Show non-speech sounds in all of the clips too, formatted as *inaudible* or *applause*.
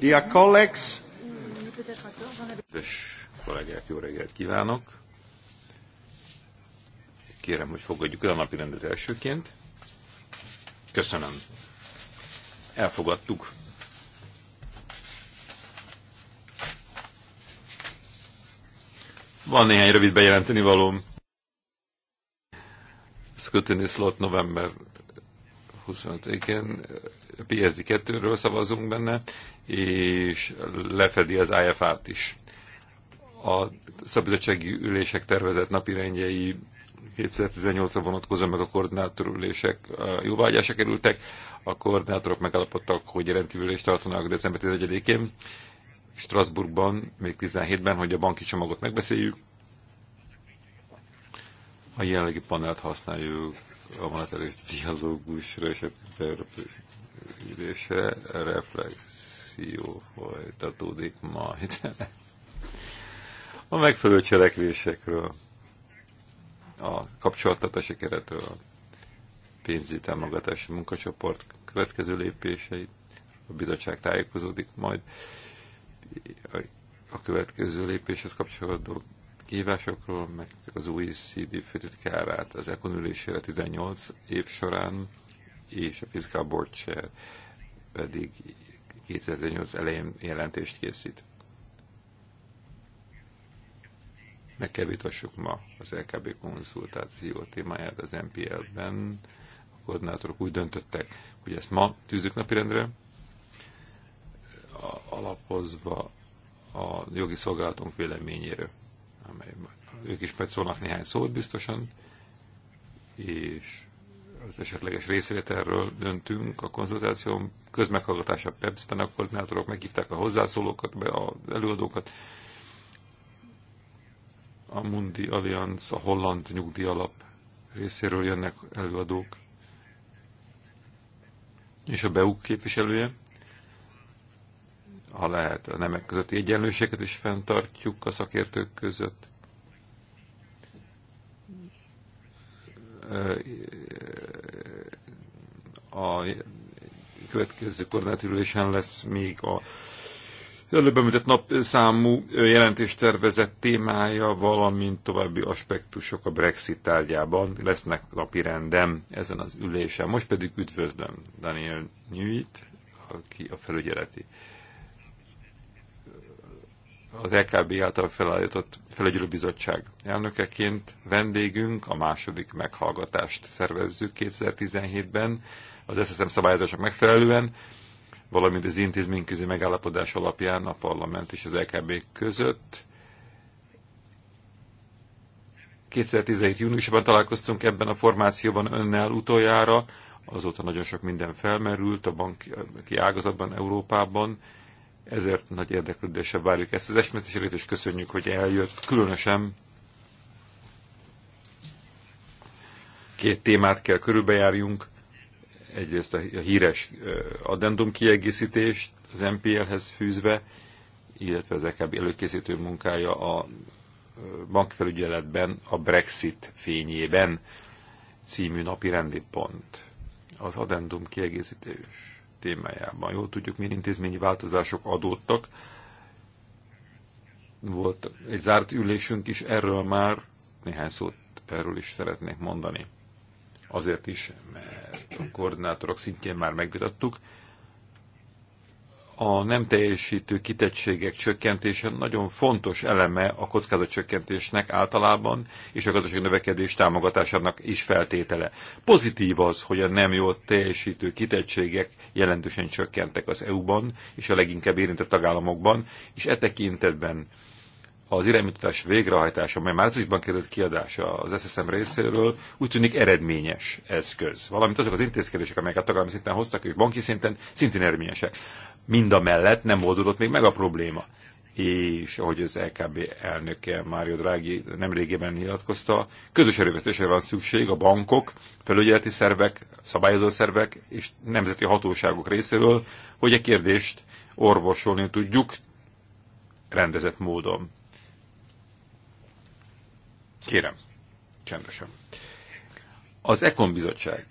Dear colleagues. kollégák, jó reggelt kívánok. Kérem, hogy fogadjuk el a napi rendet elsőként. Köszönöm. Elfogadtuk. Van néhány rövid bejelenteni valóm. Scrutiny slot november 25-én PSD2-ről szavazunk benne, és lefedi az IFA-t is. A szabadsági ülések tervezett napirendjei 2018-ra vonatkozóan meg a koordinátorülések jóvágyásra kerültek. A koordinátorok megállapodtak, hogy rendkívül ülést tartanak december 11-én Strasbourgban, még 17-ben, hogy a banki csomagot megbeszéljük. A jelenlegi panelt használjuk a monetáris dialógusra és a ülésre reflexió folytatódik majd. A megfelelő cselekvésekről, a kapcsolattartási keretről, pénzügyi támogatási munkacsoport következő lépései, a bizottság tájékozódik majd a következő lépéshez kapcsolódó kívásokról, meg az új e CD főtitkárát az ekonülésére 18 év során és a Fiscal Board Chair pedig 2008 elején jelentést készít. Meg kell vitassuk ma az LKB konzultáció témáját az MPL-ben. A koordinátorok úgy döntöttek, hogy ezt ma tűzük napirendre, alapozva a jogi szolgálatunk véleményéről, amely ők is megszólnak néhány szót biztosan, és az esetleges részvételről döntünk a konzultáción közmeghallgatása PEPS-ben, a koordinátorok meghívták a hozzászólókat, az előadókat. A Mundi Allianz, a holland nyugdíjalap részéről jönnek előadók, és a BEUK képviselője. Ha lehet, a nemek közötti egyenlőséget is fenntartjuk a szakértők között a következő koordinátülésen lesz még a előbb említett napszámú tervezett témája, valamint további aspektusok a Brexit tárgyában lesznek napi rendem ezen az ülésen. Most pedig üdvözlöm Daniel Nyújt, aki a felügyeleti az LKB által felállított felügyelőbizottság elnökeként vendégünk, a második meghallgatást szervezzük 2017-ben az SSM szabályozások megfelelően, valamint az intézményközi megállapodás alapján a parlament és az LKB között. 2017. júniusban találkoztunk ebben a formációban önnel utoljára, azóta nagyon sok minden felmerült a banki ágazatban, Európában, ezért nagy érdeklődéssel várjuk ezt az esmetszeserét, és köszönjük, hogy eljött. Különösen két témát kell körülbejárjunk, egyrészt a híres addendum kiegészítést az MPL-hez fűzve, illetve az EKB előkészítő munkája a bankfelügyeletben a Brexit fényében című napi rendi pont. Az addendum kiegészítés témájában. Jól tudjuk, milyen intézményi változások adódtak. Volt egy zárt ülésünk is erről már, néhány szót erről is szeretnék mondani azért is, mert a koordinátorok szintjén már megvitattuk, a nem teljesítő kitettségek csökkentése nagyon fontos eleme a kockázatcsökkentésnek általában, és a gazdaság növekedés támogatásának is feltétele. Pozitív az, hogy a nem jó teljesítő kitettségek jelentősen csökkentek az EU-ban és a leginkább érintett tagállamokban, és e tekintetben az iránymutatás végrehajtása, mely márciusban került kiadása az SSM részéről, úgy tűnik eredményes eszköz. Valamint azok az intézkedések, amelyek a tagállami szinten hoztak, és banki szinten szintén eredményesek. Mind a mellett nem oldódott még meg a probléma. És ahogy az LKB elnöke Mário Draghi régében nyilatkozta, közös erőfeszítésre van szükség a bankok, felügyeleti szervek, szabályozó szervek és nemzeti hatóságok részéről, hogy a kérdést orvosolni tudjuk rendezett módon. Kérem, csendesen. Az Ekon bizottság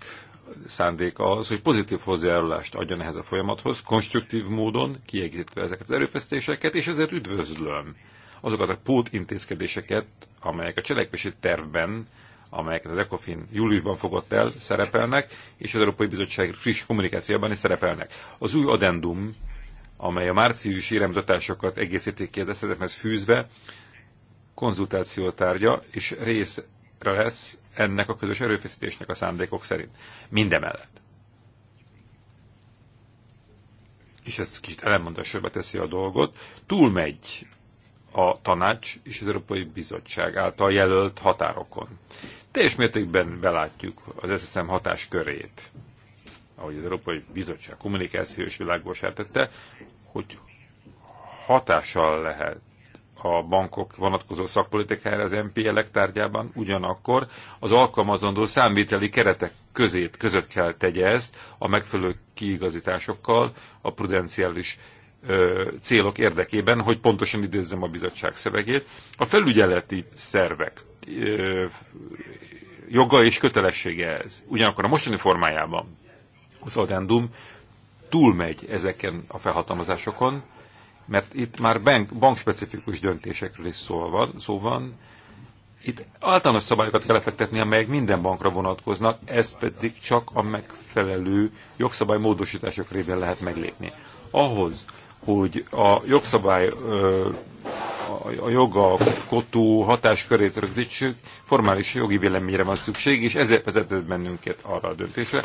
szándéka az, hogy pozitív hozzájárulást adjon ehhez a folyamathoz, konstruktív módon kiegészítve ezeket az erőfeszítéseket, és ezért üdvözlöm azokat a pót intézkedéseket, amelyek a cselekvési tervben, amelyeket az ECOFIN júliusban fogott el, szerepelnek, és az Európai Bizottság friss kommunikációban is szerepelnek. Az új addendum, amely a márciusi irányítatásokat egészítik ki az eszetemhez fűzve, konzultáció tárgya és részre lesz ennek a közös erőfeszítésnek a szándékok szerint. Mindemellett. És ez kicsit ellenmondásabbá teszi a dolgot, túlmegy a tanács és az Európai Bizottság által jelölt határokon. Teljes mértékben belátjuk az SSM hatáskörét, ahogy az Európai Bizottság kommunikációs világból tette, hogy hatással lehet a bankok vonatkozó szakpolitikájára az MPL-ek tárgyában, ugyanakkor az alkalmazandó számviteli keretek közét, között kell tegye ezt a megfelelő kiigazításokkal, a prudenciális ö, célok érdekében, hogy pontosan idézzem a bizottság szövegét. A felügyeleti szervek ö, joga és kötelessége ez. Ugyanakkor a mostani formájában az addendum túlmegy ezeken a felhatalmazásokon, mert itt már bank, bankspecifikus döntésekről is szó van, szó van. Itt általános szabályokat kell lefektetni, amelyek minden bankra vonatkoznak, ez pedig csak a megfelelő jogszabály módosítások révén lehet meglépni. Ahhoz, hogy a jogszabály, a jogalkotó hatáskörét rögzítsük, formális jogi véleményre van szükség, és ezért vezetett bennünket arra a döntésre,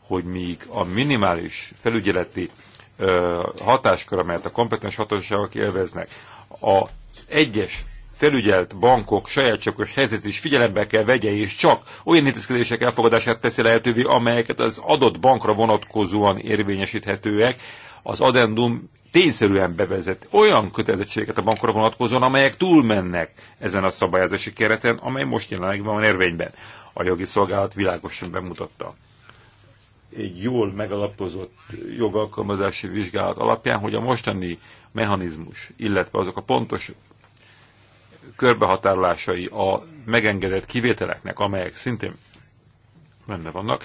hogy míg a minimális felügyeleti hatáskör, amelyet a kompetens hatóságok élveznek. Az egyes felügyelt bankok saját sajátságos helyzet is figyelembe kell vegye, és csak olyan intézkedések elfogadását teszi lehetővé, amelyeket az adott bankra vonatkozóan érvényesíthetőek, az addendum tényszerűen bevezet olyan kötelezettségeket a bankra vonatkozóan, amelyek túlmennek ezen a szabályozási kereten, amely most jelenleg van érvényben. A jogi szolgálat világosan bemutatta egy jól megalapozott jogalkalmazási vizsgálat alapján, hogy a mostani mechanizmus, illetve azok a pontos körbehatárolásai a megengedett kivételeknek, amelyek szintén benne vannak,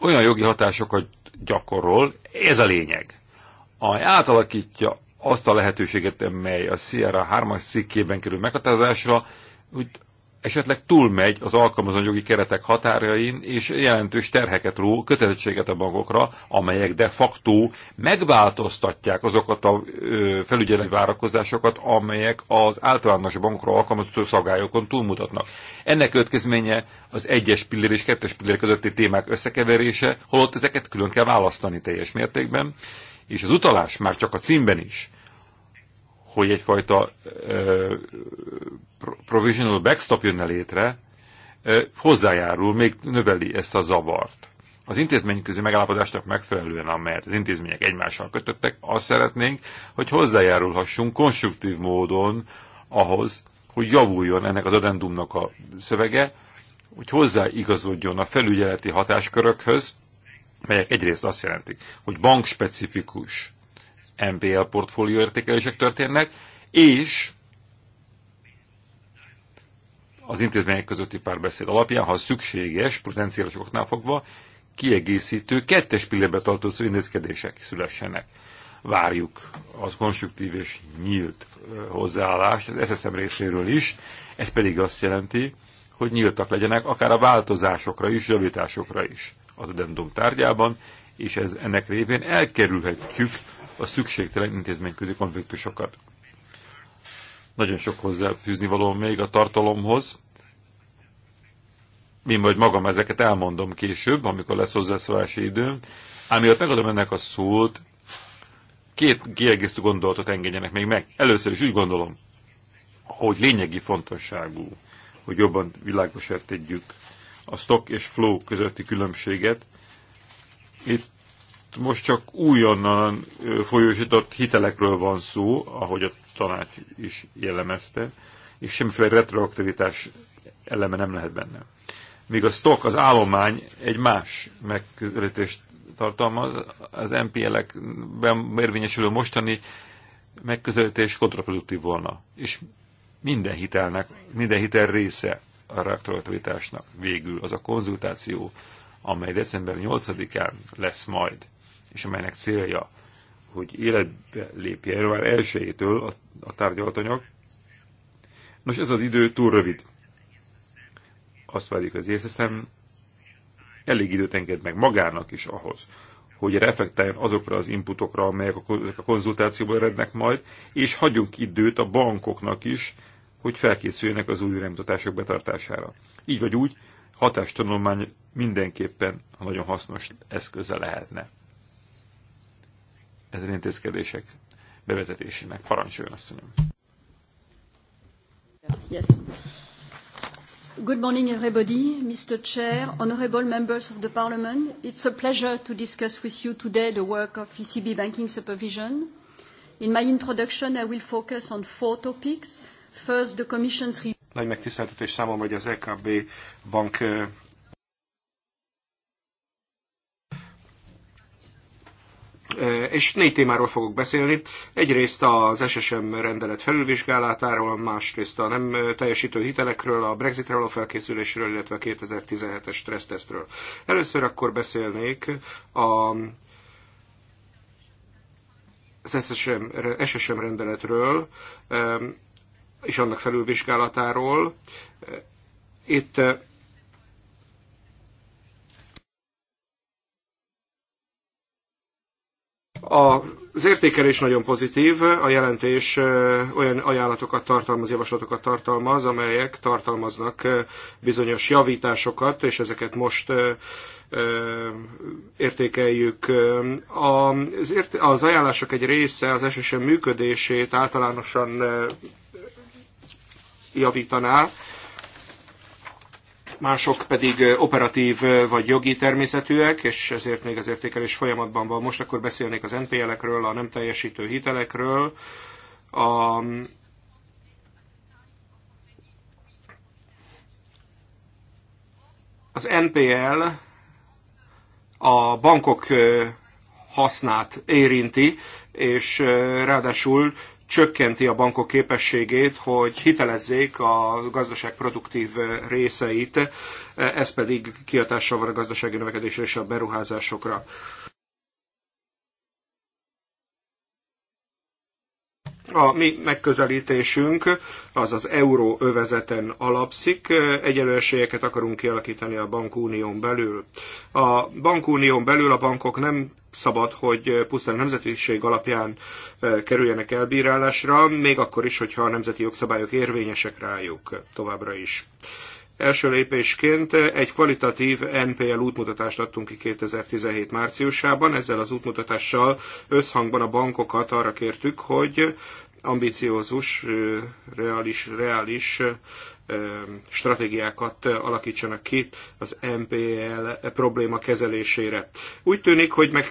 olyan jogi hatásokat gyakorol, ez a lényeg, A átalakítja azt a lehetőséget, amely a Sierra 3-as szikkében kerül meghatározásra, hogy esetleg túlmegy az alkalmazott jogi keretek határain, és jelentős terheket ró, kötelezettséget a bankokra, amelyek de facto megváltoztatják azokat a felügyeleti várakozásokat, amelyek az általános bankokra alkalmazott szabályokon túlmutatnak. Ennek következménye az egyes pillér és kettes pillér közötti témák összekeverése, holott ezeket külön kell választani teljes mértékben, és az utalás már csak a címben is hogy egyfajta ö, provisional backstop jönne létre, hozzájárul, még növeli ezt a zavart. Az intézményközi megállapodásnak megfelelően, amelyet az intézmények egymással kötöttek, azt szeretnénk, hogy hozzájárulhassunk konstruktív módon ahhoz, hogy javuljon ennek az adendumnak a szövege, hogy hozzáigazodjon a felügyeleti hatáskörökhöz, melyek egyrészt azt jelentik, hogy bankspecifikus MPL portfólió értékelések történnek, és az intézmények közötti párbeszéd alapján, ha szükséges, potenciális oknál fogva, kiegészítő, kettes pillérbe tartozó intézkedések szülessenek. Várjuk az konstruktív és nyílt hozzáállást az SSM részéről is, ez pedig azt jelenti, hogy nyíltak legyenek akár a változásokra is, javításokra is az addendum tárgyában, és ez ennek révén elkerülhetjük a szükségtelen intézményközi konfliktusokat. Nagyon sok hozzáfűzni való még a tartalomhoz. Mi majd magam ezeket elmondom később, amikor lesz hozzászólási időm. Ám miatt megadom ennek a szót, két kiegészítő gondolatot engedjenek még meg. Először is úgy gondolom, hogy lényegi fontosságú, hogy jobban világosra tegyük a stock és flow közötti különbséget. Itt most csak újonnan folyósított hitelekről van szó, ahogy a tanács is jellemezte, és semmiféle retroaktivitás eleme nem lehet benne. Míg a stock, az állomány egy más megközelítést tartalmaz, az MPL-ekben érvényesülő mostani megközelítés kontraproduktív volna, és minden hitelnek, minden hitel része a retroaktivitásnak végül az a konzultáció, amely december 8-án lesz majd és amelynek célja, hogy életbe lépjen január elsőjétől a, a tárgyalatanyag. Nos, ez az idő túl rövid. Azt várjuk az észeszem, elég időt enged meg magának is ahhoz, hogy reflektáljon azokra az inputokra, amelyek a konzultációból erednek majd, és hagyjunk időt a bankoknak is, hogy felkészüljenek az új iránymutatások betartására. Így vagy úgy, hatástanulmány mindenképpen nagyon hasznos eszköze lehetne ezen intézkedések bevezetésének. Parancsoljon, asszonyom! Yes. Good morning, everybody. Mr. Chair, honorable members of the Parliament, it's a pleasure to discuss with you today the work of ECB banking supervision. In my introduction, I will focus on four topics. First, the Commission's Nagy megtiszteltetés számomra, hogy az EKB bank eh, És négy témáról fogok beszélni. Egyrészt az SSM rendelet felülvizsgálatáról, másrészt a nem teljesítő hitelekről, a Brexitről, a felkészülésről, illetve a 2017-es stressztesztről. Először akkor beszélnék a az SSM, SSM rendeletről és annak felülvizsgálatáról. Itt Az értékelés nagyon pozitív, a jelentés olyan ajánlatokat tartalmaz, javaslatokat tartalmaz, amelyek tartalmaznak bizonyos javításokat, és ezeket most értékeljük. Az ajánlások egy része az SSM működését általánosan javítaná, mások pedig operatív vagy jogi természetűek, és ezért még az értékelés folyamatban van. Most akkor beszélnék az NPL-ekről, a nem teljesítő hitelekről, a az NPL a bankok hasznát érinti, és ráadásul csökkenti a bankok képességét, hogy hitelezzék a gazdaság produktív részeit, ez pedig kiatással van a gazdasági növekedésre és a beruházásokra. A mi megközelítésünk az az euróövezeten alapszik, egyenlőségeket akarunk kialakítani a bankunión belül. A bankunión belül a bankok nem szabad, hogy pusztán a nemzetiség alapján kerüljenek elbírálásra, még akkor is, hogyha a nemzeti jogszabályok érvényesek rájuk továbbra is. Első lépésként egy kvalitatív NPL útmutatást adtunk ki 2017 márciusában. Ezzel az útmutatással összhangban a bankokat arra kértük, hogy ambiciózus, reális, reális stratégiákat alakítsanak ki az MPL probléma kezelésére. Úgy tűnik, hogy meg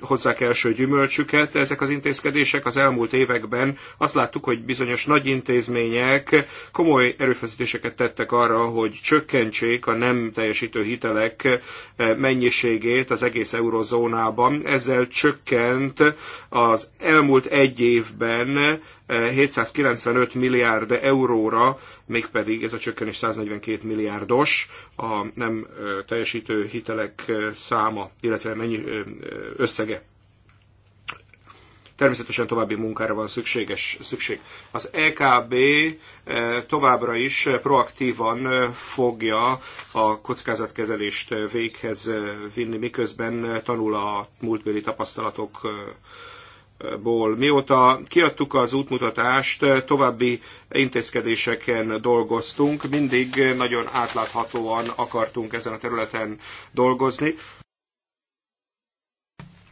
hozzák első gyümölcsüket ezek az intézkedések. Az elmúlt években azt láttuk, hogy bizonyos nagy intézmények komoly erőfeszítéseket tettek arra, hogy csökkentsék a nem teljesítő hitelek eh, mennyiségét az egész eurozónában. Ezzel csökkent az elmúlt egy évben 795 eh, milliárd euróra, mégpedig ez a csökkenés 142 milliárdos a nem eh, teljesítő hitelek száma, illetve mennyi összege. Természetesen további munkára van szükséges, szükség. Az EKB eh, továbbra is proaktívan eh, fogja a kockázatkezelést eh, véghez vinni, miközben tanul a múltbéli tapasztalatok ból. Mióta kiadtuk az útmutatást, további intézkedéseken dolgoztunk, mindig nagyon átláthatóan akartunk ezen a területen dolgozni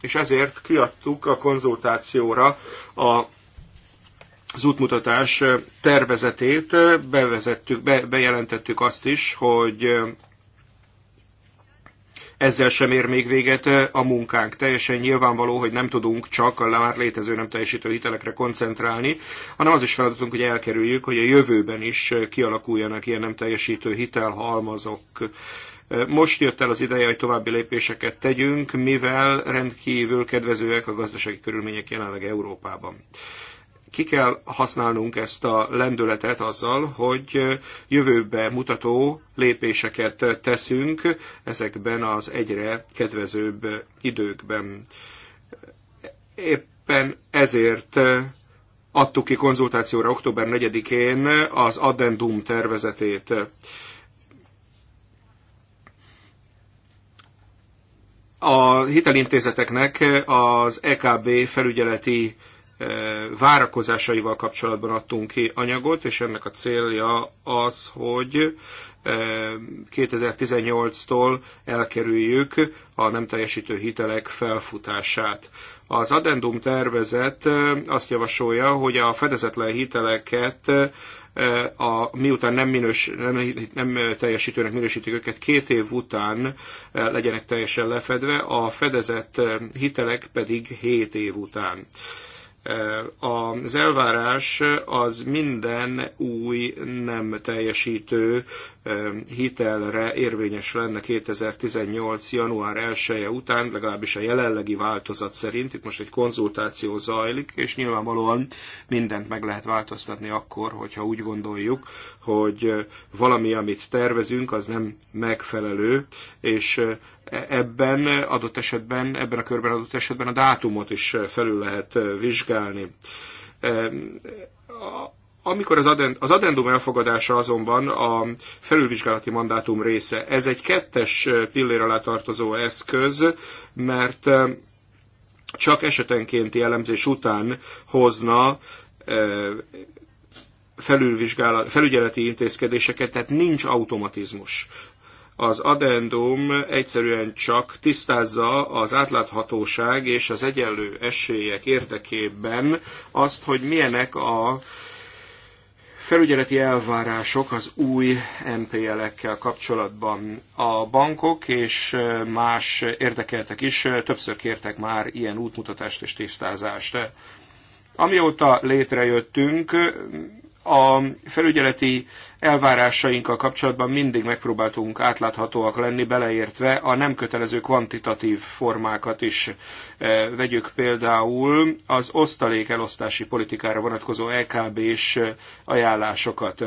és ezért kiadtuk a konzultációra a az útmutatás tervezetét, bevezettük, be, bejelentettük azt is, hogy ezzel sem ér még véget a munkánk. Teljesen nyilvánvaló, hogy nem tudunk csak a már létező nem teljesítő hitelekre koncentrálni, hanem az is feladatunk, hogy elkerüljük, hogy a jövőben is kialakuljanak ilyen nem teljesítő hitelhalmazok. Most jött el az ideje, hogy további lépéseket tegyünk, mivel rendkívül kedvezőek a gazdasági körülmények jelenleg Európában ki kell használnunk ezt a lendületet azzal, hogy jövőbe mutató lépéseket teszünk ezekben az egyre kedvezőbb időkben. Éppen ezért adtuk ki konzultációra október 4-én az addendum tervezetét. a hitelintézeteknek az EKB felügyeleti várakozásaival kapcsolatban adtunk ki anyagot, és ennek a célja az, hogy 2018-tól elkerüljük a nem teljesítő hitelek felfutását. Az addendum tervezet azt javasolja, hogy a fedezetlen hiteleket a, miután nem, minős, nem, nem teljesítőnek minősítik őket, két év után legyenek teljesen lefedve, a fedezett hitelek pedig hét év után. Az elvárás az minden új nem teljesítő hitelre érvényes lenne 2018. január 1 -e után, legalábbis a jelenlegi változat szerint. Itt most egy konzultáció zajlik, és nyilvánvalóan mindent meg lehet változtatni akkor, hogyha úgy gondoljuk, hogy valami, amit tervezünk, az nem megfelelő, és ebben adott esetben, ebben a körben adott esetben a dátumot is felül lehet vizsgálni. Ehm, amikor az, adend, az adendum elfogadása azonban a felülvizsgálati mandátum része, ez egy kettes pillér alá tartozó eszköz, mert ehm, csak esetenkénti elemzés után hozna ehm, felülvizsgálat, felügyeleti intézkedéseket, tehát nincs automatizmus az addendum egyszerűen csak tisztázza az átláthatóság és az egyenlő esélyek érdekében azt, hogy milyenek a felügyeleti elvárások az új NPL-ekkel kapcsolatban. A bankok és más érdekeltek is többször kértek már ilyen útmutatást és tisztázást. Amióta létrejöttünk, a felügyeleti elvárásainkkal kapcsolatban mindig megpróbáltunk átláthatóak lenni, beleértve a nem kötelező kvantitatív formákat is. E, vegyük például az osztalék elosztási politikára vonatkozó EKB-s e, ajánlásokat.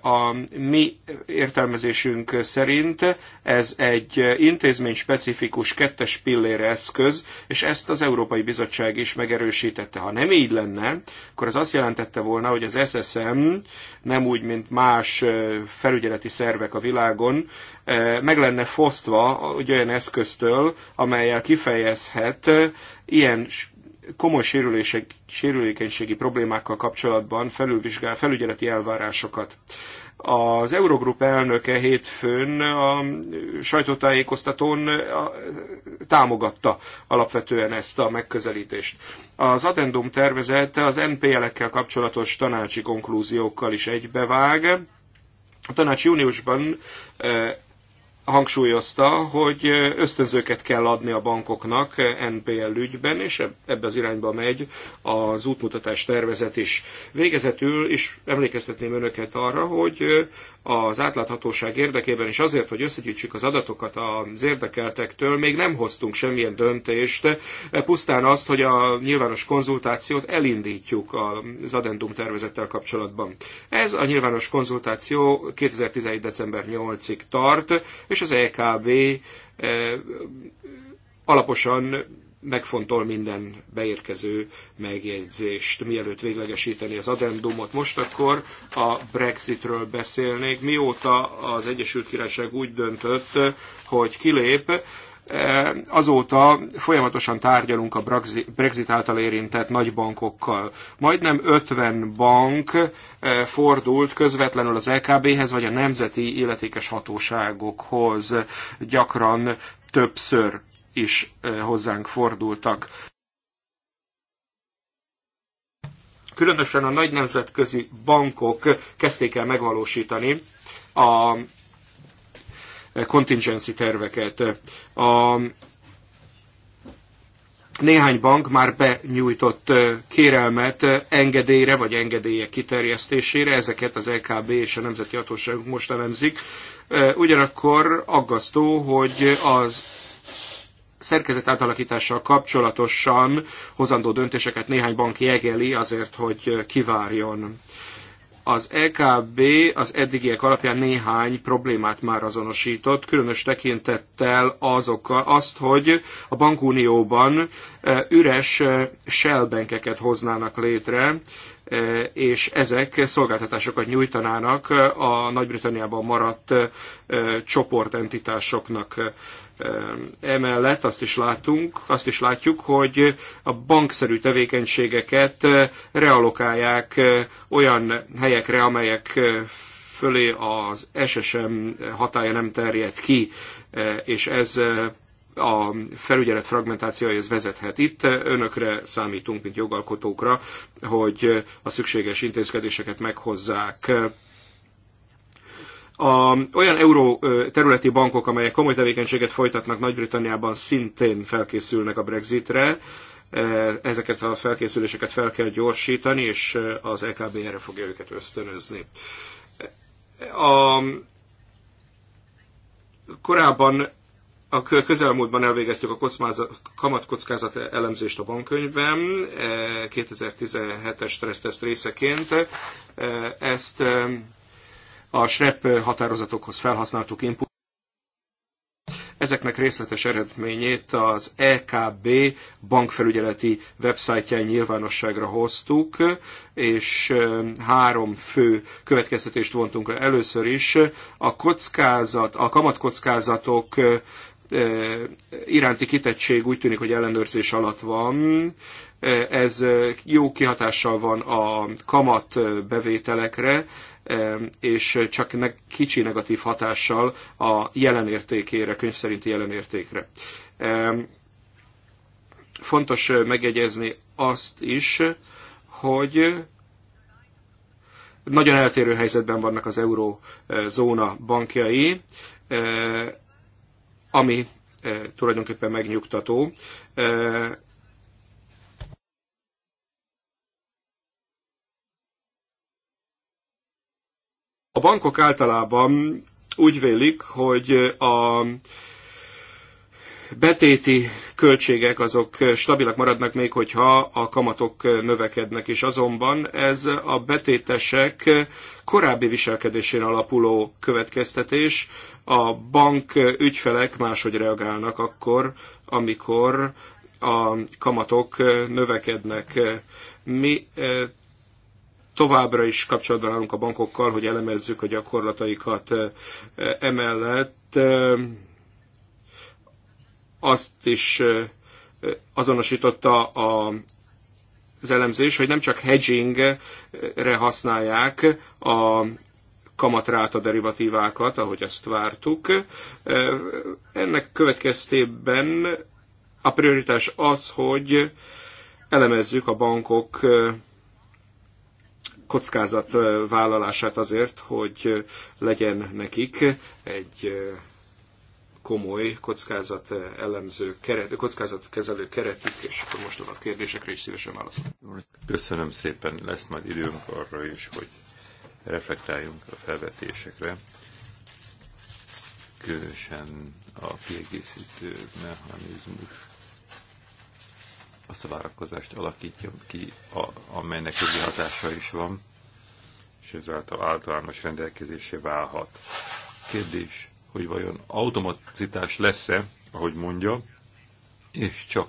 A mi értelmezésünk szerint ez egy intézmény specifikus kettes pillére eszköz, és ezt az Európai Bizottság is megerősítette. Ha nem így lenne, akkor az azt jelentette volna, hogy az SSM nem úgy, mint más felügyeleti szervek a világon, meg lenne fosztva egy olyan eszköztől, amelyel kifejezhet ilyen komoly sérülések, sérülékenységi problémákkal kapcsolatban felülvizsgál felügyeleti elvárásokat. Az Eurogroup elnöke hétfőn a sajtótájékoztatón támogatta alapvetően ezt a megközelítést. Az addendum tervezete az NPL-ekkel kapcsolatos tanácsi konklúziókkal is egybevág. A tanács júniusban hangsúlyozta, hogy ösztönzőket kell adni a bankoknak NPL ügyben, és ebbe az irányba megy az útmutatás tervezet is. Végezetül is emlékeztetném önöket arra, hogy az átláthatóság érdekében és azért, hogy összegyűjtsük az adatokat az érdekeltektől, még nem hoztunk semmilyen döntést, pusztán azt, hogy a nyilvános konzultációt elindítjuk az adendum tervezettel kapcsolatban. Ez a nyilvános konzultáció 2011. december 8-ig tart, és és az EKB eh, alaposan megfontol minden beérkező megjegyzést, mielőtt véglegesíteni az addendumot. Most akkor a Brexitről beszélnék. Mióta az Egyesült Királyság úgy döntött, hogy kilép, Azóta folyamatosan tárgyalunk a Brexit által érintett nagybankokkal. Majdnem 50 bank eh, fordult közvetlenül az LKB-hez, vagy a nemzeti illetékes hatóságokhoz. Gyakran többször is eh, hozzánk fordultak. Különösen a nagy nemzetközi bankok kezdték el megvalósítani a contingency terveket. A néhány bank már benyújtott kérelmet engedélyre vagy engedélyek kiterjesztésére, ezeket az LKB és a Nemzeti Hatóságok most elemzik. Ugyanakkor aggasztó, hogy az szerkezet átalakítással kapcsolatosan hozandó döntéseket néhány bank jegeli azért, hogy kivárjon. Az EKB az eddigiek alapján néhány problémát már azonosított, különös tekintettel azokkal, azt, hogy a bankunióban e, üres e, shellbankeket hoznának létre, e, és ezek szolgáltatásokat nyújtanának a Nagy-Britanniában maradt csoportentitásoknak. Emellett azt is látunk, azt is látjuk, hogy a bankszerű tevékenységeket realokálják olyan helyekre, amelyek fölé az SSM hatája nem terjed ki, és ez a felügyelet fragmentációhoz vezethet. Itt önökre számítunk, mint jogalkotókra, hogy a szükséges intézkedéseket meghozzák. A, olyan euró területi bankok, amelyek komoly tevékenységet folytatnak Nagy-Britanniában, szintén felkészülnek a Brexitre. Ezeket a felkészüléseket fel kell gyorsítani, és az EKB erre fogja őket ösztönözni. A, korábban a közelmúltban elvégeztük a kamatkockázat elemzést a bankkönyvben 2017-es stresszteszt részeként. Ezt a SREP határozatokhoz felhasználtuk input. Ezeknek részletes eredményét az EKB bankfelügyeleti websájtján nyilvánosságra hoztuk, és három fő következtetést vontunk le. Először is a kockázat, a kamatkockázatok iránti kitettség úgy tűnik, hogy ellenőrzés alatt van. Ez jó kihatással van a kamat bevételekre, és csak kicsi negatív hatással a jelenértékére, könyv szerinti jelenértékre. Fontos megjegyezni azt is, hogy nagyon eltérő helyzetben vannak az eurózóna bankjai ami eh, tulajdonképpen megnyugtató. Eh, a bankok általában úgy vélik, hogy a betéti költségek azok stabilak maradnak még, hogyha a kamatok növekednek is. Azonban ez a betétesek korábbi viselkedésén alapuló következtetés, a bank ügyfelek máshogy reagálnak akkor, amikor a kamatok növekednek. Mi eh, továbbra is kapcsolatban állunk a bankokkal, hogy elemezzük a gyakorlataikat. Eh, emellett eh, azt is azonosította a, az elemzés, hogy nem csak hedgingre használják a kamatráta derivatívákat, ahogy ezt vártuk. Ennek következtében a prioritás az, hogy elemezzük a bankok kockázatvállalását vállalását azért, hogy legyen nekik egy komoly kockázat eh, elemző keret, kezelő keretük, és akkor most a kérdésekre is szívesen válaszolok. Köszönöm szépen, lesz majd időnk arra is, hogy reflektáljunk a felvetésekre. Különösen a kiegészítő mechanizmus azt a várakozást alakítja ki, a, amelynek jogi hatása is van, és ezáltal általános rendelkezésé válhat. Kérdés, hogy vajon automaticitás lesz-e, ahogy mondja, és csak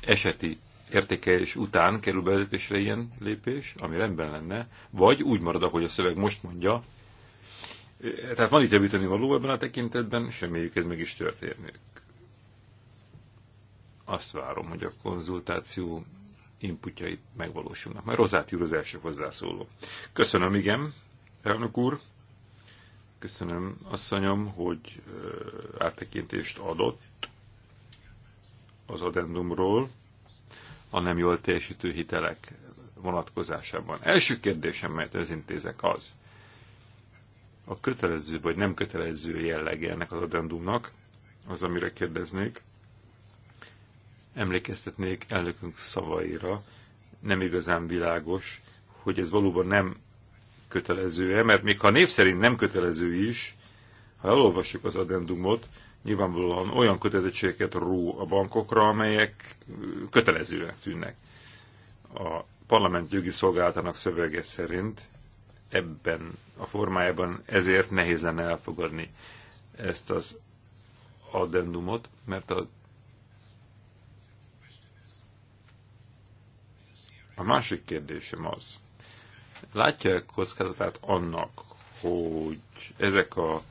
eseti értékelés után kerül bevezetésre ilyen lépés, ami rendben lenne, vagy úgy marad, ahogy a szöveg most mondja, tehát van itt javítani való ebben a tekintetben, semmiük ez meg is történik. Azt várom, hogy a konzultáció inputjait megvalósulnak. Már Rozát úr az első hozzászóló. Köszönöm, igen, elnök úr. Köszönöm, asszonyom, hogy áttekintést adott az addendumról a nem jól teljesítő hitelek vonatkozásában. Első kérdésem, melyet az intézek az, a kötelező vagy nem kötelező jellege ennek az addendumnak, az, amire kérdeznék, emlékeztetnék elnökünk szavaira, nem igazán világos, hogy ez valóban nem kötelező-e, mert még ha név szerint nem kötelező is, ha elolvassuk az addendumot, nyilvánvalóan olyan kötelezettségeket ró a bankokra, amelyek kötelezőek tűnnek. A parlament jogi szolgálatának szövege szerint ebben a formájában ezért nehéz lenne elfogadni ezt az addendumot, mert a, a másik kérdésem az, látja -e kockázatát annak, hogy ezek a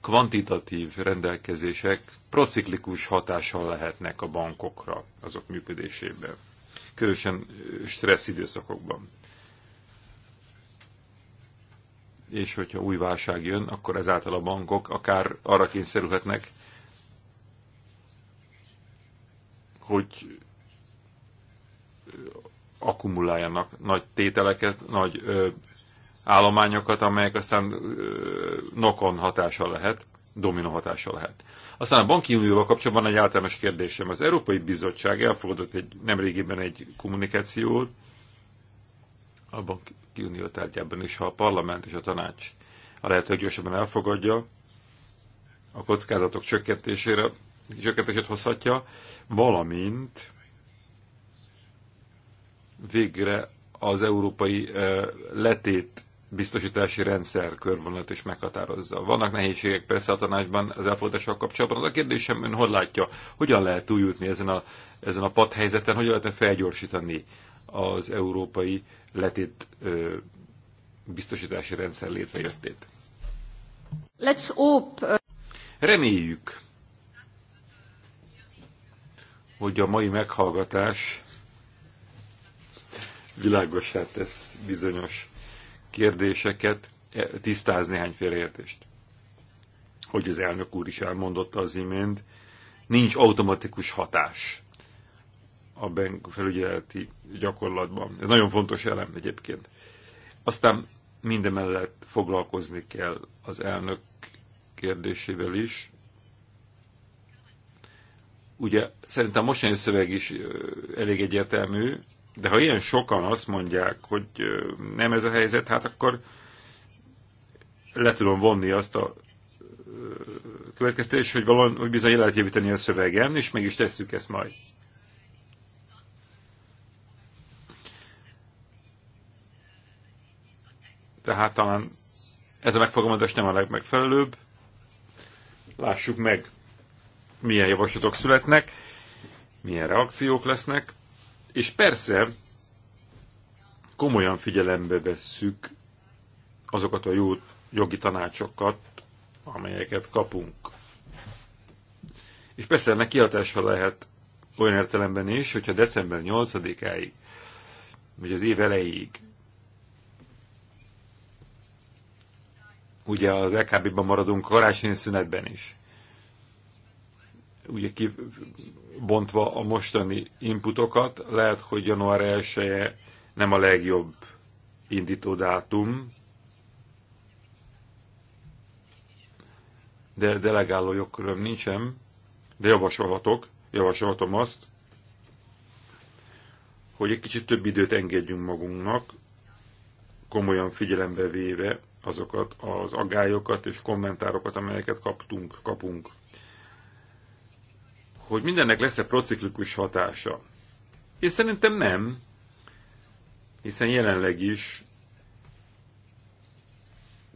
kvantitatív rendelkezések prociklikus hatással lehetnek a bankokra azok működésében, különösen stressz időszakokban. És hogyha új válság jön, akkor ezáltal a bankok akár arra kényszerülhetnek, hogy akkumuláljanak nagy tételeket, nagy ö, állományokat, amelyek aztán ö, nokon hatása lehet, dominó hatása lehet. Aztán a banki unióval kapcsolatban egy általános kérdésem. Az Európai Bizottság elfogadott egy, nemrégiben egy kommunikációt a banki unió tárgyában is, ha a parlament és a tanács a lehető gyorsabban elfogadja, a kockázatok csökkentésére, csökkentését hozhatja, valamint végre az európai letét biztosítási rendszer körvonalat is meghatározza. Vannak nehézségek persze a tanácsban az elfogadással kapcsolatban. A kérdésem ön hogy látja, hogyan lehet túljutni ezen a, ezen a padhelyzeten, hogyan lehetne felgyorsítani az európai letét ö, biztosítási rendszer létrejöttét? Let's hope. Reméljük, hogy a mai meghallgatás világosá tesz bizonyos kérdéseket, e, tisztáz néhány félreértést. Hogy az elnök úr is elmondotta az imént, nincs automatikus hatás a bank felügyeleti gyakorlatban. Ez nagyon fontos elem egyébként. Aztán mindemellett foglalkozni kell az elnök kérdésével is. Ugye szerintem mostani szöveg is elég egyértelmű, de ha ilyen sokan azt mondják, hogy nem ez a helyzet, hát akkor le tudom vonni azt a következtetés, hogy, valami, hogy bizony lehet javítani a szövegen, és meg is tesszük ezt majd. Tehát talán ez a megfogalmazás nem a legmegfelelőbb. Lássuk meg, milyen javaslatok születnek, milyen reakciók lesznek. És persze komolyan figyelembe vesszük azokat a jó jogi tanácsokat, amelyeket kapunk. És persze ennek kihatása lehet olyan értelemben is, hogyha december 8-áig, vagy az év elejéig, ugye az lkb ban maradunk karácsonyi szünetben is ugye kibontva a mostani inputokat, lehet, hogy január 1 -e nem a legjobb indító dátum, de delegáló jogköröm nincsen, de javasolhatok, javasolhatom azt, hogy egy kicsit több időt engedjünk magunknak, komolyan figyelembe véve azokat az agályokat és kommentárokat, amelyeket kaptunk, kapunk hogy mindennek lesz-e prociklikus hatása. én szerintem nem, hiszen jelenleg is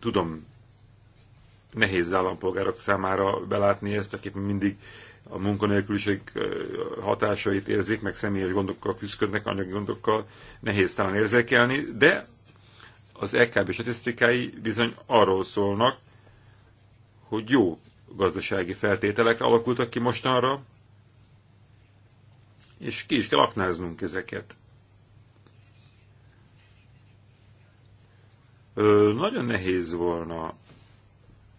tudom, nehéz állampolgárok számára belátni ezt, akik mindig a munkanélküliség hatásait érzik, meg személyes gondokkal küzdködnek, anyagi gondokkal nehéz talán érzékelni, de az LKB e statisztikái bizony arról szólnak, hogy jó gazdasági feltételek alakultak ki mostanra, és ki is kell aknáznunk ezeket. Ö, nagyon nehéz volna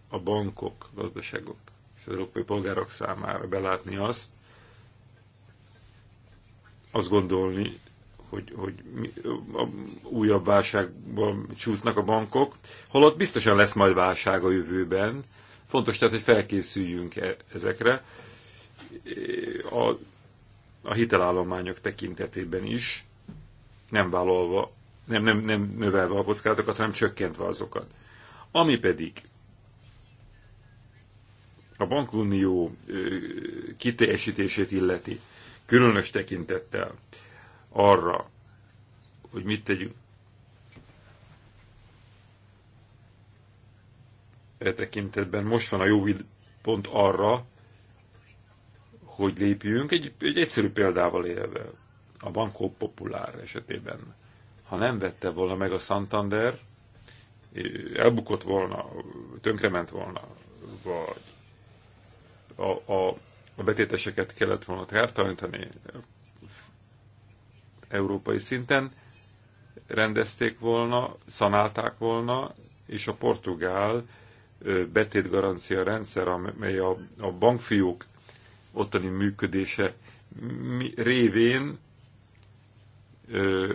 a bankok, gazdaságok és az európai polgárok számára belátni azt, azt gondolni, hogy, hogy mi, a újabb válságban csúsznak a bankok, holott biztosan lesz majd válság a jövőben. Fontos tehát, hogy felkészüljünk e- ezekre. A a hitelállományok tekintetében is, nem vállalva, nem, nem, nem növelve a kockázatokat, hanem csökkentve azokat. Ami pedig a bankunió kiteljesítését illeti, különös tekintettel arra, hogy mit tegyünk. E tekintetben most van a jó pont arra, hogy lépjünk, egy, egy egyszerű példával élve, a Banco Popular esetében. Ha nem vette volna meg a Santander, elbukott volna, tönkrement volna, vagy a, a, a betéteseket kellett volna kártalanítani európai szinten, rendezték volna, szanálták volna, és a portugál betétgarancia rendszer, amely a, a bankfiók ottani működése révén ö,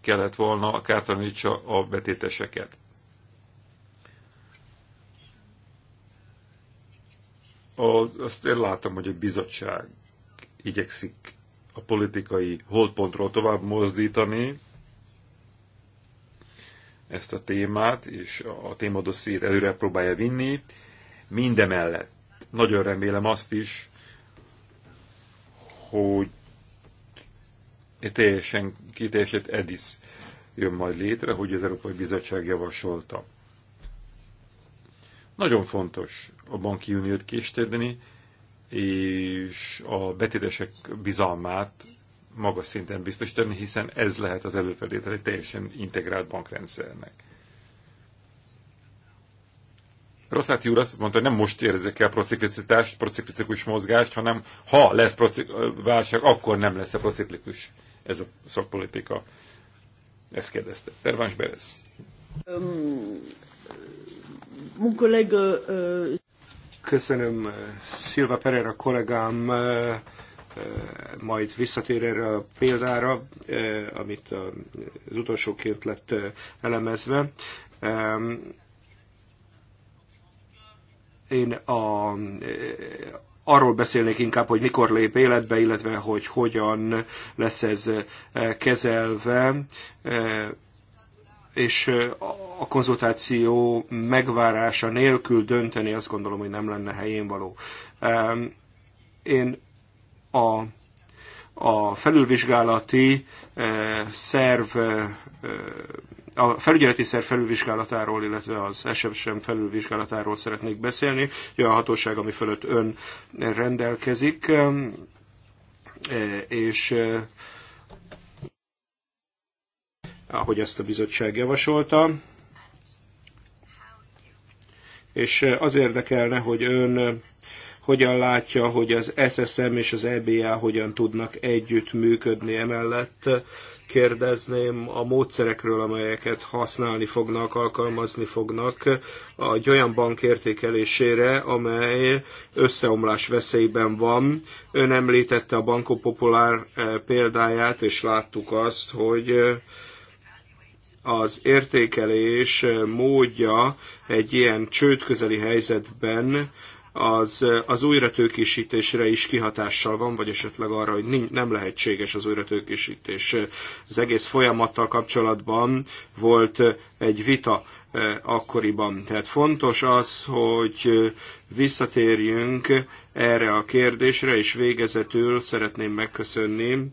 kellett volna kártalanítsa a betéteseket. Az, azt én látom, hogy a bizottság igyekszik a politikai holdpontról tovább mozdítani ezt a témát, és a témadosszét előre próbálja vinni. Mindemellett nagyon remélem azt is, hogy teljesen kiteljesített EDIS jön majd létre, hogy az Európai Bizottság javasolta. Nagyon fontos a banki uniót kistérni, és a betétesek bizalmát magas szinten biztosítani, hiszen ez lehet az egy teljesen integrált bankrendszernek. Rosszáti úr azt mondta, hogy nem most érzek el prociklicitást, prociklicikus mozgást, hanem ha lesz procik, válság, akkor nem lesz a prociklikus ez a szakpolitika. Ezt kérdezte. Pervans Berez. Um, euh, Köszönöm uh, Szilva Pereira kollégám uh, uh, majd visszatér erre a példára, amit az utolsóként lett elemezve um, én a, eh, arról beszélnék inkább, hogy mikor lép életbe, illetve hogy hogyan lesz ez eh, kezelve, eh, és a konzultáció megvárása nélkül dönteni azt gondolom, hogy nem lenne helyén való. Én a, a felülvizsgálati szerv a felügyeleti szer felülvizsgálatáról, illetve az SSM felülvizsgálatáról szeretnék beszélni. Olyan hatóság, ami fölött ön rendelkezik, e, és e, ahogy ezt a bizottság javasolta. És e, az érdekelne, hogy ön hogyan látja, hogy az SSM és az EBA hogyan tudnak együtt működni emellett megkérdezném a módszerekről, amelyeket használni fognak, alkalmazni fognak egy olyan bank értékelésére, amely összeomlás veszélyben van. Ön említette a Banco Popular eh, példáját, és láttuk azt, hogy eh, az értékelés eh, módja egy ilyen csődközeli helyzetben az, az újratőkésítésre is kihatással van, vagy esetleg arra, hogy nem lehetséges az újratőkésítés. Az egész folyamattal kapcsolatban volt egy vita eh, akkoriban. Tehát fontos az, hogy eh, visszatérjünk erre a kérdésre, és végezetül szeretném megköszönni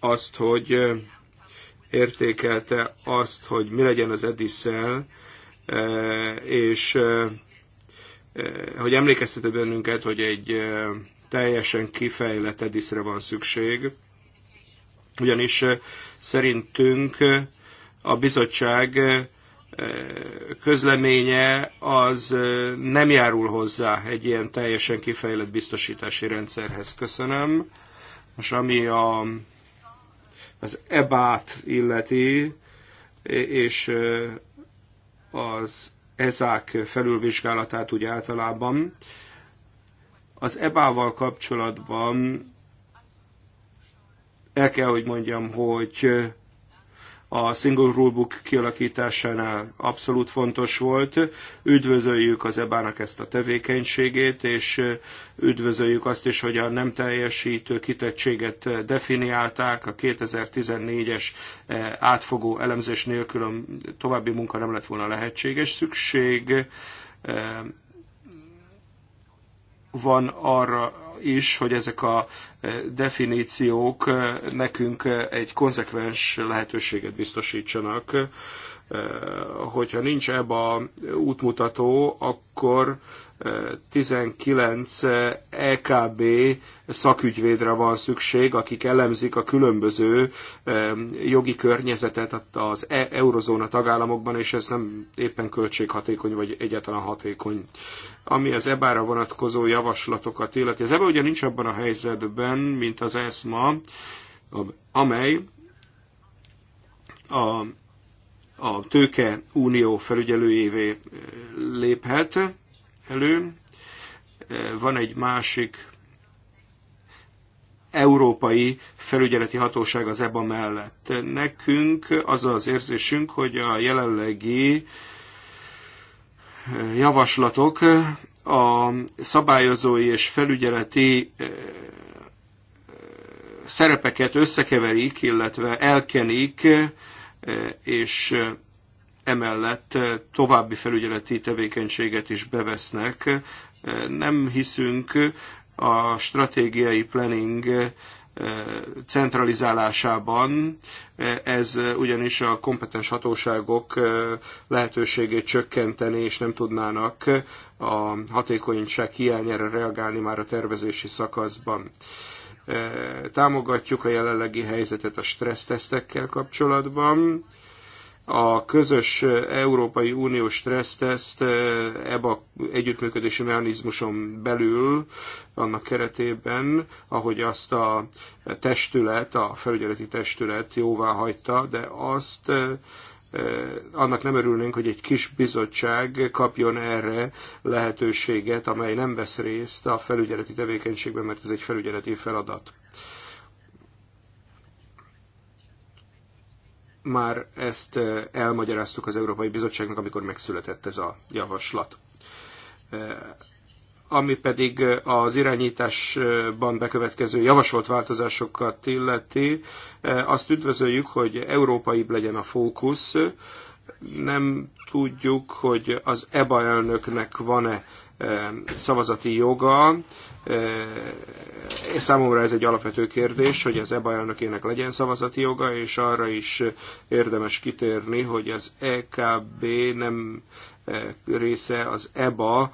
azt, hogy eh, értékelte azt, hogy mi legyen az Edisszel, és Eh, hogy emlékeztető bennünket, hogy egy eh, teljesen kifejlett ediszre van szükség, ugyanis eh, szerintünk a bizottság közleménye az nem járul hozzá egy ilyen teljesen kifejlett biztosítási rendszerhez. Köszönöm. Most ami a, az EBÁT illeti, és az ezák felülvizsgálatát úgy általában. Az EBA-val kapcsolatban el kell, hogy mondjam, hogy a single rulebook kialakításánál abszolút fontos volt. Üdvözöljük az ebának ezt a tevékenységét, és üdvözöljük azt is, hogy a nem teljesítő kitettséget definiálták. A 2014-es átfogó elemzés nélkül a további munka nem lett volna lehetséges. Szükség eh, van arra, is, hogy ezek a e, definíciók e, nekünk e, egy konzekvens lehetőséget biztosítsanak Eh, hogyha nincs ebbe útmutató, akkor 19 eh, EKB eh, e szakügyvédre van szükség, akik elemzik a különböző jogi környezetet az e eurozóna tagállamokban, és ez nem éppen költséghatékony, vagy egyáltalán hatékony. Ami az EBA-ra vonatkozó javaslatokat illeti. Az EBA ugye nincs abban a helyzetben, mint az ESMA, amely a a tőke unió felügyelőjévé eh, léphet elő. Eh, van egy másik európai felügyeleti hatóság az EBA mellett. Nekünk az az érzésünk, hogy a jelenlegi eh, javaslatok a szabályozói és felügyeleti szerepeket összekeverik, illetve elkenik és emellett további felügyeleti tevékenységet is bevesznek. Nem hiszünk a stratégiai planning centralizálásában, ez ugyanis a kompetens hatóságok lehetőségét csökkenteni, és nem tudnának a hatékonyság hiányára reagálni már a tervezési szakaszban támogatjuk a jelenlegi helyzetet a stressztesztekkel kapcsolatban. A közös Európai Unió stresszteszt EBA együttműködési mechanizmuson belül, annak keretében, ahogy azt a testület, a felügyeleti testület jóvá hagyta, de azt Eh, annak nem örülnénk, hogy egy kis bizottság kapjon erre lehetőséget, amely nem vesz részt a felügyeleti tevékenységben, mert ez egy felügyeleti feladat. Már ezt eh, elmagyaráztuk az Európai Bizottságnak, amikor megszületett ez a javaslat. Eh, ami pedig az irányításban bekövetkező javasolt változásokat illeti, azt üdvözöljük, hogy európaibb legyen a fókusz. Nem tudjuk, hogy az EBA elnöknek van-e szavazati joga, és számomra ez egy alapvető kérdés, hogy az EBA elnökének legyen szavazati joga, és arra is érdemes kitérni, hogy az EKB nem része az EBA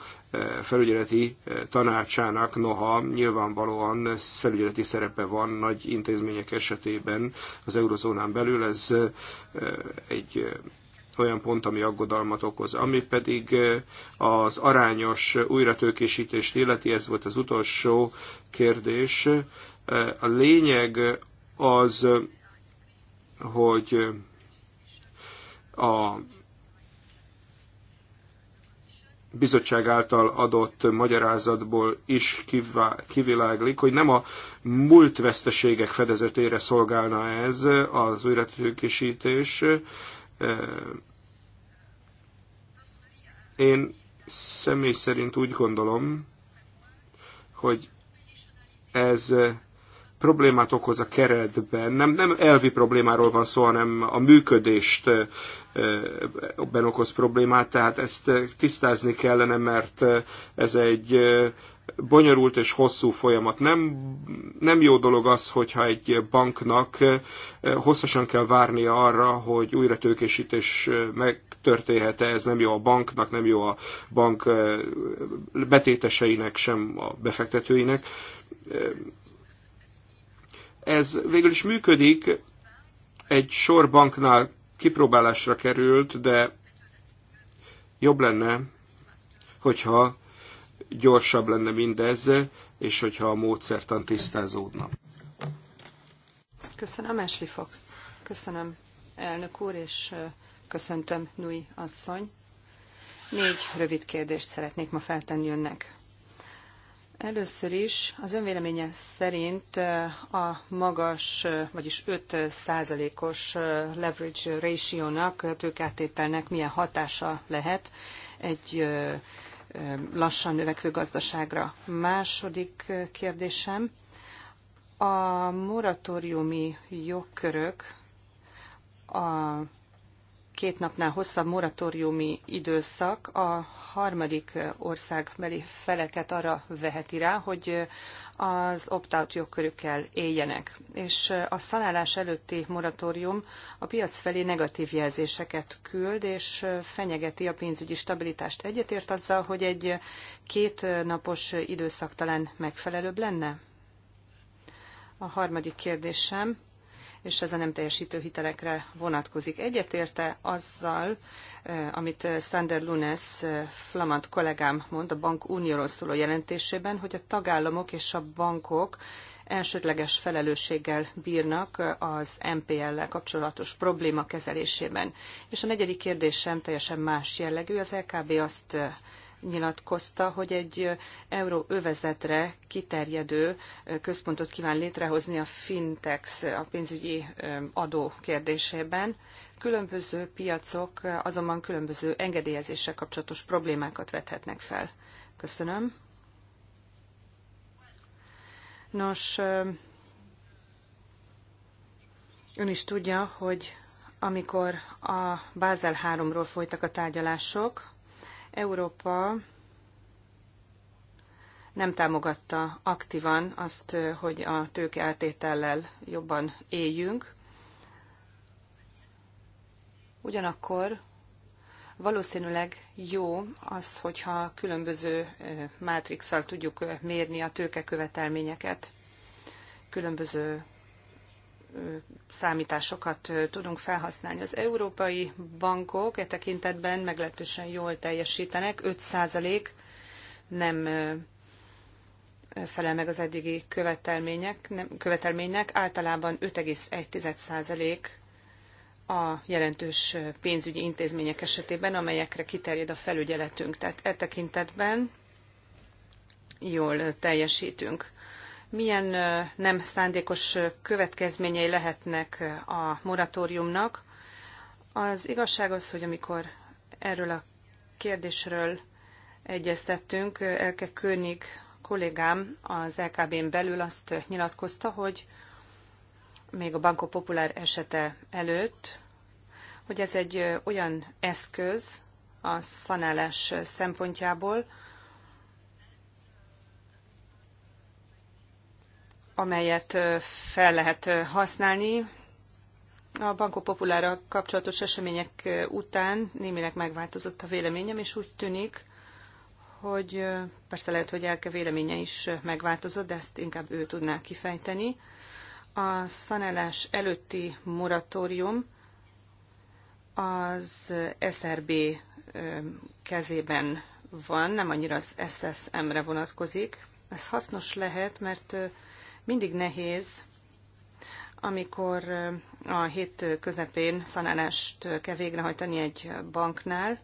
felügyeleti tanácsának, noha nyilvánvalóan felügyeleti szerepe van nagy intézmények esetében az eurozónán belül, ez egy olyan pont, ami aggodalmat okoz. Ami pedig az arányos újratőkésítést illeti, ez volt az utolsó kérdés. A lényeg az, hogy a bizottság által adott magyarázatból is kiviláglik, hogy nem a múlt veszteségek fedezetére szolgálna ez az újratőkésítés, én személy szerint úgy gondolom, hogy ez problémát okoz a keretben. Nem, nem elvi problémáról van szó, hanem a működést ben okoz problémát, tehát ezt tisztázni kellene, mert ez egy bonyolult és hosszú folyamat. Nem, nem jó dolog az, hogyha egy banknak eh, hosszasan kell várnia arra, hogy újra tőkésítés eh, megtörténhet-e. Ez nem jó a banknak, nem jó a bank eh, betéteseinek, sem a befektetőinek. Ez végül is működik, egy sor banknál kipróbálásra került, de jobb lenne, hogyha gyorsabb lenne mindez, és hogyha a módszertan tisztázódna. Köszönöm, Ashley Fox. Köszönöm, elnök úr, és köszöntöm, Nui asszony. Négy rövid kérdést szeretnék ma feltenni önnek. Először is az önvéleménye szerint a magas, vagyis 5 százalékos leverage ratio-nak, tőkátételnek milyen hatása lehet egy lassan növekvő gazdaságra. Második eh, kérdésem, a moratóriumi jogkörök a két napnál hosszabb moratóriumi időszak a harmadik országbeli feleket arra veheti rá, hogy az opt-out jogkörükkel éljenek. És a szalálás előtti moratórium a piac felé negatív jelzéseket küld, és fenyegeti a pénzügyi stabilitást. Egyetért azzal, hogy egy két napos időszak talán megfelelőbb lenne? A harmadik kérdésem és ez a nem teljesítő hitelekre vonatkozik. Egyetérte azzal, eh, amit Sander Lunes eh, flamand kollégám mond a Bank Unióról szóló jelentésében, hogy a tagállamok és a bankok elsődleges felelősséggel bírnak eh, az MPL-lel kapcsolatos probléma kezelésében. És a negyedik kérdésem teljesen más jellegű. Az LKB azt nyilatkozta, hogy egy euróövezetre kiterjedő központot kíván létrehozni a fintex, a pénzügyi adó kérdésében. Különböző piacok azonban különböző engedélyezéssel kapcsolatos problémákat vethetnek fel. Köszönöm. Nos, ön is tudja, hogy amikor a Bázel 3-ról folytak a tárgyalások, Európa nem támogatta aktívan azt, hogy a tőke eltétellel jobban éljünk. Ugyanakkor valószínűleg jó az, hogyha különböző mátrixsal tudjuk mérni a tőkekövetelményeket, különböző számításokat tudunk felhasználni. Az európai bankok e tekintetben meglehetősen jól teljesítenek, 5% nem felel meg az eddigi követelmények, nem, követelménynek, általában 5,1% a jelentős pénzügyi intézmények esetében, amelyekre kiterjed a felügyeletünk. Tehát e tekintetben jól teljesítünk milyen nem szándékos következményei lehetnek a moratóriumnak. Az igazság az, hogy amikor erről a kérdésről egyeztettünk, Elke König kollégám az LKB-n belül azt nyilatkozta, hogy még a Banco Popular esete előtt, hogy ez egy olyan eszköz a szanálás szempontjából, amelyet fel lehet használni. A Banco Populára kapcsolatos események után némileg megváltozott a véleményem, és úgy tűnik, hogy persze lehet, hogy Elke véleménye is megváltozott, de ezt inkább ő tudná kifejteni. A szanálás előtti moratórium az SRB kezében van, nem annyira az SSM-re vonatkozik. Ez hasznos lehet, mert mindig nehéz, amikor a hét közepén szanálást kell végrehajtani egy banknál,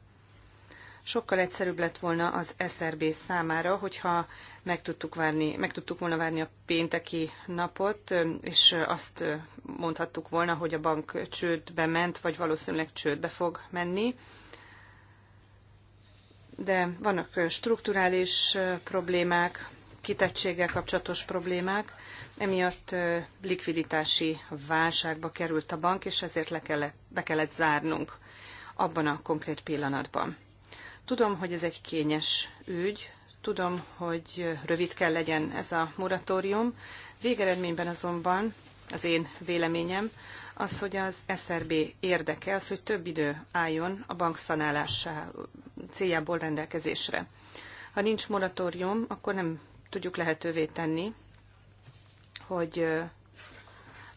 sokkal egyszerűbb lett volna az SRB számára, hogyha meg tudtuk, várni, meg tudtuk volna várni a pénteki napot, és azt mondhattuk volna, hogy a bank csődbe ment, vagy valószínűleg csődbe fog menni. De vannak strukturális problémák, kitettséggel kapcsolatos problémák, emiatt likviditási válságba került a bank, és ezért le kellett, be kellett zárnunk abban a konkrét pillanatban. Tudom, hogy ez egy kényes ügy, tudom, hogy rövid kell legyen ez a moratórium, végeredményben azonban az én véleményem az, hogy az SRB érdeke az, hogy több idő álljon a bank szanálása céljából rendelkezésre. Ha nincs moratórium, akkor nem tudjuk lehetővé tenni, hogy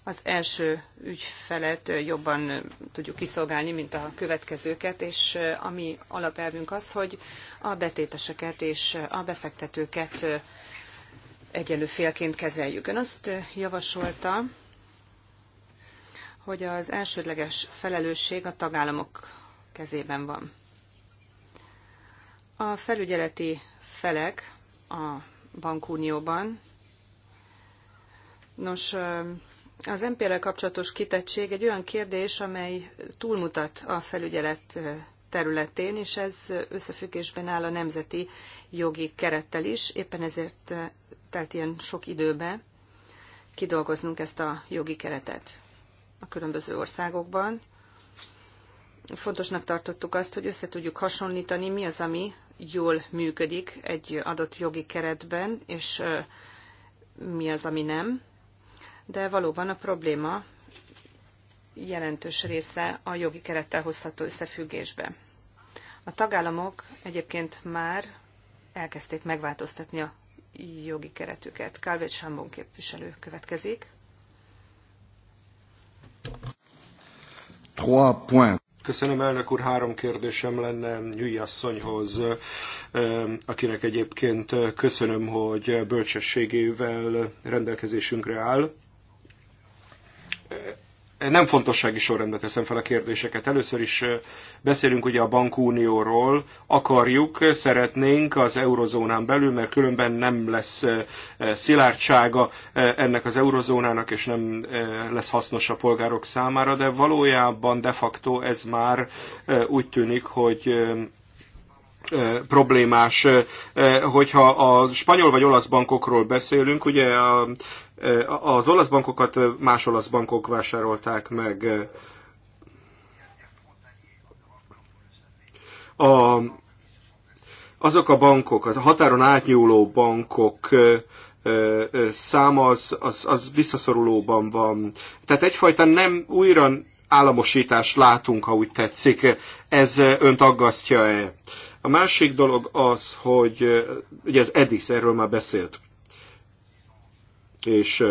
az első ügyfelet jobban tudjuk kiszolgálni, mint a következőket, és a mi alapelvünk az, hogy a betéteseket és a befektetőket egyenlő félként kezeljük. Ön azt javasolta, hogy az elsődleges felelősség a tagállamok kezében van. A felügyeleti felek, a bankunióban. Nos, az MPL-rel kapcsolatos kitettség egy olyan kérdés, amely túlmutat a felügyelet területén, és ez összefüggésben áll a nemzeti jogi kerettel is, éppen ezért telt ilyen sok időbe kidolgoznunk ezt a jogi keretet a különböző országokban. Fontosnak tartottuk azt, hogy összetudjuk hasonlítani, mi az, ami jól működik egy adott jogi keretben, és mi az, ami nem. De valóban a probléma jelentős része a jogi kerettel hozható összefüggésbe. A tagállamok egyébként már elkezdték megváltoztatni a jogi keretüket. Calvet Sambon képviselő következik. Trois points. Köszönöm, elnök úr. Három kérdésem lenne Nyúj asszonyhoz, akinek egyébként köszönöm, hogy bölcsességével rendelkezésünkre áll nem fontossági sorrendben teszem fel a kérdéseket. Először is beszélünk ugye a bankunióról, akarjuk, szeretnénk az eurozónán belül, mert különben nem lesz szilárdsága ennek az eurozónának, és nem lesz hasznos a polgárok számára, de valójában de facto ez már úgy tűnik, hogy problémás. Hogyha a spanyol vagy olasz bankokról beszélünk, ugye a az olasz bankokat más olasz bankok vásárolták meg. A, azok a bankok, az a határon átnyúló bankok száma az, az, az visszaszorulóban van. Tehát egyfajta nem újra államosítást látunk, ha úgy tetszik. Ez önt aggasztja-e? A másik dolog az, hogy ugye ez Edis, erről már beszélt. És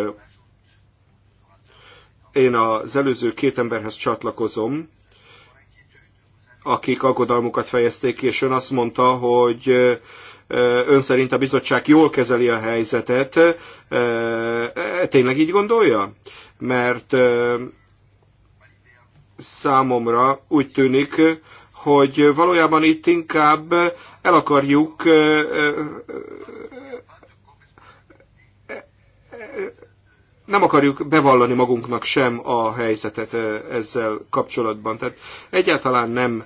én az előző két emberhez csatlakozom, akik aggodalmukat fejezték ki, és ön azt mondta, hogy ön szerint a bizottság jól kezeli a helyzetet. E, tényleg így gondolja? Mert számomra úgy tűnik, hogy valójában itt inkább el akarjuk nem akarjuk bevallani magunknak sem a helyzetet ezzel kapcsolatban. Tehát egyáltalán nem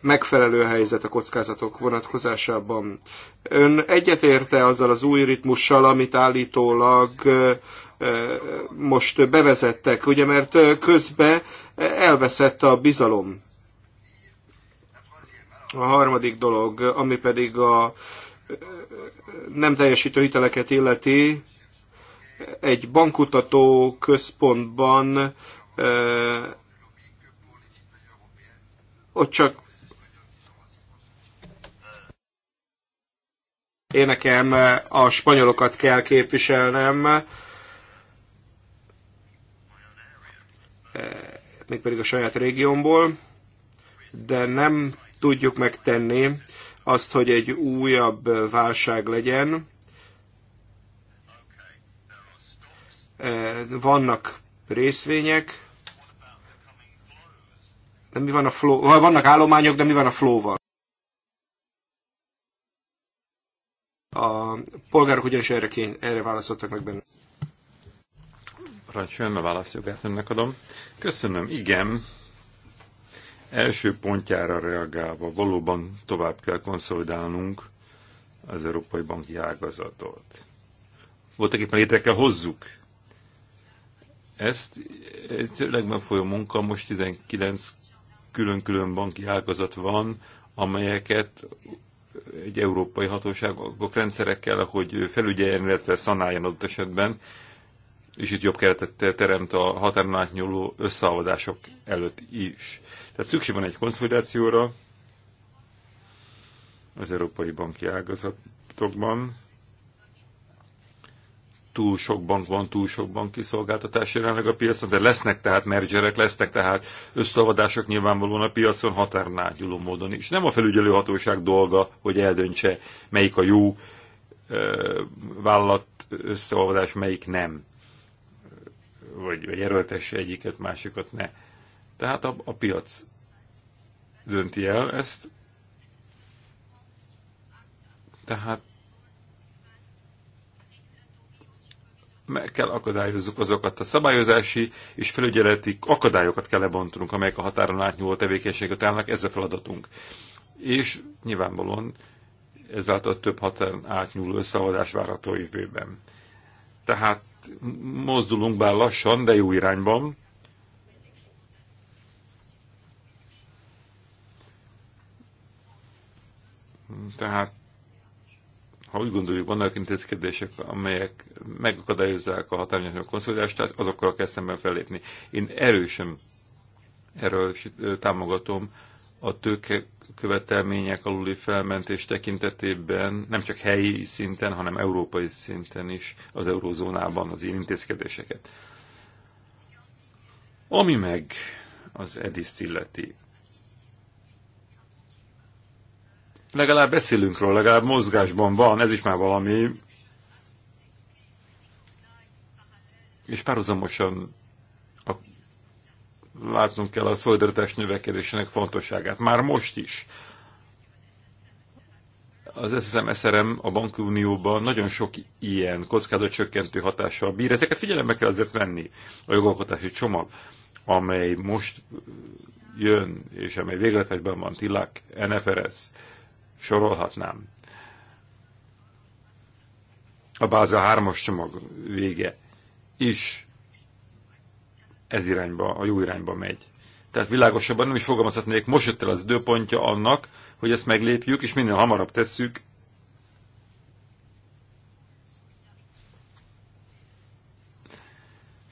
megfelelő helyzet a kockázatok vonatkozásában. Ön egyetérte azzal az új ritmussal, amit állítólag most bevezettek, ugye, mert közben elveszett a bizalom. A harmadik dolog, ami pedig a nem teljesítő hiteleket illeti, egy bankutató központban ott csak én nekem a spanyolokat kell képviselnem, mégpedig a saját régiómból, de nem tudjuk megtenni azt, hogy egy újabb válság legyen, vannak részvények, de mi van a flow, vannak állományok, de mi van a flóval? A polgárok ugyanis erre, kény, erre válaszoltak meg benne. Parancsoljon, a válaszjogát önnek adom. Köszönöm, igen. Első pontjára reagálva valóban tovább kell konszolidálnunk az európai banki ágazatot. Voltak éppen létre kell hozzuk ezt egy legmegfolyó munka, most 19 külön-külön banki ágazat van, amelyeket egy európai hatóságok rendszerekkel, hogy felügyeljen, illetve szanáljon adott esetben, és itt jobb keretet teremt a határon átnyúló összeadások előtt is. Tehát szükség van egy konszolidációra az európai banki ágazatokban, túl sok bank van, túl sok banki szolgáltatás jelenleg a piacon, de lesznek tehát mergerek, lesznek tehát összeolvadások nyilvánvalóan a piacon határnágyuló módon is. Nem a felügyelőhatóság dolga, hogy eldöntse, melyik a jó ö, vállalat összeolvadás, melyik nem. Vagy, vagy erőltesse egyiket, másikat ne. Tehát a, a piac dönti el ezt. Tehát meg kell akadályozzuk azokat a szabályozási és felügyeleti akadályokat kell lebontunk, amelyek a határon átnyúló tevékenységet állnak, ez a feladatunk. És nyilvánvalóan ezáltal több határon átnyúló szabadás várható jövőben. Tehát mozdulunk bár lassan, de jó irányban. Tehát ha úgy gondoljuk, vannak intézkedések, amelyek megakadályozzák a konszolidást, tehát azokkal kell szemben fellépni. Én erősen erről támogatom a tőke követelmények aluli felmentés tekintetében nem csak helyi szinten, hanem európai szinten is az eurózónában az én intézkedéseket. Ami meg az edis illeti. legalább beszélünk róla, legalább mozgásban van, ez is már valami. És párhuzamosan a, látnunk kell a szolidaritás növekedésének fontosságát, már most is. Az SSM SRM a bankunióban nagyon sok ilyen kockázatcsökkentő hatással bír. Ezeket figyelembe kell azért venni a jogalkotási csomag, amely most jön, és amely végletesben van, TILAK, NFRS, sorolhatnám. A Báza 3-as csomag vége is ez irányba, a jó irányba megy. Tehát világosabban nem is fogalmazhatnék, most jött el az időpontja annak, hogy ezt meglépjük, és minél hamarabb tesszük,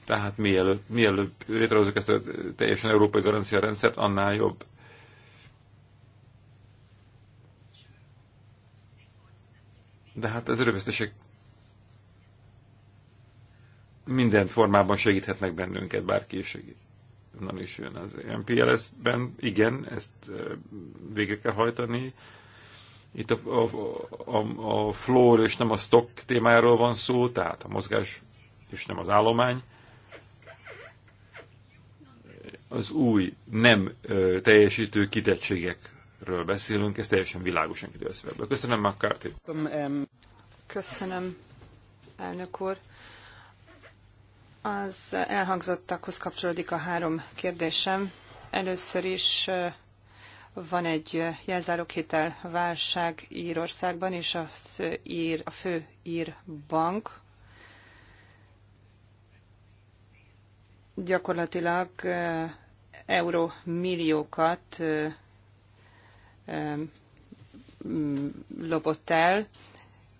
tehát mielőbb, mielőbb létrehozunk ezt a teljesen európai garancia rendszert, annál jobb. De hát az örövesztesek minden formában segíthetnek bennünket, bárki is segít. Onnan is jön az MPLS-ben, igen, ezt végre kell hajtani. Itt a, a, a, a floor és nem a stock témáról van szó, tehát a mozgás és nem az állomány. Az új, nem ö, teljesítő kitettségek ről beszélünk, ez teljesen világosan kitűr szövegből. Köszönöm, McCarthy. Köszönöm, elnök úr. Az elhangzottakhoz kapcsolódik a három kérdésem. Először is van egy jelzáloghitel válság Írországban, és az ír, a fő ír bank gyakorlatilag milliókat Mm, lopott el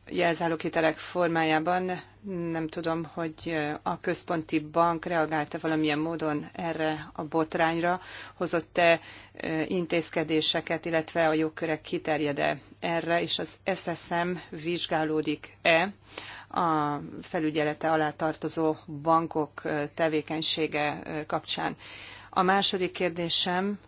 jelzáloghitelek formájában. Nem tudom, hogy eh, a központi bank reagálta valamilyen módon erre a botrányra, hozott-e eh, intézkedéseket, illetve a jogkörek kiterjede erre, és az SSM vizsgálódik-e a felügyelete alá tartozó bankok eh, tevékenysége kapcsán. A második kérdésem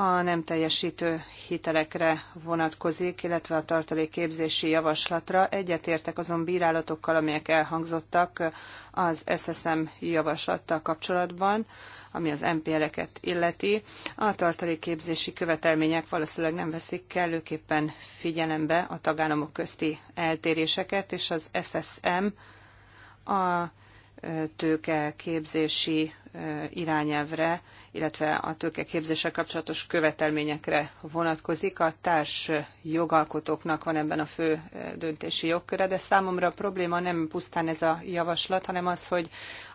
a nem teljesítő hitelekre vonatkozik, illetve a tartalékképzési javaslatra. Egyetértek azon bírálatokkal, amelyek elhangzottak az SSM javaslattal kapcsolatban, ami az MPL-eket illeti. A tartalékképzési követelmények valószínűleg nem veszik kellőképpen figyelembe a tagállamok közti eltéréseket, és az SSM a tőkeképzési képzési irányelvre illetve a tőkeképzéssel kapcsolatos követelményekre vonatkozik. A társ jogalkotóknak van ebben a fő döntési jogköre, de számomra a probléma nem pusztán ez a javaslat, hanem az, hogy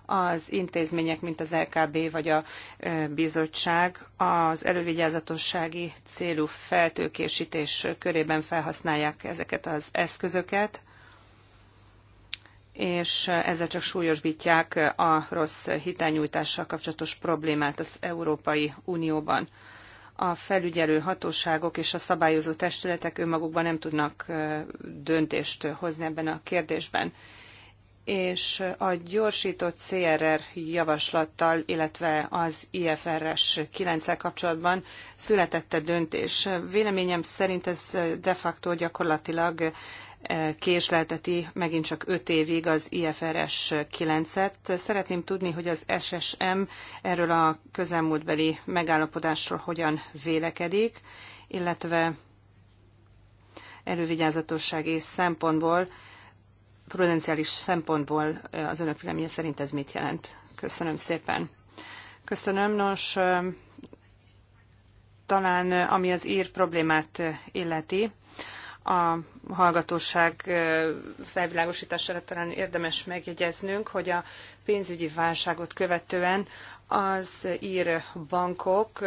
az intézmények, mint az LKB vagy a bizottság az elővigyázatossági célú feltőkésítés körében felhasználják ezeket az eszközöket, és ezzel csak súlyosbítják a rossz hitelnyújtással kapcsolatos problémát az Európai Unióban. A felügyelő hatóságok és a szabályozó testületek önmagukban nem tudnak döntést hozni ebben a kérdésben. És a gyorsított CRR javaslattal, illetve az IFRS 9 kapcsolatban születette döntés. Véleményem szerint ez de facto gyakorlatilag késlelteti megint csak 5 évig az IFRS 9-et. Szeretném tudni, hogy az SSM erről a közelmúltbeli megállapodásról hogyan vélekedik, illetve elővigyázatossági szempontból, prudenciális szempontból az önök véleménye szerint ez mit jelent? Köszönöm szépen. Köszönöm. Nos, talán ami az ír problémát illeti, a hallgatóság felvilágosítására talán érdemes megjegyeznünk, hogy a pénzügyi válságot követően az ír bankok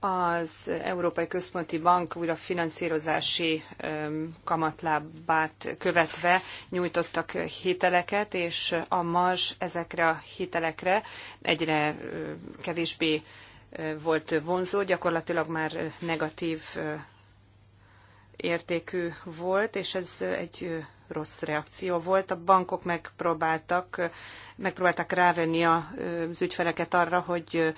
az Európai Központi Bank újra finanszírozási kamatlábát követve nyújtottak hiteleket, és a mars ezekre a hitelekre egyre kevésbé volt vonzó, gyakorlatilag már negatív értékű volt, és ez egy rossz reakció volt. A bankok megpróbáltak, megpróbáltak rávenni az ügyfeleket arra, hogy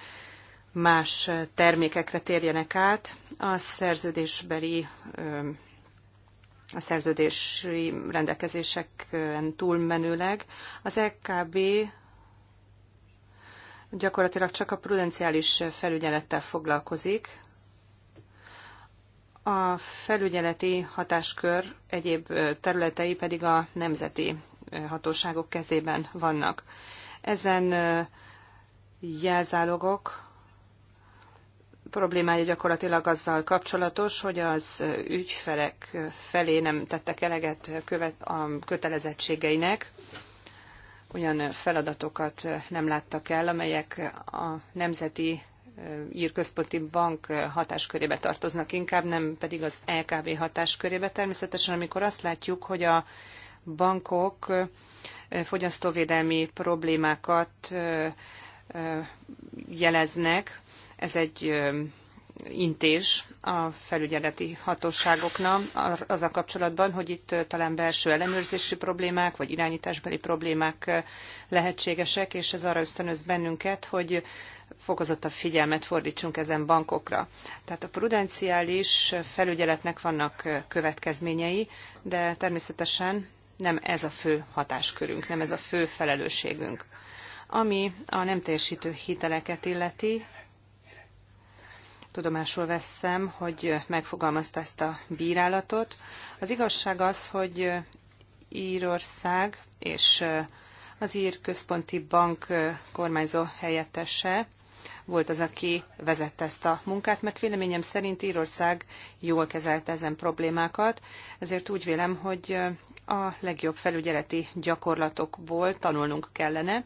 más termékekre térjenek át. A szerződésbeli a szerződési rendelkezéseken túlmenőleg. Az EKB gyakorlatilag csak a prudenciális felügyelettel foglalkozik, a felügyeleti hatáskör egyéb területei pedig a nemzeti hatóságok kezében vannak. Ezen jelzálogok problémája gyakorlatilag azzal kapcsolatos, hogy az ügyfelek felé nem tettek eleget követ a kötelezettségeinek, olyan feladatokat nem láttak el, amelyek a nemzeti ír központi bank hatáskörébe tartoznak inkább, nem pedig az LKB hatáskörébe. Természetesen, amikor azt látjuk, hogy a bankok fogyasztóvédelmi problémákat jeleznek, ez egy intés a felügyeleti hatóságoknak az a kapcsolatban, hogy itt talán belső ellenőrzési problémák vagy irányításbeli problémák lehetségesek, és ez arra ösztönöz bennünket, hogy fokozottabb figyelmet fordítsunk ezen bankokra. Tehát a prudenciális felügyeletnek vannak következményei, de természetesen nem ez a fő hatáskörünk, nem ez a fő felelősségünk. Ami a nem teljesítő hiteleket illeti, tudomásul veszem, hogy megfogalmazta ezt a bírálatot. Az igazság az, hogy Írország és az Ír Központi Bank kormányzó helyettese volt az, aki vezette ezt a munkát, mert véleményem szerint Írország jól kezelte ezen problémákat, ezért úgy vélem, hogy a legjobb felügyeleti gyakorlatokból tanulnunk kellene,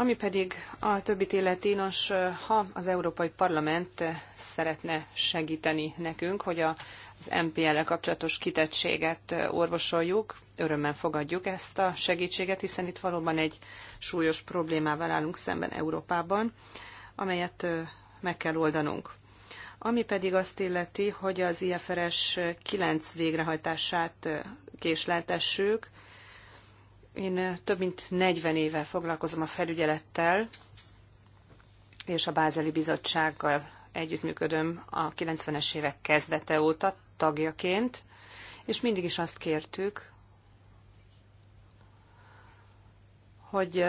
Ami pedig a többit illeti, nos, ha az Európai Parlament szeretne segíteni nekünk, hogy az MPL-el kapcsolatos kitettséget orvosoljuk, örömmel fogadjuk ezt a segítséget, hiszen itt valóban egy súlyos problémával állunk szemben Európában, amelyet meg kell oldanunk. Ami pedig azt illeti, hogy az IFRS 9 végrehajtását késleltessük, én eh, több mint 40 éve foglalkozom a felügyelettel, és a Bázeli Bizottsággal együttműködöm a 90-es évek kezdete óta tagjaként, és mindig is azt kértük, hogy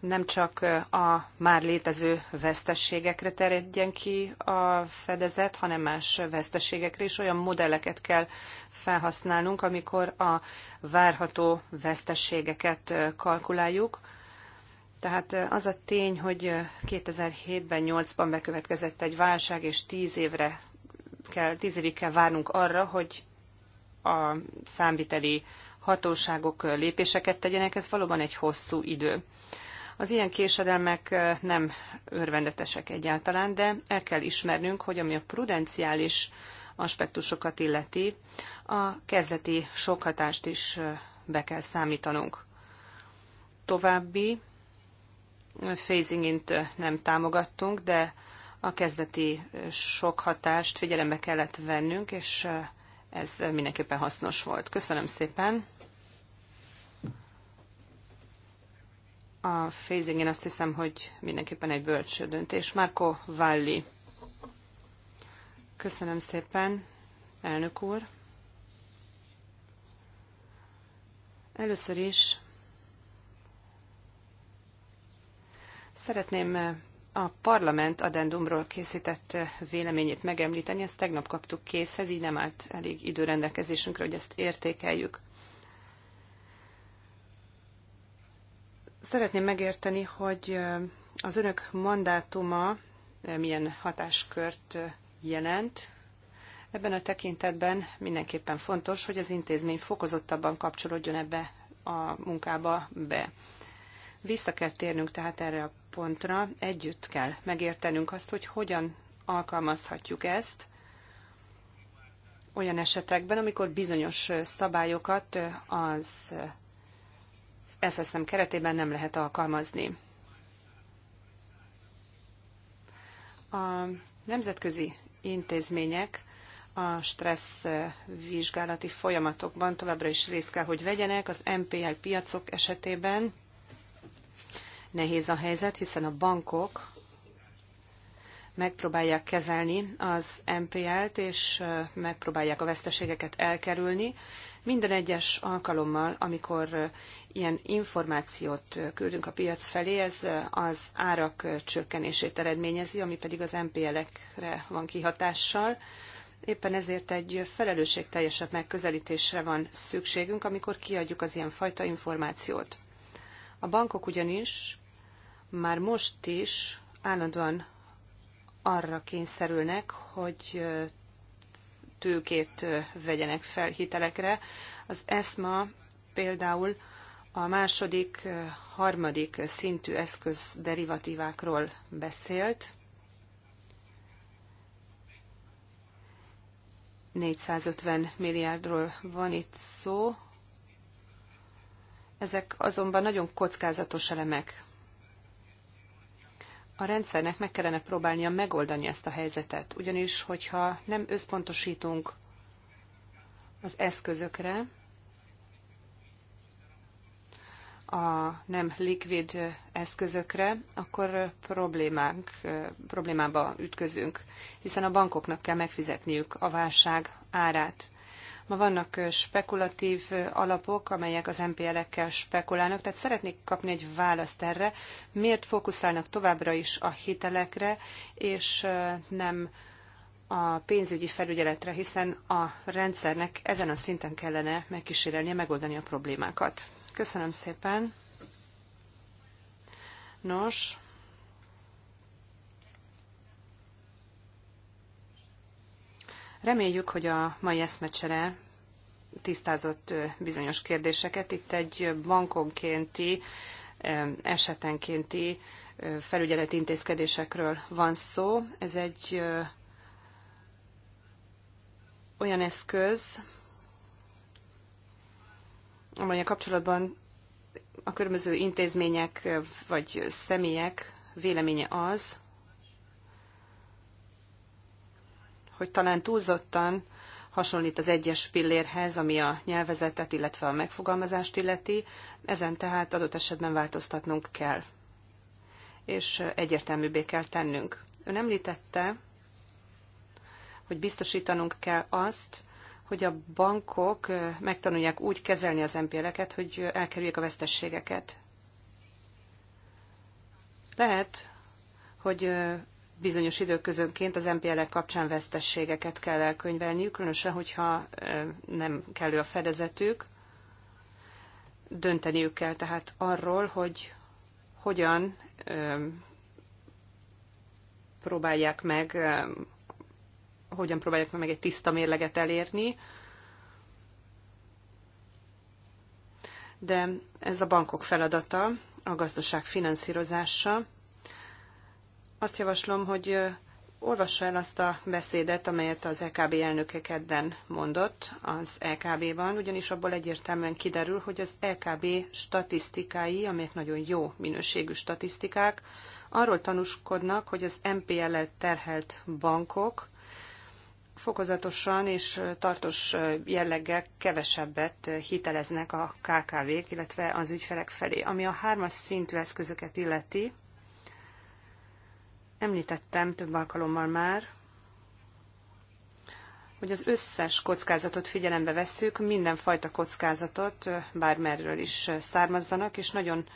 nem csak a már létező vesztességekre terjedjen ki a fedezet, hanem más vesztességekre is olyan modelleket kell felhasználnunk, amikor a várható vesztességeket kalkuláljuk. Tehát az a tény, hogy 2007-ben, 8-ban bekövetkezett egy válság, és 10 évre kell, 10 évig kell várnunk arra, hogy a számviteli hatóságok lépéseket tegyenek, ez valóban egy hosszú idő. Az ilyen késedelmek nem örvendetesek egyáltalán, de el kell ismernünk, hogy ami a prudenciális aspektusokat illeti, a kezdeti sokhatást is be kell számítanunk. További phasing nem támogattunk, de a kezdeti sok hatást figyelembe kellett vennünk, és ez mindenképpen hasznos volt. Köszönöm szépen! a phasing, én azt hiszem, hogy mindenképpen egy bölcs döntés. Marco Valli. Köszönöm szépen, elnök úr. Először is szeretném a parlament adendumról készített véleményét megemlíteni, ezt tegnap kaptuk készhez, így nem állt elég időrendelkezésünkre, hogy ezt értékeljük. Szeretném megérteni, hogy az önök mandátuma milyen hatáskört jelent. Ebben a tekintetben mindenképpen fontos, hogy az intézmény fokozottabban kapcsolódjon ebbe a munkába be. Vissza kell térnünk tehát erre a pontra, együtt kell megértenünk azt, hogy hogyan alkalmazhatjuk ezt olyan esetekben, amikor bizonyos szabályokat az SSM keretében nem lehet alkalmazni. A nemzetközi intézmények a stressz vizsgálati folyamatokban továbbra is részt kell, hogy vegyenek. Az MPL piacok esetében nehéz a helyzet, hiszen a bankok megpróbálják kezelni az MPL-t, és megpróbálják a veszteségeket elkerülni, minden egyes alkalommal, amikor ilyen információt küldünk a piac felé, ez az árak csökkenését eredményezi, ami pedig az MPL-ekre van kihatással. Éppen ezért egy felelősségteljesebb megközelítésre van szükségünk, amikor kiadjuk az ilyen fajta információt. A bankok ugyanis már most is állandóan arra kényszerülnek, hogy tőkét vegyenek fel hitelekre. Az ESMA például a második, harmadik szintű eszköz derivatívákról beszélt. 450 milliárdról van itt szó. Ezek azonban nagyon kockázatos elemek a rendszernek meg kellene próbálnia megoldani ezt a helyzetet, ugyanis hogyha nem összpontosítunk az eszközökre, a nem likvid eszközökre, akkor problémánk, problémába ütközünk, hiszen a bankoknak kell megfizetniük a válság árát. Ma vannak spekulatív alapok, amelyek az MPL-ekkel spekulálnak, tehát szeretnék kapni egy választ erre, miért fókuszálnak továbbra is a hitelekre, és nem a pénzügyi felügyeletre, hiszen a rendszernek ezen a szinten kellene megkísérelnie megoldani a problémákat. Köszönöm szépen. Nos, Reméljük, hogy a mai eszmecsere tisztázott bizonyos kérdéseket. Itt egy bankonkénti, esetenkénti felügyeleti intézkedésekről van szó. Ez egy olyan eszköz, amely a kapcsolatban a különböző intézmények vagy személyek véleménye az, hogy talán túlzottan hasonlít az egyes pillérhez, ami a nyelvezetet, illetve a megfogalmazást illeti, ezen tehát adott esetben változtatnunk kell, és egyértelműbbé kell tennünk. Ön említette, hogy biztosítanunk kell azt, hogy a bankok megtanulják úgy kezelni az MPL-eket, hogy elkerüljék a vesztességeket. Lehet, hogy bizonyos időközönként az MPL-ek kapcsán vesztességeket kell elkönyvelniük, különösen, hogyha nem kellő a fedezetük. Dönteniük kell tehát arról, hogy hogyan próbálják meg, hogyan próbálják meg egy tiszta mérleget elérni, de ez a bankok feladata, a gazdaság finanszírozása, azt javaslom, hogy olvassa el azt a beszédet, amelyet az EKB elnöke kedden mondott az ekb ban ugyanis abból egyértelműen kiderül, hogy az EKB statisztikái, amelyek nagyon jó minőségű statisztikák, arról tanúskodnak, hogy az MPL-et terhelt bankok fokozatosan és tartós jelleggel kevesebbet hiteleznek a KKV-k, illetve az ügyfelek felé. Ami a hármas szintű eszközöket illeti, Említettem több alkalommal már, hogy az összes kockázatot figyelembe vesszük, mindenfajta kockázatot, bármerről is származzanak, és nagyon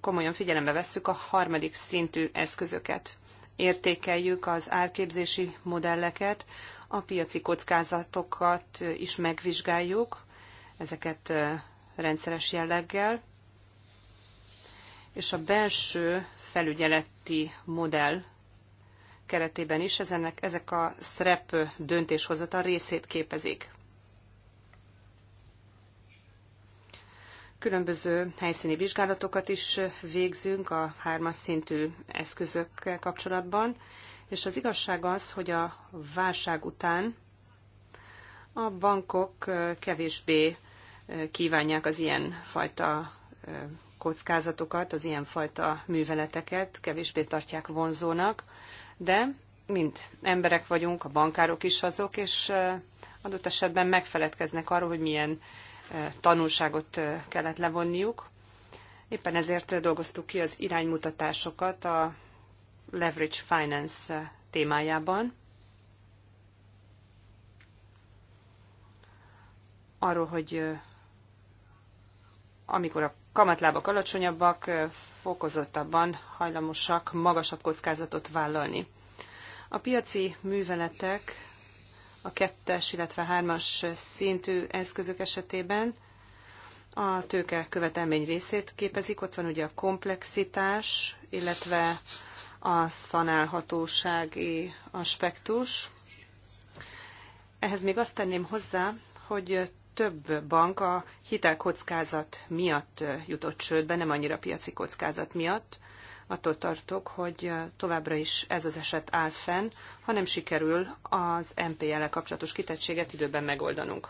komolyan figyelembe vesszük a harmadik szintű eszközöket. Értékeljük az árképzési modelleket, a piaci kockázatokat is megvizsgáljuk, ezeket rendszeres jelleggel, és a belső felügyeleti modell keretében is ezenek, ezek a SREP döntéshozatal részét képezik. Különböző helyszíni vizsgálatokat is végzünk a hármas szintű eszközökkel kapcsolatban, és az igazság az, hogy a válság után a bankok kevésbé kívánják az ilyen fajta kockázatokat, az ilyenfajta műveleteket kevésbé tartják vonzónak, de mind emberek vagyunk, a bankárok is azok, és adott esetben megfeledkeznek arról, hogy milyen tanulságot kellett levonniuk. Éppen ezért dolgoztuk ki az iránymutatásokat a leverage finance témájában. Arról, hogy amikor a kamatlábak alacsonyabbak, fokozottabban hajlamosak magasabb kockázatot vállalni. A piaci műveletek a kettes, illetve hármas szintű eszközök esetében a tőke követelmény részét képezik. Ott van ugye a komplexitás, illetve a szanálhatósági aspektus. Ehhez még azt tenném hozzá, hogy több bank a hitelkockázat miatt jutott csődbe, nem annyira piaci kockázat miatt. Attól tartok, hogy továbbra is ez az eset áll fenn, ha nem sikerül az MPL-el kapcsolatos kitettséget időben megoldanunk.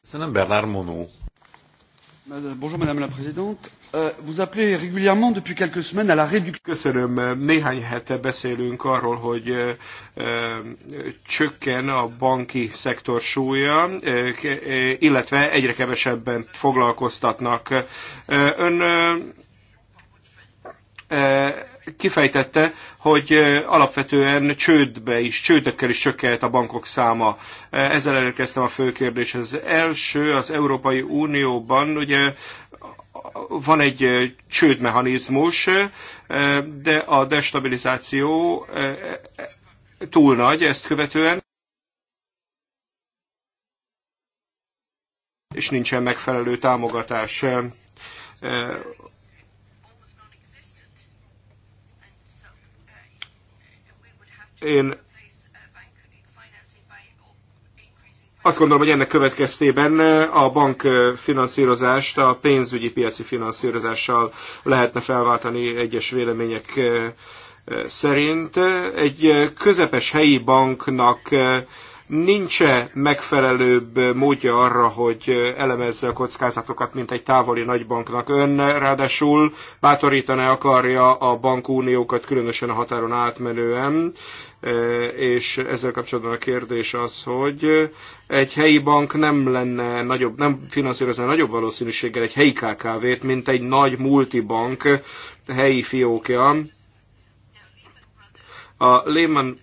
Köszönöm, Bernard Monó. Bonjour, Madame la Présidente. Euh, vous appelez régulièrement depuis quelques semaines à la réduction. Köszönöm. Euh, néhány hete beszélünk arról, hogy ö, euh, ö, csökken a banki szektor súlya, ö, illetve egyre kevesebben foglalkoztatnak. Ön kifejtette, hogy alapvetően csődbe is, csődökkel is csökkent a bankok száma. Ezzel elérkeztem a fő kérdéshez. Az első az Európai Unióban, ugye van egy csődmechanizmus, de a destabilizáció túl nagy ezt követően, és nincsen megfelelő támogatás. Én Azt gondolom, hogy ennek következtében a bank finanszírozást a pénzügyi piaci finanszírozással lehetne felváltani egyes vélemények szerint. Egy közepes helyi banknak nincs -e megfelelőbb módja arra, hogy elemezze a kockázatokat, mint egy távoli nagybanknak. Ön ráadásul bátorítani akarja a bankuniókat, különösen a határon átmenően. E, és ezzel kapcsolatban a kérdés az, hogy egy helyi bank nem lenne nagyobb, nem finanszírozna nagyobb valószínűséggel egy helyi KKV-t, mint egy nagy multibank helyi fiókja. A Lehman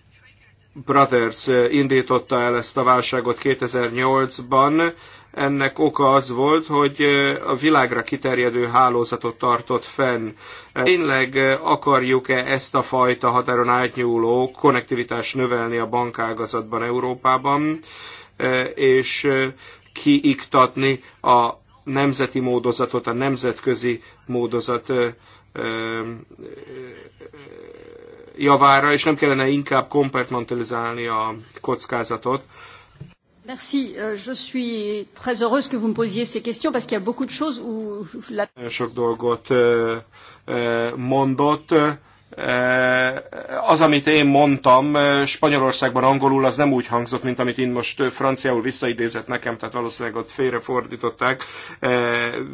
Brothers indította el ezt a válságot 2008-ban, ennek oka az volt, hogy a világra kiterjedő hálózatot tartott fenn. Tényleg akarjuk-e ezt a fajta határon átnyúló konnektivitás növelni a bankágazatban Európában, és kiiktatni a nemzeti módozatot, a nemzetközi módozat javára, és nem kellene inkább kompartmentalizálni a kockázatot, Merci. Euh, je suis très heureuse que vous me posiez ces questions parce qu'il y a beaucoup de choses où... Sok dolgot euh, euh, mondott Eh, az, amit én mondtam eh, Spanyolországban angolul, az nem úgy hangzott, mint amit én most eh, franciául visszaidézett nekem, tehát valószínűleg ott félrefordították,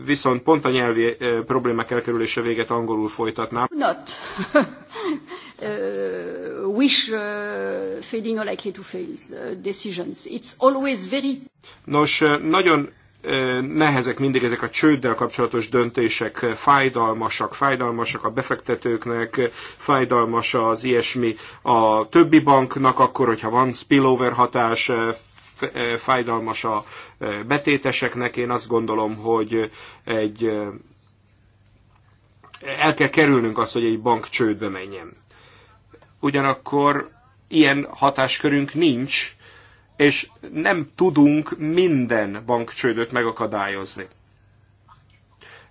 viszont pont a nyelvi problémák elkerülése véget angolul folytatnám. Not *laughs* uh, wish uh, failing or likely to fail uh, decisions. It's always very... Nos, nagyon nehezek mindig ezek a csőddel kapcsolatos döntések, fájdalmasak, fájdalmasak a befektetőknek, fájdalmas az ilyesmi a többi banknak, akkor, hogyha van spillover hatás, fájdalmas a betéteseknek. Én azt gondolom, hogy egy el kell kerülnünk azt, hogy egy bank csődbe menjen. Ugyanakkor ilyen hatáskörünk nincs, és nem tudunk minden bankcsődöt megakadályozni.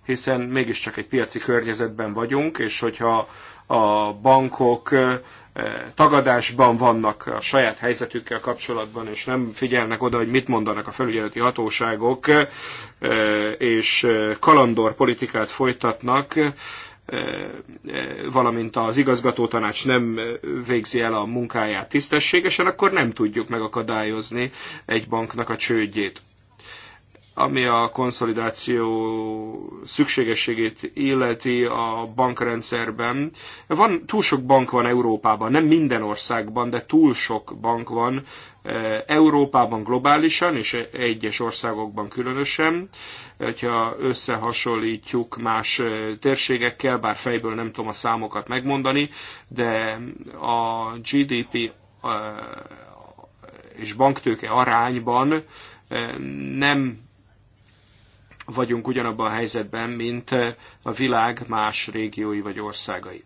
Hiszen mégiscsak egy piaci környezetben vagyunk, és hogyha a bankok tagadásban vannak a saját helyzetükkel kapcsolatban, és nem figyelnek oda, hogy mit mondanak a felügyeleti hatóságok, és kalandor politikát folytatnak, valamint az igazgató tanács nem végzi el a munkáját tisztességesen, akkor nem tudjuk megakadályozni egy banknak a csődjét. Ami a konszolidáció szükségességét illeti a bankrendszerben, van, túl sok bank van Európában, nem minden országban, de túl sok bank van eh, Európában globálisan, és egyes országokban különösen. Eh, hogyha összehasonlítjuk más eh, térségekkel, bár fejből nem tudom a számokat megmondani, de a GDP és banktőke arányban nem vagyunk ugyanabban a helyzetben, mint a világ más régiói vagy országai.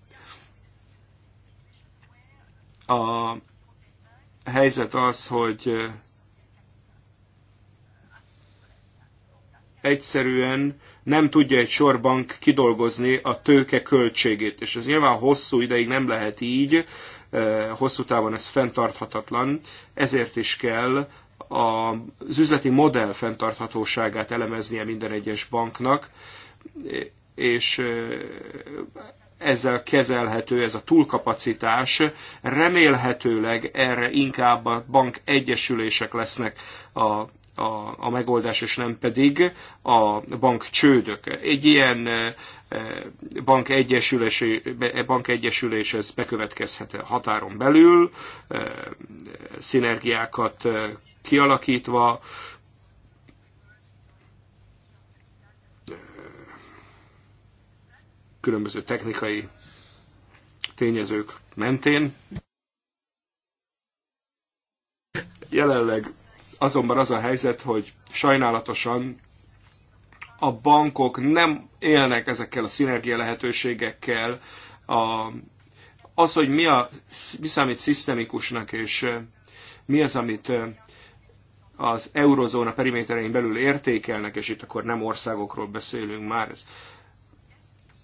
A helyzet az, hogy egyszerűen nem tudja egy sorbank kidolgozni a tőke költségét, és ez nyilván hosszú ideig nem lehet így, hosszú távon ez fenntarthatatlan, ezért is kell az üzleti modell fenntarthatóságát elemeznie minden egyes banknak, és ezzel kezelhető ez a túlkapacitás. Remélhetőleg erre inkább a bank egyesülések lesznek a a, a megoldás, és nem pedig a bank csődök. Egy ilyen bank egyesülés ez bekövetkezhet a határon belül, szinergiákat kialakítva, különböző technikai tényezők mentén. Jelenleg azonban az a helyzet, hogy sajnálatosan a bankok nem élnek ezekkel a szinergia lehetőségekkel. A, az, hogy mi, a, mi számít szisztemikusnak, és eh, mi az, amit eh, az eurozóna periméterein belül értékelnek, és itt akkor nem országokról beszélünk már, ez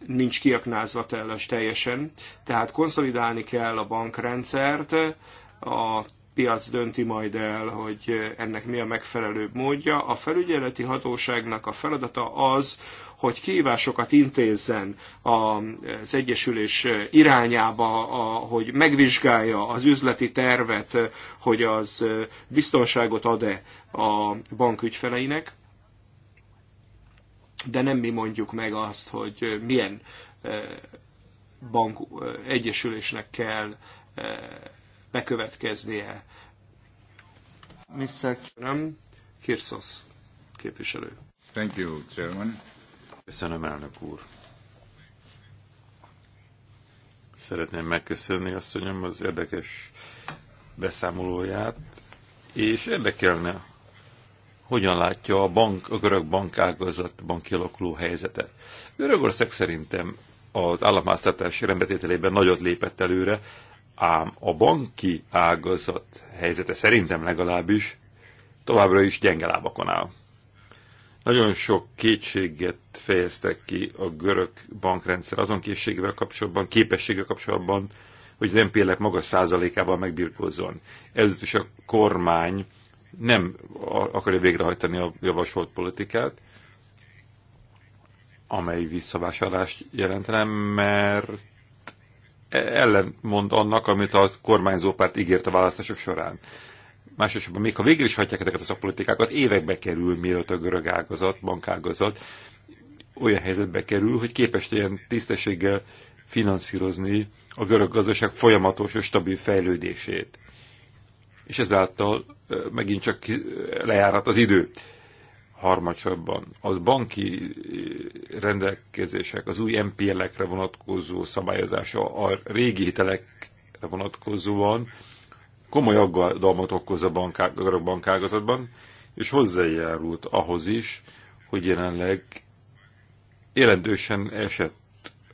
nincs kiaknázva teljesen. Tehát konszolidálni kell a bankrendszert, a piac dönti majd el, hogy ennek mi a megfelelőbb módja. A felügyeleti hatóságnak a feladata az, hogy kihívásokat intézzen az Egyesülés irányába, hogy megvizsgálja az üzleti tervet, hogy az biztonságot ad-e a bank ügyfeleinek, de nem mi mondjuk meg azt, hogy milyen bank egyesülésnek kell bekövetkeznie. Mr. Kirsos képviselő. Thank you, Chairman. Köszönöm, elnök úr. Szeretném megköszönni asszonyom az érdekes beszámolóját, és érdekelne, hogyan látja a, bank, a görög bank kialakuló helyzete. Görögország szerintem az államháztartási rendetételében nagyot lépett előre, ám a banki ágazat helyzete szerintem legalábbis továbbra is gyenge lábakon áll. Nagyon sok kétséget fejeztek ki a görög bankrendszer azon készségével kapcsolatban, képességgel kapcsolatban, hogy az MPL-ek magas százalékával megbirkózzon. Ez is a kormány nem akarja végrehajtani a javasolt politikát, amely visszavásárlást jelentene, mert ellen mond annak, amit a párt ígért a választások során. Másosabban, még ha végül is hagyják ezeket a szakpolitikákat, évekbe kerül, mielőtt a görög ágazat, bankágazat olyan helyzetbe kerül, hogy képes legyen tisztességgel finanszírozni a görög gazdaság folyamatos és stabil fejlődését. És ezáltal megint csak lejárat az idő harmadsorban. Az banki rendelkezések, az új MPL-ekre vonatkozó szabályozása, a régi hitelekre vonatkozóan komoly aggodalmat okoz a bankák, bankágazatban, és hozzájárult ahhoz is, hogy jelenleg jelentősen esett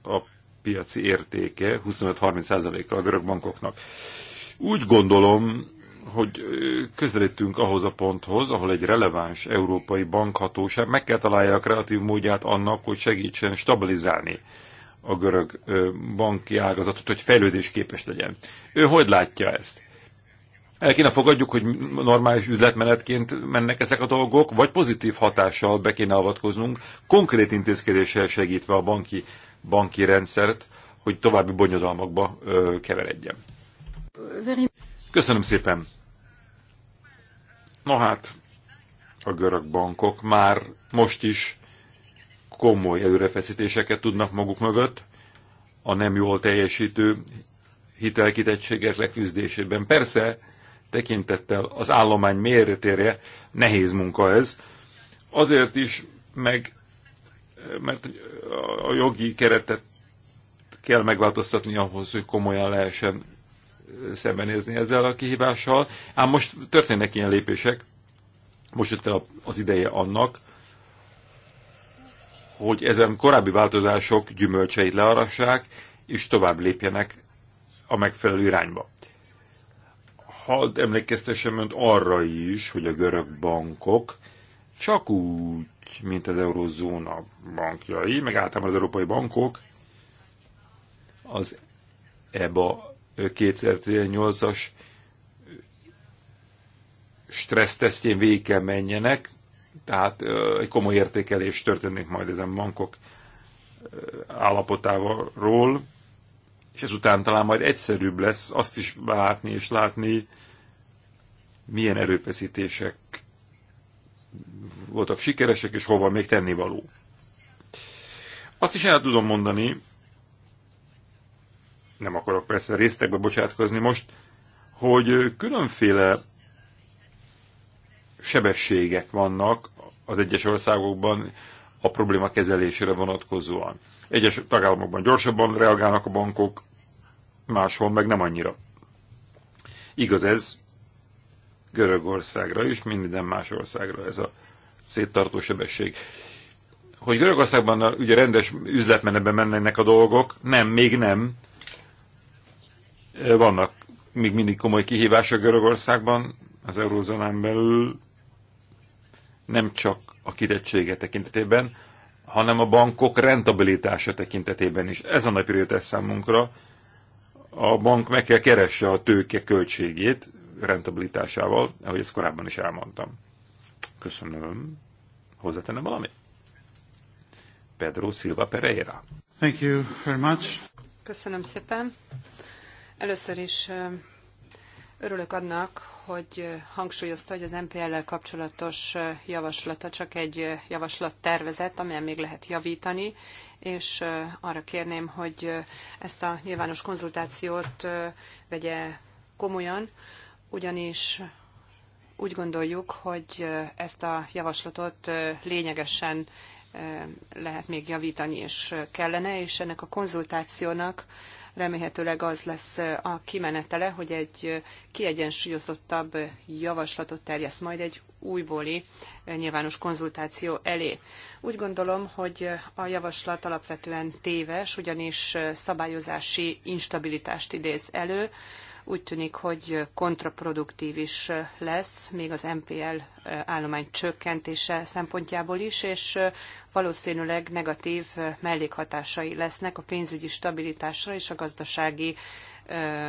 a piaci értéke 25-30%-kal a görög bankoknak. Úgy gondolom, hogy közelítünk ahhoz a ponthoz, ahol egy releváns európai bankhatóság meg kell találja a kreatív módját annak, hogy segítsen stabilizálni a görög banki ágazatot, hogy fejlődésképes legyen. Ő hogy látja ezt? el kéne fogadjuk, hogy normális üzletmenetként mennek ezek a dolgok, vagy pozitív hatással be kéne avatkoznunk, konkrét intézkedéssel segítve a banki, banki rendszert, hogy további bonyodalmakba ö, keveredjen. Köszönöm szépen! Na hát, a görög bankok már most is komoly előrefeszítéseket tudnak maguk mögött, a nem jól teljesítő hitelkitettségek leküzdésében. Persze, tekintettel az állomány méretére nehéz munka ez. Azért is, meg mert a jogi keretet kell megváltoztatni ahhoz, hogy komolyan lehessen szembenézni ezzel a kihívással. Ám most történnek ilyen lépések, most jött el az ideje annak, hogy ezen korábbi változások gyümölcseit learassák, és tovább lépjenek a megfelelő irányba hadd emlékeztessem önt arra is, hogy a görög bankok csak úgy, mint az eurozóna bankjai, meg általában az európai bankok, az EBA 2018-as stressztesztjén végig kell menjenek, tehát egy komoly értékelés történik majd ezen bankok állapotáról, és ezután talán majd egyszerűbb lesz azt is látni és látni, milyen erőfeszítések voltak sikeresek, és hova még tennivaló. Azt is el tudom mondani, nem akarok persze résztekbe bocsátkozni most, hogy különféle sebességek vannak az egyes országokban a probléma kezelésére vonatkozóan. Egyes tagállamokban gyorsabban reagálnak a bankok, máshol meg nem annyira. Igaz ez Görögországra és minden más országra ez a széttartó sebesség. Hogy Görögországban ugye rendes üzletmenetben mennek a dolgok, nem, még nem. Vannak még mindig komoly kihívások Görögországban, az eurózónán belül, nem csak a kitettsége tekintetében, hanem a bankok rentabilitása tekintetében is. Ez a nagy prioritás számunkra. A bank meg kell keresse a tőke költségét rentabilitásával, ahogy ezt korábban is elmondtam. Köszönöm. Hozzátenem valamit? Pedro Silva Pereira. Thank you very much. Köszönöm szépen. Először is Örülök annak, hogy hangsúlyozta, hogy az MPL-lel kapcsolatos javaslata csak egy javaslat tervezett, amelyen még lehet javítani, és arra kérném, hogy ezt a nyilvános konzultációt vegye komolyan, ugyanis úgy gondoljuk, hogy ezt a javaslatot lényegesen lehet még javítani, és kellene, és ennek a konzultációnak Remélhetőleg az lesz a kimenetele, hogy egy kiegyensúlyozottabb javaslatot terjeszt majd egy újbóli nyilvános konzultáció elé. Úgy gondolom, hogy a javaslat alapvetően téves, ugyanis szabályozási instabilitást idéz elő, úgy tűnik, hogy kontraproduktív is lesz, még az MPL állomány csökkentése szempontjából is, és valószínűleg negatív mellékhatásai lesznek a pénzügyi stabilitásra és a gazdasági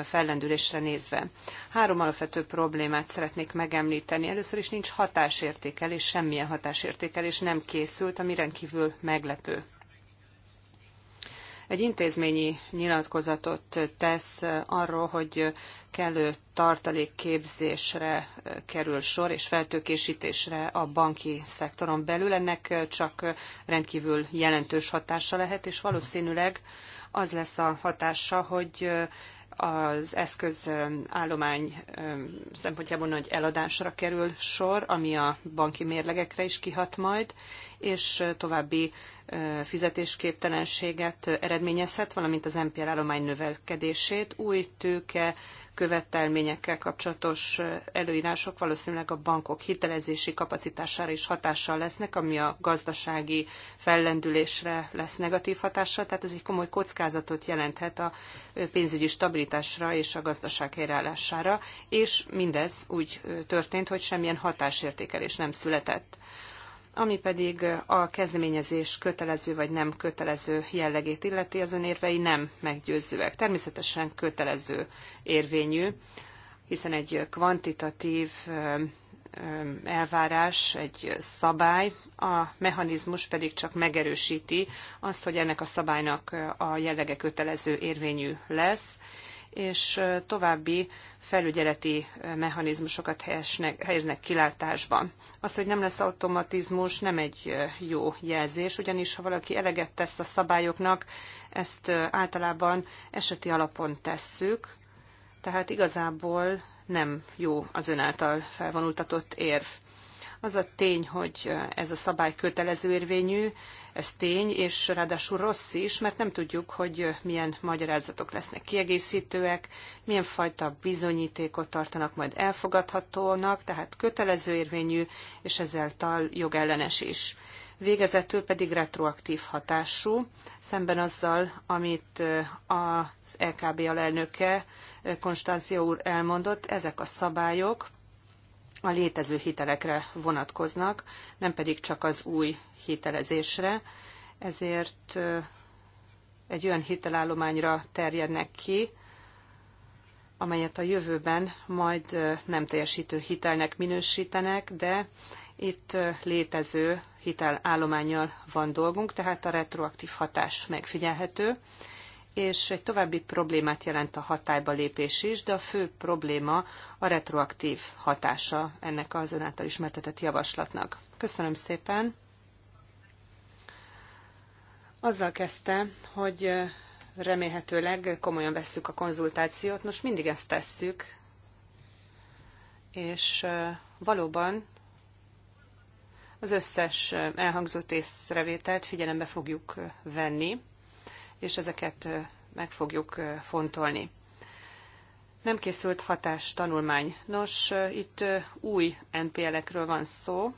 fellendülésre nézve. Három alapvető problémát szeretnék megemlíteni. Először is nincs hatásértékelés, semmilyen hatásértékelés nem készült, ami rendkívül meglepő egy intézményi nyilatkozatot tesz arról, hogy kellő tartalékképzésre kerül sor és feltőkésítésre a banki szektoron belül. Ennek csak rendkívül jelentős hatása lehet, és valószínűleg az lesz a hatása, hogy az eszközállomány um, um, szempontjából nagy eladásra kerül sor, ami a banki mérlegekre is kihat majd, és további fizetésképtelenséget eredményezhet, valamint az NPL állomány növelkedését. Új tőke követelményekkel kapcsolatos előírások valószínűleg a bankok hitelezési kapacitására is hatással lesznek, ami a gazdasági fellendülésre lesz negatív hatással, tehát ez egy komoly kockázatot jelenthet a pénzügyi stabilitásra és a gazdaság helyreállására, és mindez úgy történt, hogy semmilyen hatásértékelés nem született. Ami pedig a kezdeményezés kötelező vagy nem kötelező jellegét illeti, az önérvei nem meggyőzőek. Természetesen kötelező érvényű, hiszen egy kvantitatív elvárás, egy szabály, a mechanizmus pedig csak megerősíti azt, hogy ennek a szabálynak a jellege kötelező érvényű lesz, és további felügyeleti mechanizmusokat helyesnek, helyeznek kilátásban. Az, hogy nem lesz automatizmus, nem egy jó jelzés, ugyanis ha valaki eleget tesz a szabályoknak, ezt általában eseti alapon tesszük, tehát igazából nem jó az ön által felvonultatott érv. Az a tény, hogy ez a szabály kötelező érvényű, ez tény, és ráadásul rossz is, mert nem tudjuk, hogy milyen magyarázatok lesznek kiegészítőek, milyen fajta bizonyítékot tartanak majd elfogadhatónak, tehát kötelező érvényű, és ezáltal jogellenes is. Végezetül pedig retroaktív hatású, szemben azzal, amit az LKB e alelnöke Konstanzia úr elmondott, ezek a szabályok a létező hitelekre vonatkoznak, nem pedig csak az új hitelezésre. Ezért egy olyan hitelállományra terjednek ki, amelyet a jövőben majd nem teljesítő hitelnek minősítenek, de itt létező hitelállományjal van dolgunk, tehát a retroaktív hatás megfigyelhető, és egy további problémát jelent a hatályba lépés is, de a fő probléma a retroaktív hatása ennek az ön által ismertetett javaslatnak. Köszönöm szépen! Azzal kezdte, hogy remélhetőleg komolyan vesszük a konzultációt. Most mindig ezt tesszük, és valóban az összes elhangzott észrevételt figyelembe fogjuk venni és ezeket meg fogjuk fontolni. Nem készült hatás tanulmány. Nos, itt új NPL-ekről van szó.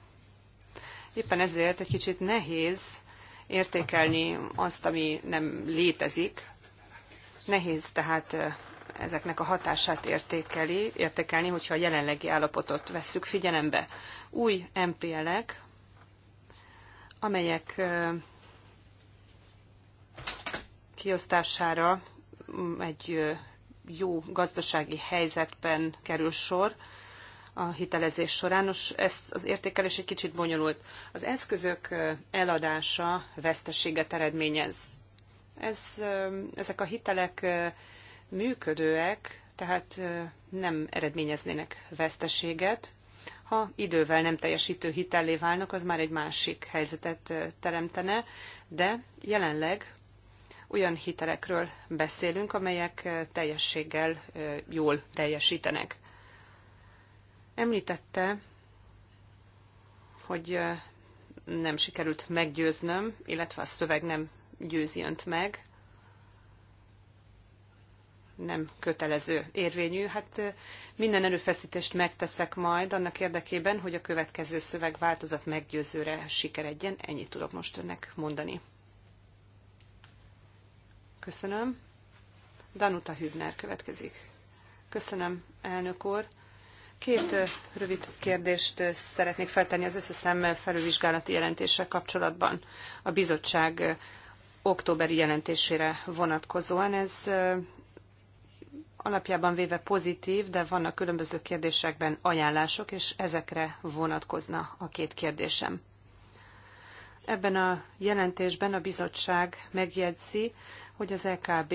Éppen ezért egy kicsit nehéz értékelni azt, ami nem létezik. Nehéz tehát ezeknek a hatását értékeli, értékelni, hogyha a jelenlegi állapotot vesszük figyelembe. Új NPL-ek, amelyek kiosztására mm, egy jó gazdasági helyzetben kerül sor a hitelezés során. Nos, ez az értékelés egy kicsit bonyolult. Az eszközök eladása veszteséget eredményez. Ez, ezek a hitelek működőek, tehát nem eredményeznének veszteséget. Ha idővel nem teljesítő hitellé válnak, az már egy másik helyzetet teremtene, de jelenleg olyan hitelekről beszélünk, amelyek teljességgel jól teljesítenek. Említette, hogy nem sikerült meggyőznöm, illetve a szöveg nem győzi önt meg, nem kötelező érvényű. Hát minden erőfeszítést megteszek majd annak érdekében, hogy a következő szövegváltozat meggyőzőre sikeredjen. Ennyit tudok most önnek mondani. Köszönöm. Danuta Hübner következik. Köszönöm, elnök úr. Két rövid kérdést szeretnék feltenni az SSM felülvizsgálati jelentése kapcsolatban. A bizottság októberi jelentésére vonatkozóan. Ez alapjában véve pozitív, de vannak különböző kérdésekben ajánlások, és ezekre vonatkozna a két kérdésem. Ebben a jelentésben a bizottság megjegyzi, hogy az EKB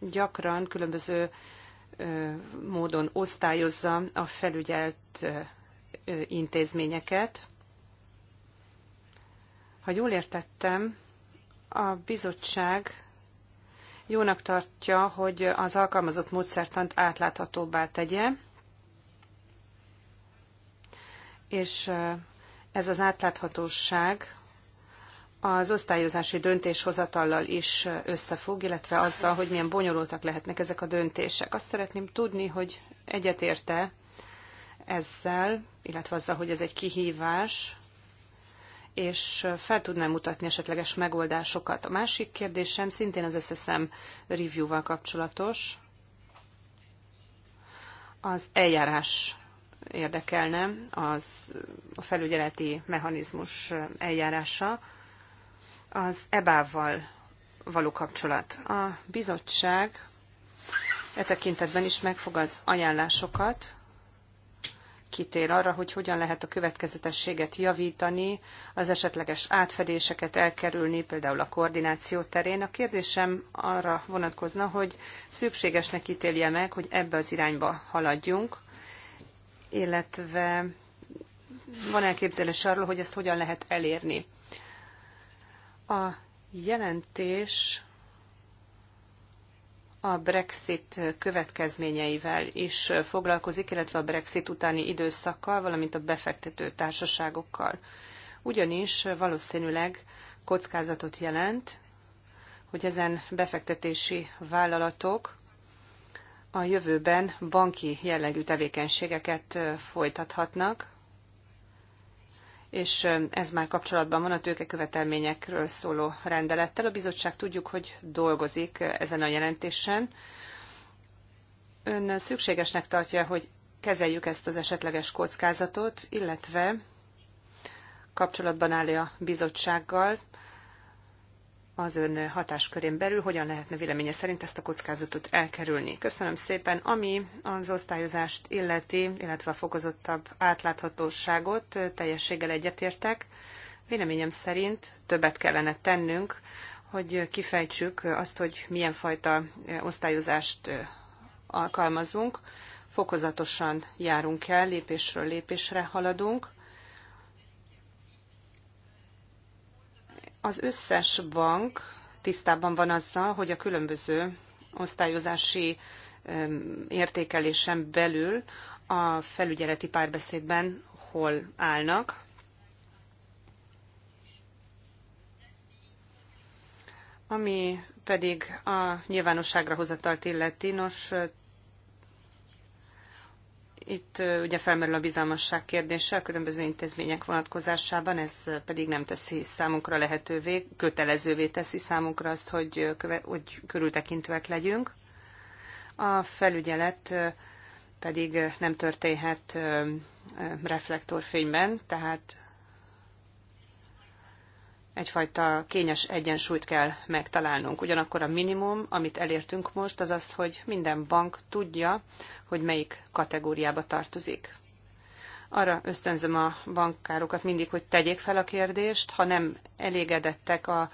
gyakran különböző módon osztályozza a felügyelt intézményeket. Ha jól értettem, a bizottság jónak tartja, hogy az alkalmazott módszertant átláthatóbbá tegye, és ez az átláthatóság az osztályozási döntéshozatallal is összefügg, illetve azzal, hogy milyen bonyolultak lehetnek ezek a döntések. Azt szeretném tudni, hogy egyetérte ezzel, illetve azzal, hogy ez egy kihívás, és fel tudnám mutatni esetleges megoldásokat. A másik kérdésem szintén az SSM review-val kapcsolatos. Az eljárás érdekelne, az a felügyeleti mechanizmus eljárása az EBÁ-val való kapcsolat. A bizottság e tekintetben is az ajánlásokat, kitér arra, hogy hogyan lehet a következetességet javítani, az esetleges átfedéseket elkerülni, például a koordináció terén. A kérdésem arra vonatkozna, hogy szükségesnek ítélje meg, hogy ebbe az irányba haladjunk, illetve van elképzelés arról, hogy ezt hogyan lehet elérni. A jelentés a Brexit következményeivel is foglalkozik, illetve a Brexit utáni időszakkal, valamint a befektető társaságokkal. Ugyanis valószínűleg kockázatot jelent, hogy ezen befektetési vállalatok a jövőben banki jellegű tevékenységeket folytathatnak, és ez már kapcsolatban van a tőkekövetelményekről szóló rendelettel. A bizottság tudjuk, hogy dolgozik ezen a jelentésen. Ön szükségesnek tartja, hogy kezeljük ezt az esetleges kockázatot, illetve kapcsolatban áll a bizottsággal az ön hatáskörén belül hogyan lehetne véleménye szerint ezt a kockázatot elkerülni. Köszönöm szépen. Ami az osztályozást illeti, illetve a fokozottabb átláthatóságot, teljességgel egyetértek. Véleményem szerint többet kellene tennünk, hogy kifejtsük azt, hogy milyen fajta osztályozást alkalmazunk. Fokozatosan járunk el, lépésről lépésre haladunk Az összes bank tisztában van azzal, hogy a különböző osztályozási értékelésen belül a felügyeleti párbeszédben hol állnak. Ami pedig a nyilvánosságra hozatalt illeti, nos, itt ugye felmerül a bizalmasság kérdése a különböző intézmények vonatkozásában, ez pedig nem teszi számunkra lehetővé, kötelezővé teszi számunkra azt, hogy, köve, hogy körültekintőek legyünk. A felügyelet pedig nem történhet reflektorfényben, tehát egyfajta kényes egyensúlyt kell megtalálnunk. Ugyanakkor a minimum, amit elértünk most, az az, hogy minden bank tudja, hogy melyik kategóriába tartozik. Arra ösztönzöm a bankárokat mindig, hogy tegyék fel a kérdést, ha nem elégedettek a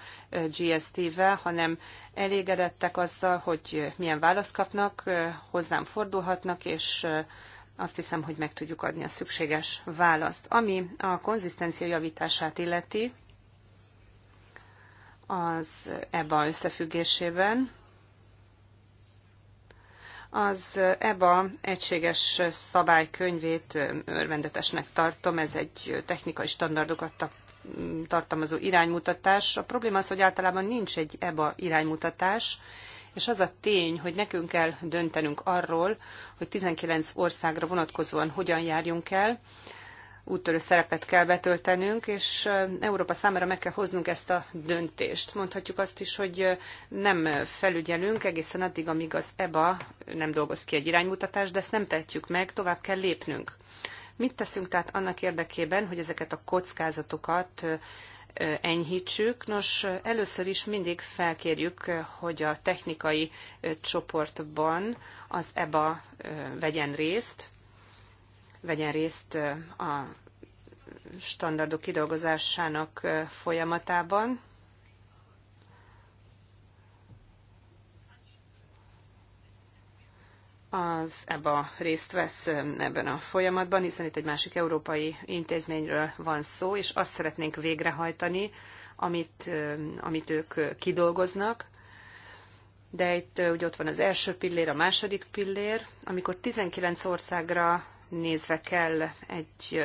GST-vel, hanem elégedettek azzal, hogy milyen választ kapnak, hozzám fordulhatnak, és azt hiszem, hogy meg tudjuk adni a szükséges választ. Ami a konzisztencia javítását illeti, az EBA összefüggésében. Az EBA egységes szabálykönyvét örvendetesnek tartom, ez egy technikai standardokat tartalmazó iránymutatás. A probléma az, hogy általában nincs egy EBA iránymutatás, és az a tény, hogy nekünk kell döntenünk arról, hogy 19 országra vonatkozóan hogyan járjunk el, úttörő szerepet kell betöltenünk, és Európa számára meg kell hoznunk ezt a döntést. Mondhatjuk azt is, hogy nem felügyelünk egészen addig, amíg az EBA nem dolgoz ki egy iránymutatást, de ezt nem tehetjük meg, tovább kell lépnünk. Mit teszünk tehát annak érdekében, hogy ezeket a kockázatokat enyhítsük. Nos, először is mindig felkérjük, hogy a technikai csoportban az EBA vegyen részt, vegyen részt a standardok kidolgozásának folyamatában. az EBA részt vesz ebben a folyamatban, hiszen itt egy másik európai intézményről van szó, és azt szeretnénk végrehajtani, amit, amit ők kidolgoznak. De itt ugye ott van az első pillér, a második pillér, amikor 19 országra nézve kell egy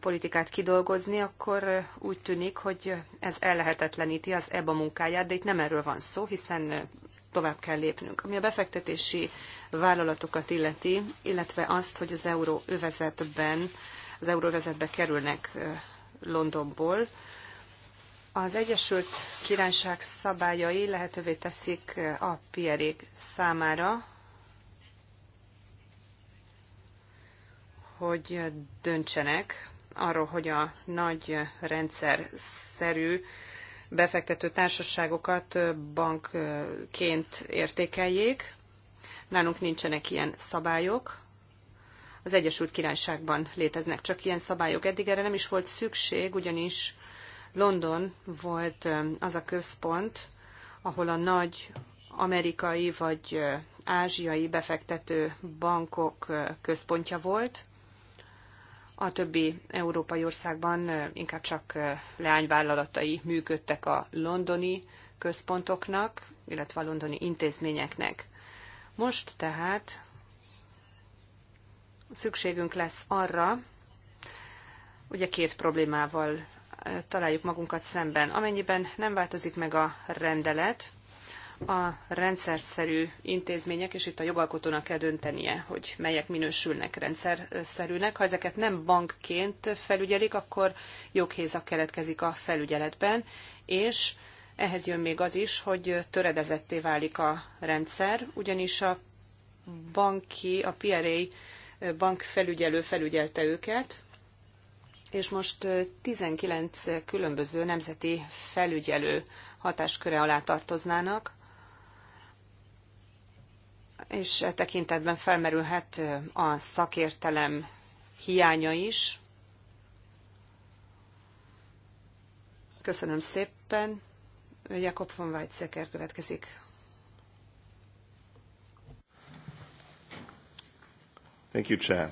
politikát kidolgozni, akkor úgy tűnik, hogy ez ellehetetleníti az EBA munkáját, de itt nem erről van szó, hiszen tovább kell lépnünk. Ami a befektetési vállalatokat illeti, illetve azt, hogy az euróövezetben, az euróövezetbe kerülnek Londonból, az Egyesült Királyság szabályai lehetővé teszik a PRI számára, hogy döntsenek arról, hogy a nagy rendszer szerű befektető társaságokat bankként értékeljék. Nálunk nincsenek ilyen szabályok. Az Egyesült Királyságban léteznek csak ilyen szabályok. Eddig erre nem is volt szükség, ugyanis London volt az a központ, ahol a nagy amerikai vagy ázsiai befektető bankok központja volt, a többi európai országban inkább csak leányvállalatai működtek a londoni központoknak, illetve a londoni intézményeknek. Most tehát szükségünk lesz arra, ugye két problémával találjuk magunkat szemben. Amennyiben nem változik meg a rendelet, a rendszerszerű intézmények, és itt a jogalkotónak kell döntenie, hogy melyek minősülnek rendszerszerűnek. Ha ezeket nem bankként felügyelik, akkor joghézak keletkezik a felügyeletben, és ehhez jön még az is, hogy töredezetté válik a rendszer, ugyanis a banki, a PRA bankfelügyelő felügyelte őket, és most 19 különböző nemzeti felügyelő hatásköre alá tartoznának, és e tekintetben felmerülhet a szakértelem hiánya is. Köszönöm szépen. Jakob von Weizsäcker következik. Thank you, Chair.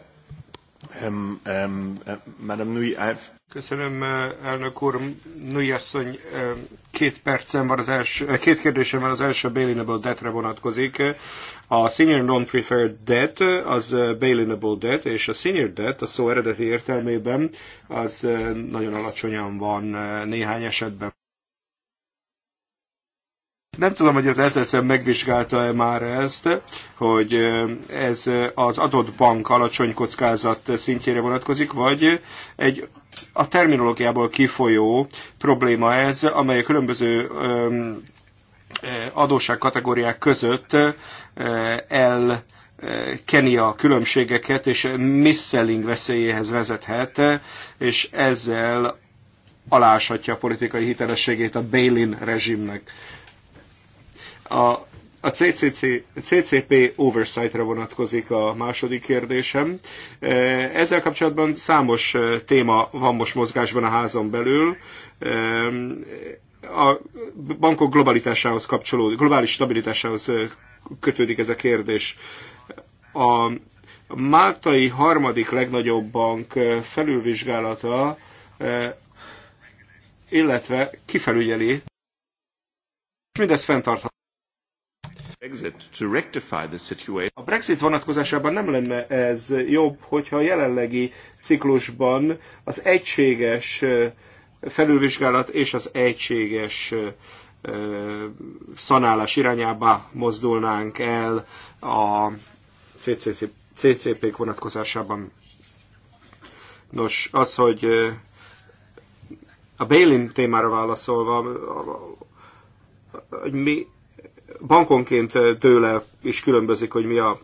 Um, um, uh, Madam Nui, I've Köszönöm, eh, elnök úr. Női asszony, eh, két percem van az első, eh, két kérdésem van, az első bailinable debt-re vonatkozik. A senior non-preferred debt az bailinable debt, és a senior debt a szó eredeti értelmében az nagyon alacsonyan van néhány esetben. Nem tudom, hogy az SSM megvizsgálta-e már ezt, hogy ez az adott bank alacsony kockázat szintjére vonatkozik, vagy egy a terminológiából kifolyó probléma ez, amely a különböző adósságkategóriák között el keni a különbségeket, és misselling veszélyéhez vezethet, és ezzel aláshatja a politikai hitelességét a Bailin rezsimnek. A, a CCC, CCP oversight-ra vonatkozik a második kérdésem. E, ezzel kapcsolatban számos e, téma van most mozgásban a házon belül e, a bankok globalitásához kapcsolódik, globális stabilitásához kötődik ez a kérdés. A máltai harmadik legnagyobb bank felülvizsgálata, illetve kifelügyeli, és mindez fenntartható. A Brexit vonatkozásában nem lenne ez jobb, hogyha a jelenlegi ciklusban az egységes felülvizsgálat és az egységes szanálás irányába mozdulnánk el a CCP-k vonatkozásában. Nos, az, hogy a Bélin témára válaszolva, hogy mi bankonként eh, tőle is különbözik, hogy mi a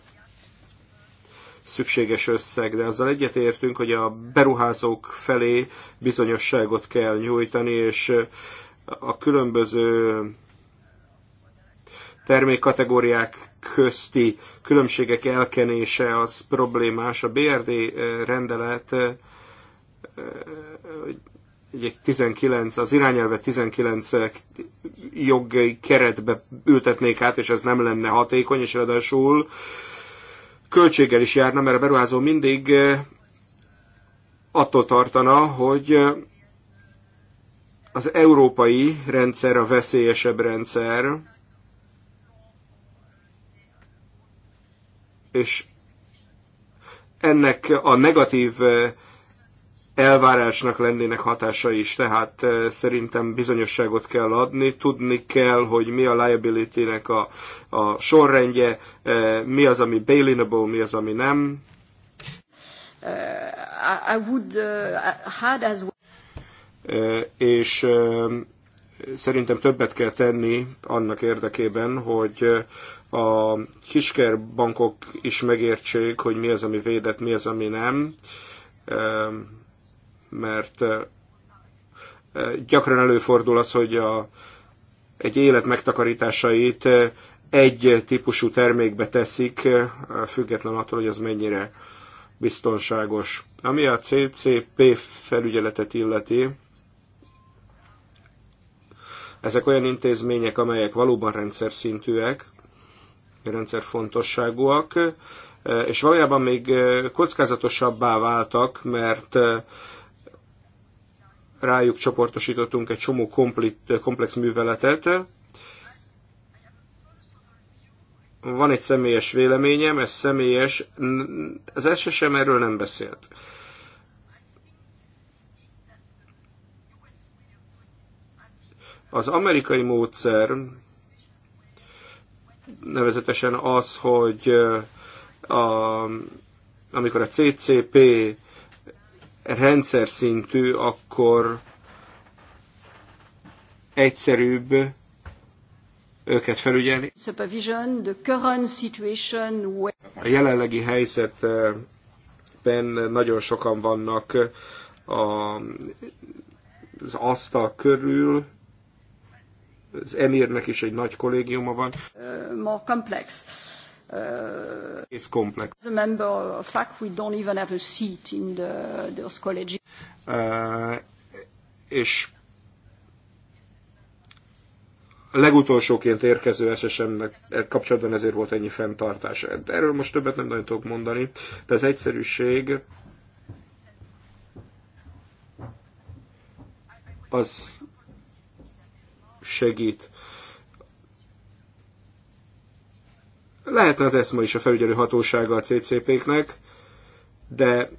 szükséges összeg, de azzal egyetértünk, hogy a beruházók felé bizonyosságot kell nyújtani, és eh, a különböző termékkategóriák közti különbségek elkenése az problémás. A BRD eh, rendelet 19, az irányelvet 19 jogi keretbe ültetnék át, és ez nem lenne hatékony, és ráadásul költséggel is járna, mert a beruházó mindig eh, attól tartana, hogy eh, az európai rendszer a veszélyesebb rendszer, és ennek a negatív eh, elvárásnak lennének hatása is, tehát eh, szerintem bizonyosságot kell adni, tudni kell, hogy mi a liability-nek a, a sorrendje, eh, mi az, ami bailinable, mi az, ami nem. Uh, I would uh, had as well. És uh, szerintem többet kell tenni annak érdekében, hogy a kisker bankok is megértsék, hogy mi az, ami védett, mi az, ami nem. Uh, mert gyakran előfordul az, hogy a, egy élet megtakarításait egy típusú termékbe teszik, független attól, hogy az mennyire biztonságos. Ami a CCP felügyeletet illeti, ezek olyan intézmények, amelyek valóban rendszer szintűek, rendszer fontosságúak, és valójában még kockázatosabbá váltak, mert rájuk csoportosítottunk egy csomó komplex műveletet. Van egy személyes véleményem, ez személyes, az SSM erről nem beszélt. Az amerikai módszer nevezetesen az, hogy a, amikor a CCP rendszer szintű, akkor egyszerűbb őket felügyelni. A jelenlegi helyzetben nagyon sokan vannak a, az asztal körül, az emírnek is egy nagy kollégiuma van. Uh, more complex uh, is complex. As a member of fact, we don't even have a seat in the, those colleges. Uh, és a legutolsóként érkező SSM-nek kapcsolatban ezért volt ennyi fenntartás. Erről most többet nem nagyon tudok mondani, de az egyszerűség az segít. Lehetne az eszma is a felügyelő hatósága a CCP-knek, de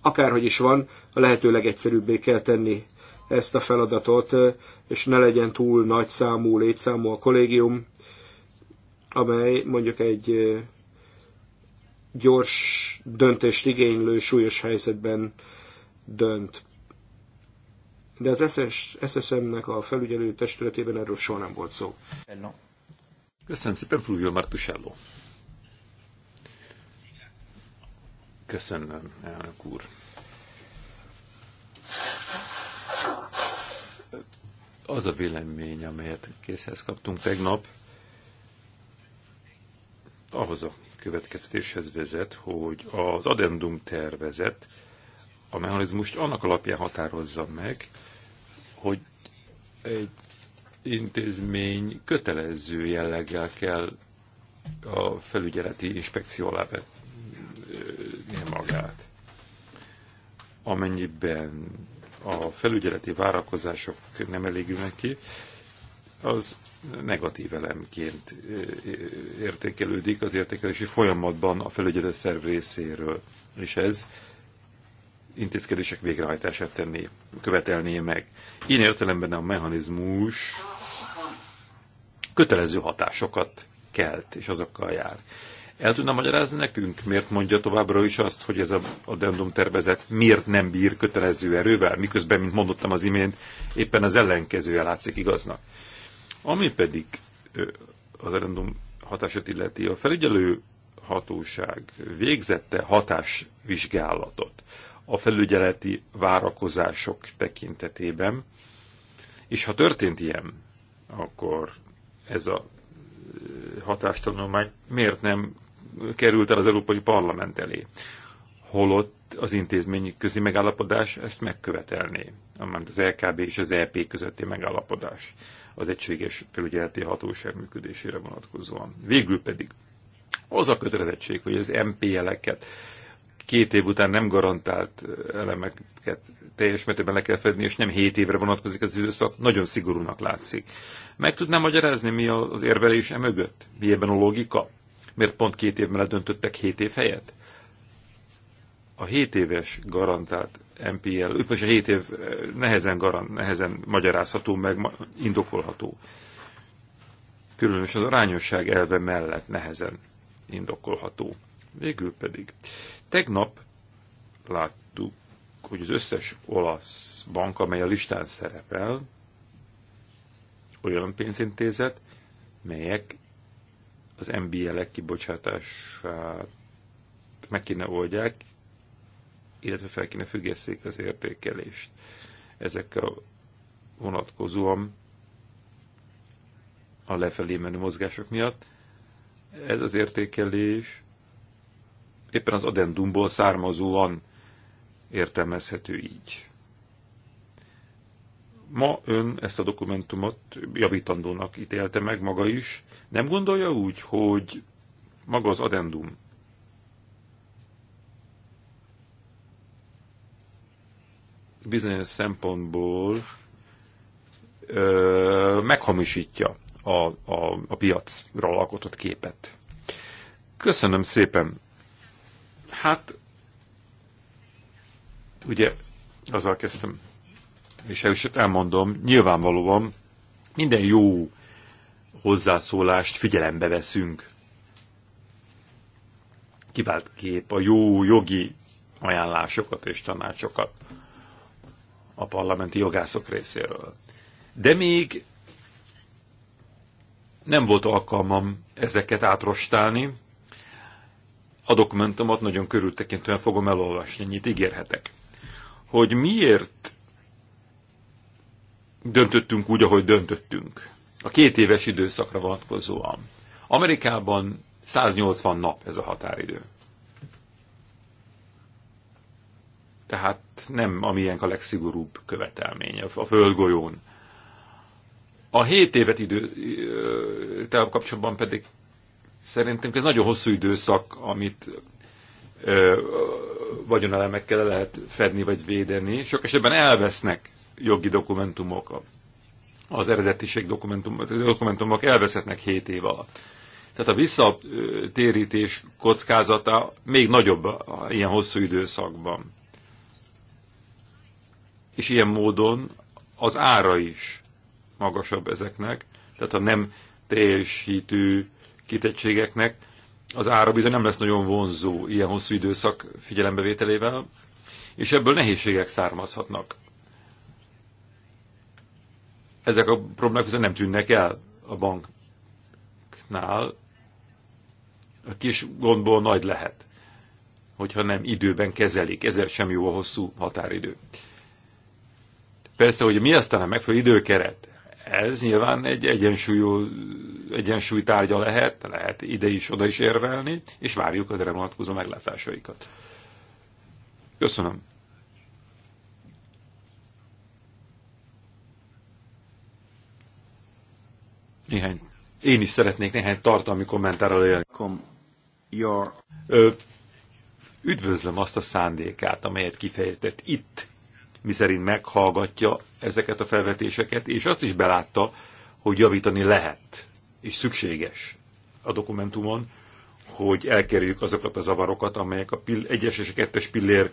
akárhogy is van, a lehető legegyszerűbbé kell tenni ezt a feladatot, és ne legyen túl nagy számú, létszámú a kollégium, amely mondjuk egy gyors döntést igénylő súlyos helyzetben dönt. De az SSM-nek a felügyelő testületében erről soha nem volt szó. No. Köszönöm szépen, Fulvio Martusello. Köszönöm, elnök úr. Az a vélemény, amelyet készhez kaptunk tegnap, ahhoz a következtetéshez vezet, hogy az addendum tervezet a mechanizmust annak alapján határozza meg, hogy egy intézmény kötelező jelleggel kell a felügyeleti inspekció alá vennie magát. Amennyiben a felügyeleti várakozások nem elégülnek ki, az negatív elemként értékelődik az értékelési folyamatban a felügyelő szerv részéről, és ez intézkedések végrehajtását tenni, követelné meg. Én értelemben a mechanizmus kötelező hatásokat kelt, és azokkal jár. El tudna magyarázni nekünk, miért mondja továbbra is azt, hogy ez a addendum tervezet miért nem bír kötelező erővel, miközben, mint mondottam az imént, éppen az ellenkezője látszik igaznak. Ami pedig az addendum hatását illeti, a felügyelő hatóság végzette hatásvizsgálatot a felügyeleti várakozások tekintetében, és ha történt ilyen, akkor ez a hatástanulmány miért nem került el az Európai Parlament elé, holott az intézményi közi megállapodás ezt megkövetelné, amint az LKB és az EP közötti megállapodás az egységes felügyeleti hatóság működésére vonatkozóan. Végül pedig az a kötelezettség, hogy az MP-eleket két év után nem garantált elemeket teljes mértékben le kell fedni, és nem hét évre vonatkozik az időszak, nagyon szigorúnak látszik. Meg tudnám magyarázni, mi az érvelés e mögött? Mi ebben a logika? Miért pont két év mellett döntöttek hét év helyett? A hét éves garantált MPL, úgyhogy a hét év nehezen, garant, nehezen magyarázható, meg indokolható. Különösen az arányosság elve mellett nehezen indokolható. Végül pedig Tegnap láttuk, hogy az összes olasz bank, amely a listán szerepel, olyan pénzintézet, melyek az MBL-ek kibocsátását meg kéne oldják, illetve fel kéne függesszék az értékelést. Ezekkel vonatkozóan a lefelé menő mozgások miatt. Ez az értékelés éppen az adendumból származóan értelmezhető így. Ma ön ezt a dokumentumot javítandónak ítélte meg maga is. Nem gondolja úgy, hogy maga az adendum bizonyos szempontból ö, meghamisítja a, a, a piacról alkotott képet. Köszönöm szépen! Hát, ugye, azzal kezdtem, és először elmondom, nyilvánvalóan minden jó hozzászólást figyelembe veszünk. Kivált kép a jó jogi ajánlásokat és tanácsokat a parlamenti jogászok részéről. De még nem volt alkalmam ezeket átrostálni, a dokumentumot nagyon körültekintően fogom elolvasni, ennyit ígérhetek. Hogy miért döntöttünk úgy, ahogy döntöttünk. A két éves időszakra vonatkozóan. Amerikában 180 nap ez a határidő. Tehát nem amilyen a legszigorúbb követelmény a földgolyón. A 7 évet idő kapcsolatban pedig Szerintem ez nagyon hosszú időszak, amit ö, vagyonelemekkel lehet fedni vagy védeni. Sok esetben elvesznek jogi dokumentumok, az eredetiség dokumentum, dokumentumok elveszhetnek 7 év alatt. Tehát a visszatérítés kockázata még nagyobb ilyen hosszú időszakban. És ilyen módon az ára is magasabb ezeknek. Tehát a nem teljesítő kitettségeknek az ára bizony nem lesz nagyon vonzó ilyen hosszú időszak figyelembevételével, és ebből nehézségek származhatnak. Ezek a problémák viszont nem tűnnek el a banknál. A kis gondból nagy lehet, hogyha nem időben kezelik, ezért sem jó a hosszú határidő. Persze, hogy mi aztán a megfelelő időkeret, ez nyilván egy egyensúlyú, egyensúlytárgya lehet, lehet ide is, oda is érvelni, és várjuk az erre vonatkozó meglátásaikat. Köszönöm. Néhány, én is szeretnék néhány tartalmi kommentárral élni. Your... üdvözlöm azt a szándékát, amelyet kifejezett itt miszerint meghallgatja ezeket a felvetéseket, és azt is belátta, hogy javítani lehet, és szükséges a dokumentumon, hogy elkerüljük azokat a zavarokat, amelyek a pill- egyes és a kettes pillér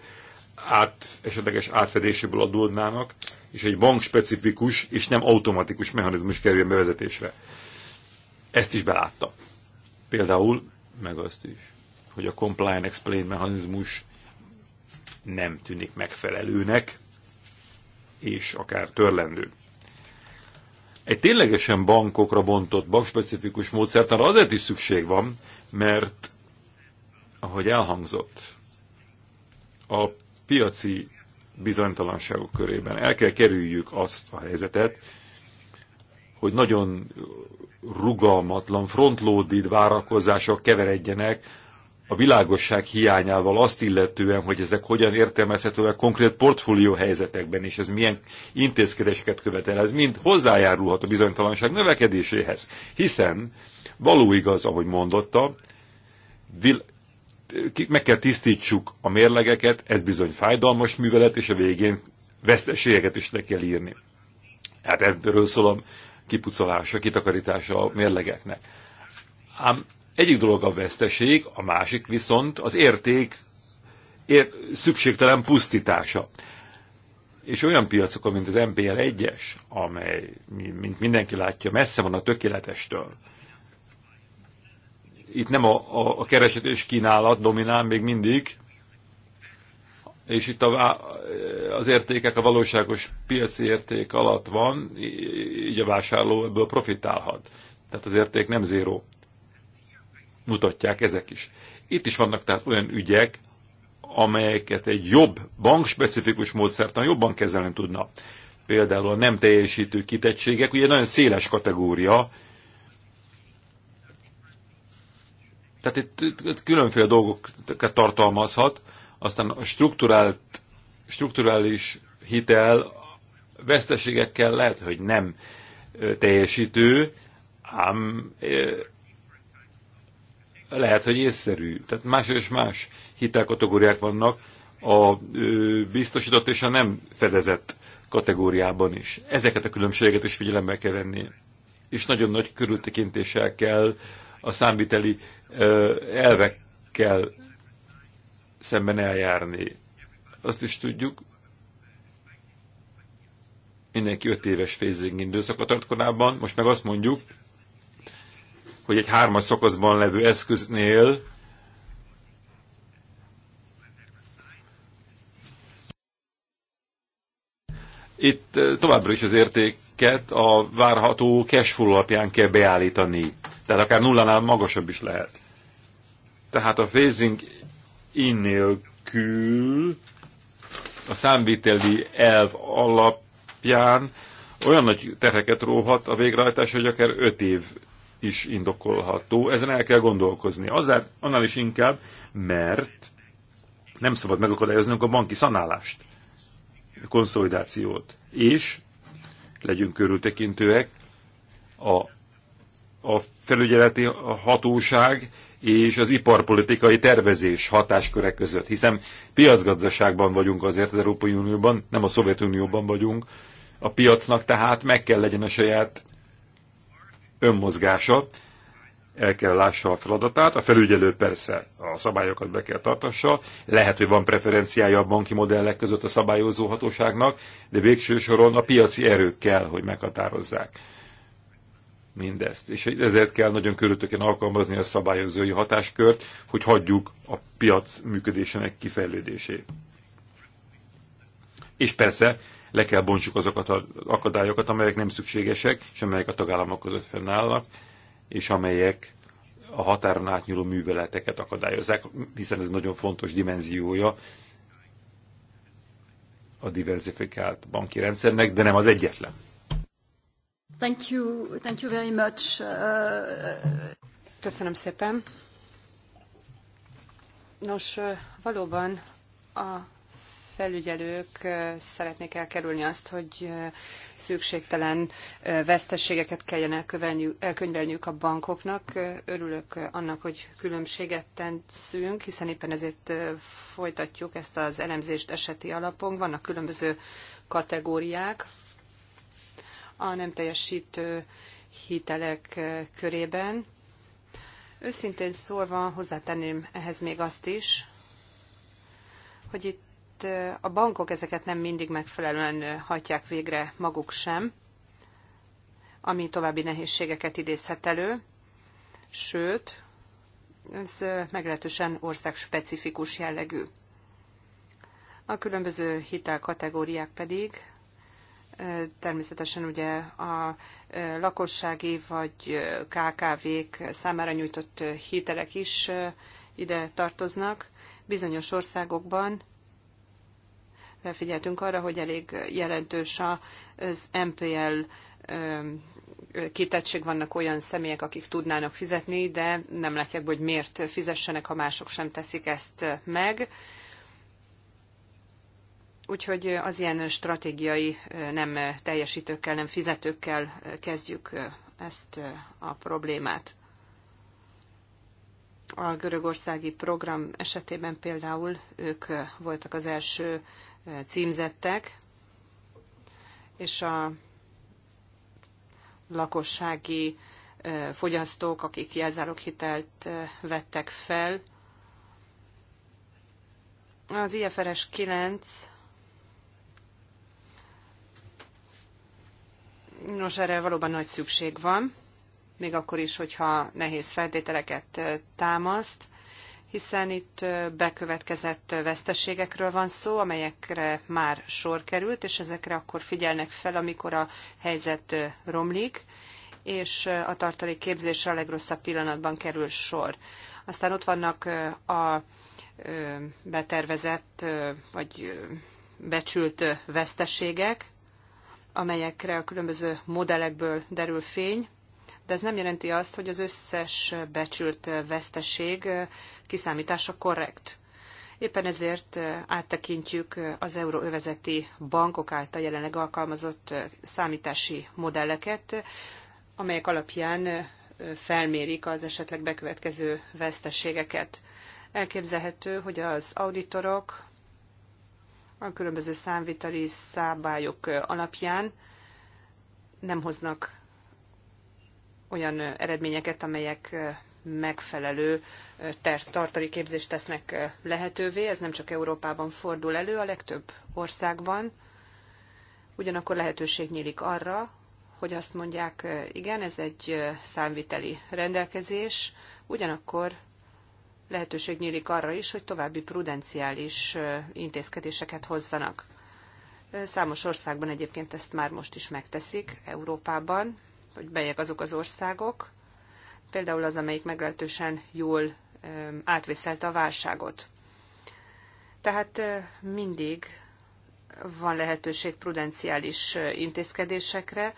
át, esetleges átfedéséből adódnának, és egy bankspecifikus és nem automatikus mechanizmus kerüljön bevezetésre. Ezt is belátta. Például, meg azt is, hogy a Compliance explain mechanizmus nem tűnik megfelelőnek, és akár törlendő. Egy ténylegesen bankokra bontott bankspecifikus módszertanra azért is szükség van, mert, ahogy elhangzott, a piaci bizonytalanságok körében el kell kerüljük azt a helyzetet, hogy nagyon rugalmatlan, frontloaded várakozások keveredjenek a világosság hiányával azt illetően, hogy ezek hogyan értelmezhetőek konkrét portfólió helyzetekben, és ez milyen intézkedéseket követel. Ez mind hozzájárulhat a bizonytalanság növekedéséhez, hiszen való igaz, ahogy mondotta, vil- meg kell tisztítsuk a mérlegeket, ez bizony fájdalmas művelet, és a végén veszteségeket is le kell írni. Hát ebből szól a kipucolása, kitakarítása a mérlegeknek. Ám egyik dolog a veszteség, a másik viszont az érték ér, szükségtelen pusztítása. És olyan piacok, mint az MPL 1-es, amely, mint mindenki látja, messze van a tökéletestől. Itt nem a, a, a kereset és kínálat dominál még mindig, és itt a, az értékek a valóságos piaci érték alatt van, így a vásárló ebből profitálhat. Tehát az érték nem zéró mutatják ezek is. Itt is vannak tehát olyan ügyek, amelyeket egy jobb, bankspecifikus módszertan jobban kezelni tudna. Például a nem teljesítő kitettségek, ugye nagyon széles kategória, tehát itt, itt különféle dolgokat tartalmazhat, aztán a strukturált, strukturális hitel veszteségekkel lehet, hogy nem teljesítő, ám lehet, hogy észszerű. Tehát más és más hitelkategóriák vannak a biztosított és a nem fedezett kategóriában is. Ezeket a különbségeket is figyelembe kell venni. És nagyon nagy körültekintéssel kell a számviteli elvekkel szemben eljárni. Azt is tudjuk, mindenki öt éves phasing időszakot tart korábban, most meg azt mondjuk, hogy egy hármas szakaszban levő eszköznél itt továbbra is az értéket a várható cash flow alapján kell beállítani. Tehát akár nullánál magasabb is lehet. Tehát a phasing innélkül a számviteli elv alapján olyan nagy terheket róhat a végrehajtás, hogy akár 5 év is indokolható. Ezen el kell gondolkozni. Azért annál is inkább, mert nem szabad megakadályoznunk a banki szanálást, a konszolidációt. És legyünk körültekintőek, a, a felügyeleti hatóság és az iparpolitikai tervezés hatásköre között, hiszen piacgazdaságban vagyunk azért az Európai Unióban, nem a Szovjetunióban vagyunk, a piacnak tehát meg kell legyen a saját önmozgása, el kell lássa a feladatát, a felügyelő persze a szabályokat be kell tartassa, lehet, hogy van preferenciája a banki modellek között a szabályozó hatóságnak, de végső soron a piaci erők kell, hogy meghatározzák mindezt. És ezért kell nagyon körültöken alkalmazni a szabályozói hatáskört, hogy hagyjuk a piac működésének kifejlődését. És persze le kell bontsuk azokat az akadályokat, amelyek nem szükségesek, és amelyek a tagállamok között fennállnak, és amelyek a határon átnyúló műveleteket akadályozzák, hiszen ez nagyon fontos dimenziója a diversifikált banki rendszernek, de nem az egyetlen. Thank you, thank you very much. Uh... Köszönöm szépen. Nos, uh, valóban a felügyelők szeretnék elkerülni azt, hogy szükségtelen veszteségeket kelljen elkönyvelniük a bankoknak. Örülök annak, hogy különbséget teszünk, hiszen éppen ezért folytatjuk ezt az elemzést eseti alapon. Vannak különböző kategóriák a nem teljesítő hitelek körében. Őszintén szólva hozzátenném ehhez még azt is, hogy itt a bankok ezeket nem mindig megfelelően hajtják végre maguk sem, ami további nehézségeket idézhet elő, sőt, ez meglehetősen országspecifikus jellegű. A különböző hitelkategóriák pedig természetesen ugye a lakossági vagy KKV-k számára nyújtott hitelek is ide tartoznak. Bizonyos országokban felfigyeltünk arra, hogy elég jelentős az MPL kitettség vannak olyan személyek, akik tudnának fizetni, de nem látják, hogy miért fizessenek, ha mások sem teszik ezt meg. Úgyhogy az ilyen stratégiai nem teljesítőkkel, nem fizetőkkel kezdjük ezt a problémát. A görögországi program esetében például ők voltak az első címzettek, és a lakossági fogyasztók, akik jelzáloghitelt vettek fel. Az IFRS 9 Nos, erre valóban nagy szükség van, még akkor is, hogyha nehéz feltételeket támaszt hiszen itt bekövetkezett veszteségekről van szó, amelyekre már sor került, és ezekre akkor figyelnek fel, amikor a helyzet romlik, és a tartalék képzésre a legrosszabb pillanatban kerül sor. Aztán ott vannak a betervezett vagy becsült veszteségek, amelyekre a különböző modellekből derül fény, de ez nem jelenti azt, hogy az összes becsült veszteség kiszámítása korrekt. Éppen ezért áttekintjük az euróövezeti bankok által jelenleg alkalmazott számítási modelleket, amelyek alapján felmérik az esetleg bekövetkező veszteségeket. Elképzelhető, hogy az auditorok a különböző számvitali szabályok alapján nem hoznak olyan eredményeket, amelyek megfelelő képzést tesznek lehetővé. Ez nem csak Európában fordul elő, a legtöbb országban. Ugyanakkor lehetőség nyílik arra, hogy azt mondják, igen, ez egy számviteli rendelkezés, ugyanakkor lehetőség nyílik arra is, hogy további prudenciális intézkedéseket hozzanak. Számos országban egyébként ezt már most is megteszik, Európában, hogy melyek azok az országok, például az, amelyik meglehetősen jól átvészelte a válságot. Tehát mindig van lehetőség prudenciális intézkedésekre.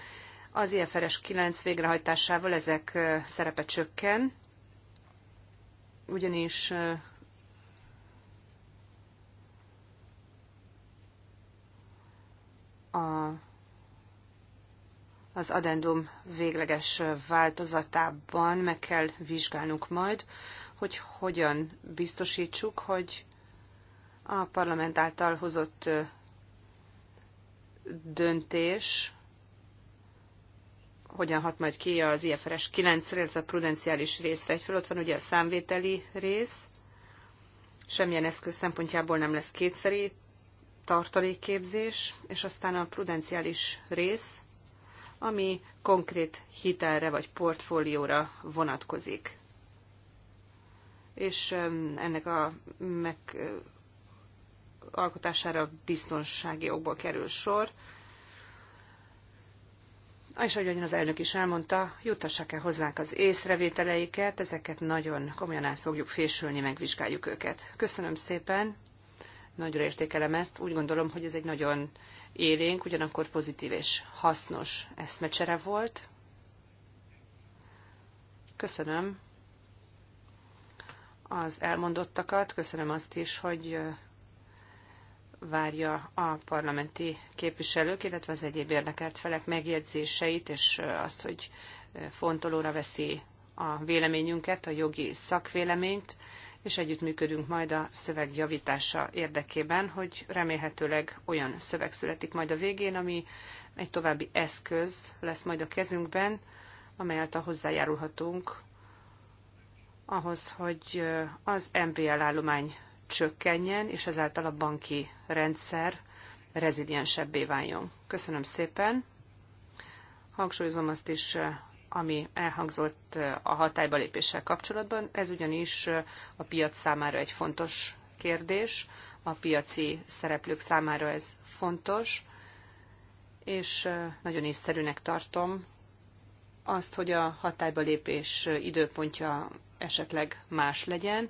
Az IFRS 9 végrehajtásával ezek szerepe csökken, ugyanis a az adendum végleges változatában meg kell vizsgálnunk majd, hogy hogyan biztosítsuk, hogy a parlament által hozott döntés hogyan hat majd ki az IFRS 9 illetve a prudenciális részre. Egyfelől ott van ugye a számvételi rész, semmilyen eszköz szempontjából nem lesz kétszeri tartalékképzés, és aztán a prudenciális rész, ami konkrét hitelre vagy portfólióra vonatkozik. És ennek a meg alkotására biztonsági okból kerül sor. És ahogy az elnök is elmondta, juttassák el hozzánk az észrevételeiket, ezeket nagyon komolyan át fogjuk fésülni, megvizsgáljuk őket. Köszönöm szépen, nagyra értékelem ezt, úgy gondolom, hogy ez egy nagyon élénk, ugyanakkor pozitív és hasznos eszmecsere volt. Köszönöm az elmondottakat, köszönöm azt is, hogy várja a parlamenti képviselők, illetve az egyéb érdekelt felek megjegyzéseit, és azt, hogy fontolóra veszi a véleményünket, a jogi szakvéleményt és együttműködünk majd a szöveg javítása érdekében, hogy remélhetőleg olyan szöveg születik majd a végén, ami egy további eszköz lesz majd a kezünkben, amelyet a hozzájárulhatunk ahhoz, hogy az MPL állomány csökkenjen, és ezáltal a banki rendszer reziliensebbé váljon. Köszönöm szépen! Hangsúlyozom azt is, ami elhangzott a hatályba lépéssel kapcsolatban. Ez ugyanis a piac számára egy fontos kérdés, a piaci szereplők számára ez fontos, és nagyon észszerűnek tartom azt, hogy a hatályba lépés időpontja esetleg más legyen.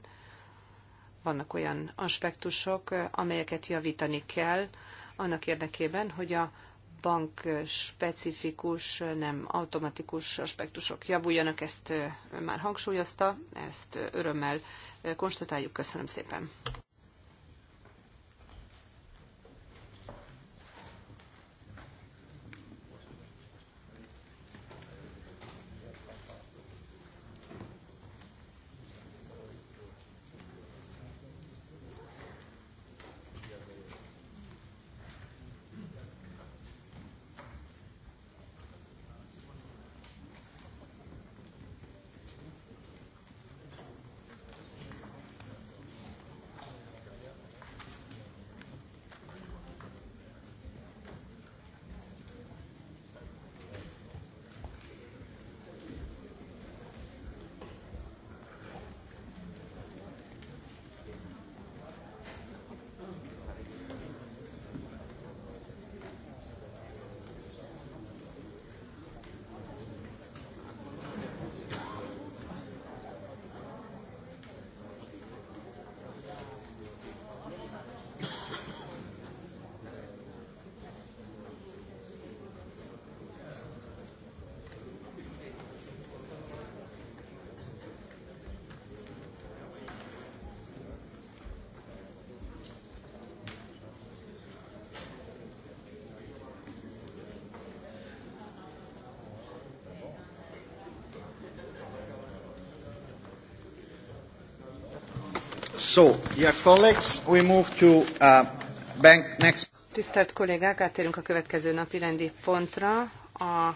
Vannak olyan aspektusok, amelyeket javítani kell annak érdekében, hogy a bank specifikus, nem automatikus aspektusok javuljanak, ezt már hangsúlyozta, ezt örömmel konstatáljuk. Köszönöm szépen. So, dear colleagues, we move to uh, bank next. Tisztelt kollégák, áttérünk a következő napi rendi pontra. A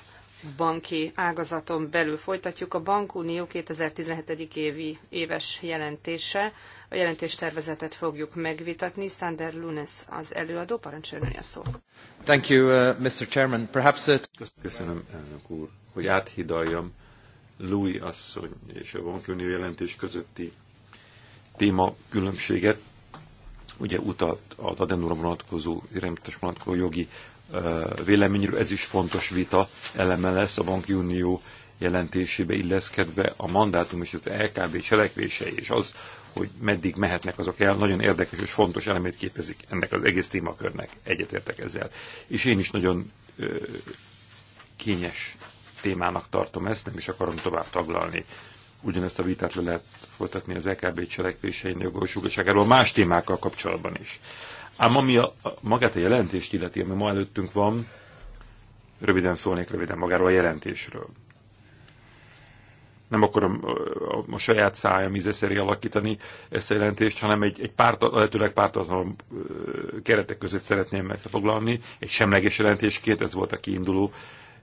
banki ágazaton belül folytatjuk a Bankunió 2017. évi éves jelentése. A jelentéstervezetet fogjuk megvitatni. Sander Lunes az előadó, parancsoljon a szó. Thank you, uh, Mr. Chairman. Perhaps it... Köszönöm, elnök úr, hogy áthidaljam Louis asszony és a Bankunió jelentés közötti téma különbséget, ugye utalt az adenóra vonatkozó, irányítás vonatkozó jogi véleményről, ez is fontos vita eleme lesz a Banki Unió jelentésébe illeszkedve a mandátum és az LKB cselekvései, és az, hogy meddig mehetnek azok el, nagyon érdekes és fontos elemét képezik ennek az egész témakörnek. Egyetértek ezzel. És én is nagyon ö, kényes témának tartom ezt, nem is akarom tovább taglalni. Ugyanezt a vitát le lehet folytatni az EKB cselekvéseinek jogosultságáról más témákkal kapcsolatban is. Ám ami a, a, magát a jelentést illeti, ami ma előttünk van, röviden szólnék röviden magáról a jelentésről. Nem akarom a, a, a saját szájam ízeszeré alakítani ezt a jelentést, hanem egy, egy párt, lehetőleg pártatlan keretek között szeretném megfoglalni. Egy semleges jelentésként, ez volt a kiinduló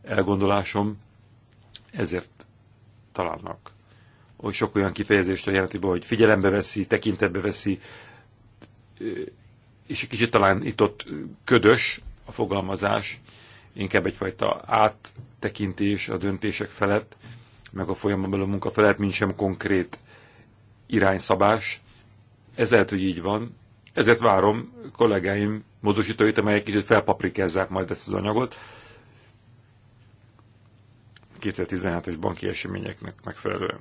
elgondolásom, ezért találnak hogy sok olyan kifejezést a játékban, hogy figyelembe veszi, tekintetbe veszi, és egy kicsit talán itt ott ködös a fogalmazás, inkább egyfajta áttekintés a döntések felett, meg a folyamban belül a munka felett, mint sem konkrét irányszabás. Ez lehet, hogy így van. Ezért várom kollégáim módosítóit, amelyek kicsit felpaprikázzák majd ezt az anyagot. 2017-es banki eseményeknek megfelelően.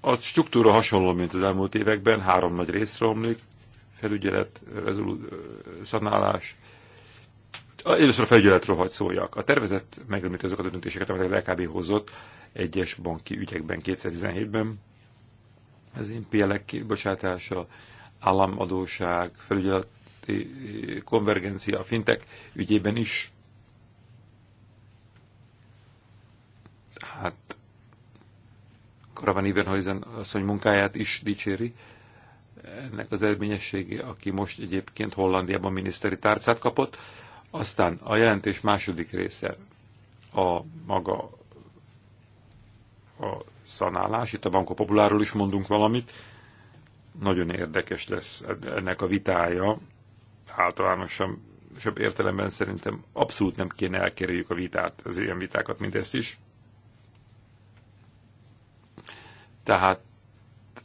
A struktúra hasonló, mint az elmúlt években, három nagy részre omlik, felügyelet, rezolú, szanálás. Először a felügyeletről hagy szóljak. A tervezet megemlíti azokat a döntéseket, amelyeket LKB hozott egyes banki ügyekben 2017-ben. Az NPL-ek kibocsátása, államadóság, felügyeleti eh, konvergencia, fintek ügyében is. Hát Karavan Iverhuizen asszony munkáját is dicséri. Ennek az eredményessége, aki most egyébként Hollandiában miniszteri tárcát kapott. Aztán a jelentés második része a maga a szanálás. Itt a Banco Populáról is mondunk valamit. Nagyon érdekes lesz ennek a vitája. Általánosan értelemben szerintem abszolút nem kéne elkerüljük a vitát, az ilyen vitákat, mint ezt is tehát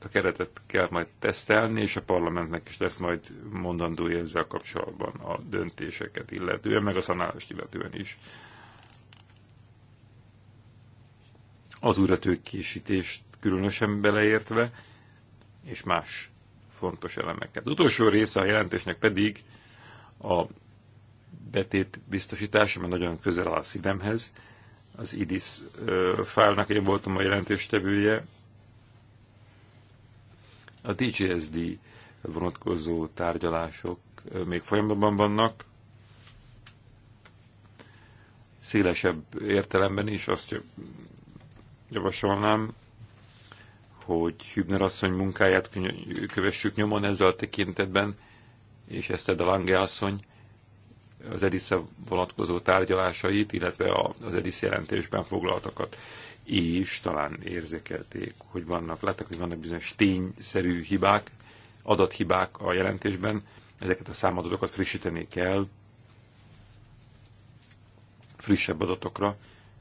a keretet kell majd tesztelni, és a parlamentnek is lesz majd mondandó ezzel kapcsolatban a döntéseket illetően, meg a szanálást illetően is. Az készítést különösen beleértve, és más fontos elemeket. Az utolsó része a jelentésnek pedig a betét biztosítása, mert nagyon közel áll a szívemhez. Az IDIS fájlnak én voltam a jelentéstevője, a DGSD vonatkozó tárgyalások még folyamatban vannak, szélesebb értelemben is azt javasolnám, hogy Hübner asszony munkáját kövessük nyomon ezzel a tekintetben, és ezt a Lange asszony az Edisze vonatkozó tárgyalásait, illetve az Edisze jelentésben foglaltakat és talán érzékelték, hogy vannak, láttak, hogy vannak bizonyos tényszerű hibák, adathibák a jelentésben, ezeket a számadatokat frissíteni kell frissebb adatokra,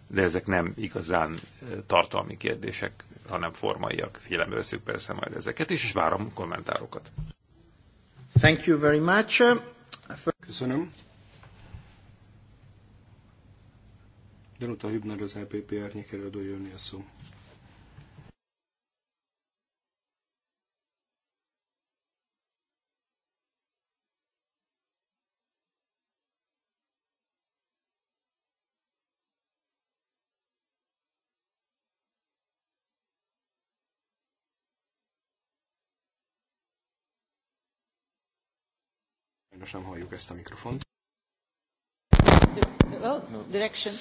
de ezek nem igazán eh, tartalmi kérdések, hanem formaiak. Figyelembe veszük persze majd ezeket, és, és várom kommentárokat. Thank you very much. Köszönöm. Danuta Hübner az LPP árnyékelődő jönni a szó. Sajnos nem halljuk ezt a mikrofont. oh, direction.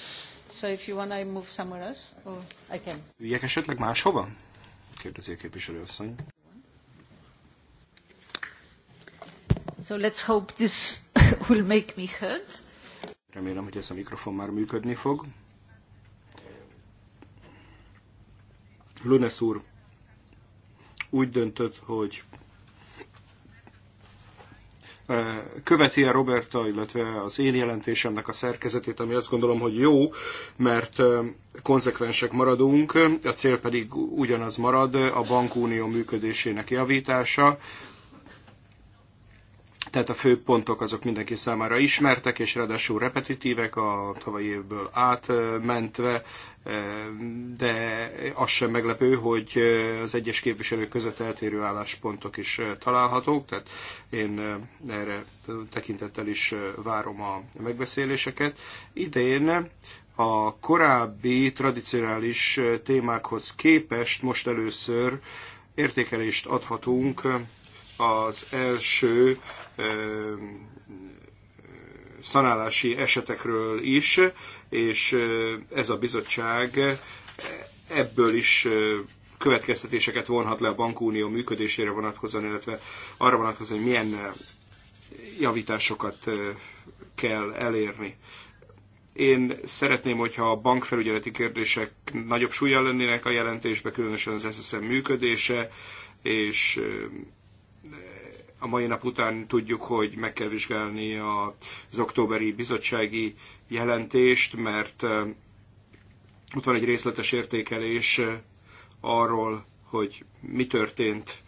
So if you want, I move somewhere else, or I can. Üljek esetleg máshova? Kérdezi a képviselőasszony. So let's hope this *laughs* will make me heard. Remélem, hogy ez a mikrofon már működni fog. Lunes úr úgy döntött, hogy követi a Roberta, illetve az én jelentésemnek a szerkezetét, ami azt gondolom, hogy jó, mert konzekvensek maradunk, a cél pedig ugyanaz marad, a bankunió működésének javítása, tehát a fő pontok azok mindenki számára ismertek, és ráadásul repetitívek a tavalyi évből átmentve, e, de az sem meglepő, hogy az egyes képviselők között eltérő álláspontok is e, találhatók, tehát én e, erre tekintettel is várom a megbeszéléseket. Idén a korábbi tradicionális témákhoz képest most először értékelést adhatunk az első szanálási esetekről is, és ez a bizottság ebből is következtetéseket vonhat le a bankunió működésére vonatkozóan, illetve arra vonatkozóan, hogy milyen javításokat kell elérni. Én szeretném, hogyha a bankfelügyeleti kérdések nagyobb súlya lennének a jelentésbe, különösen az SSM működése, és a mai nap után tudjuk, hogy meg kell vizsgálni az októberi bizottsági jelentést, mert eh, ott van egy részletes értékelés eh, arról, hogy mi történt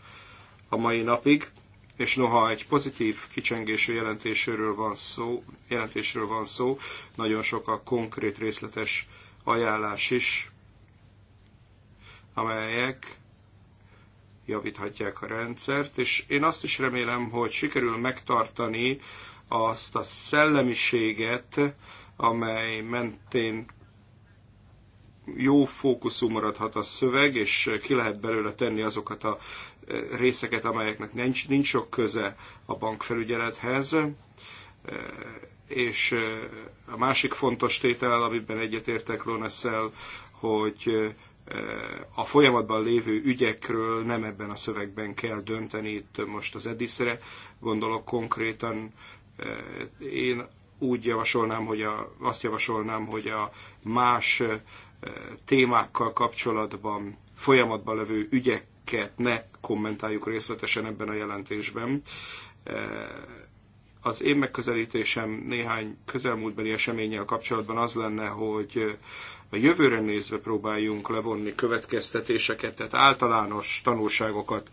a mai napig, és noha egy pozitív kicsengésű jelentésről van szó, jelentésről van szó nagyon sok a konkrét részletes ajánlás is, amelyek javíthatják a rendszert, és én azt is remélem, hogy sikerül megtartani azt a szellemiséget, amely mentén jó fókuszú maradhat a szöveg, és ki lehet belőle tenni azokat a eh, részeket, amelyeknek nincs, nincs sok köze a bankfelügyelethez. Eh, és eh, a másik fontos tétel, amiben egyetértek Ronesszel, hogy a folyamatban lévő ügyekről nem ebben a szövegben kell dönteni, itt most az Ediszre gondolok konkrétan. Én úgy javasolnám, hogy a, azt javasolnám, hogy a más témákkal kapcsolatban folyamatban levő ügyeket ne kommentáljuk részletesen ebben a jelentésben. Az én megközelítésem néhány közelmúltbeli eseménnyel kapcsolatban az lenne, hogy a jövőre nézve próbáljunk levonni következtetéseket, tehát általános tanulságokat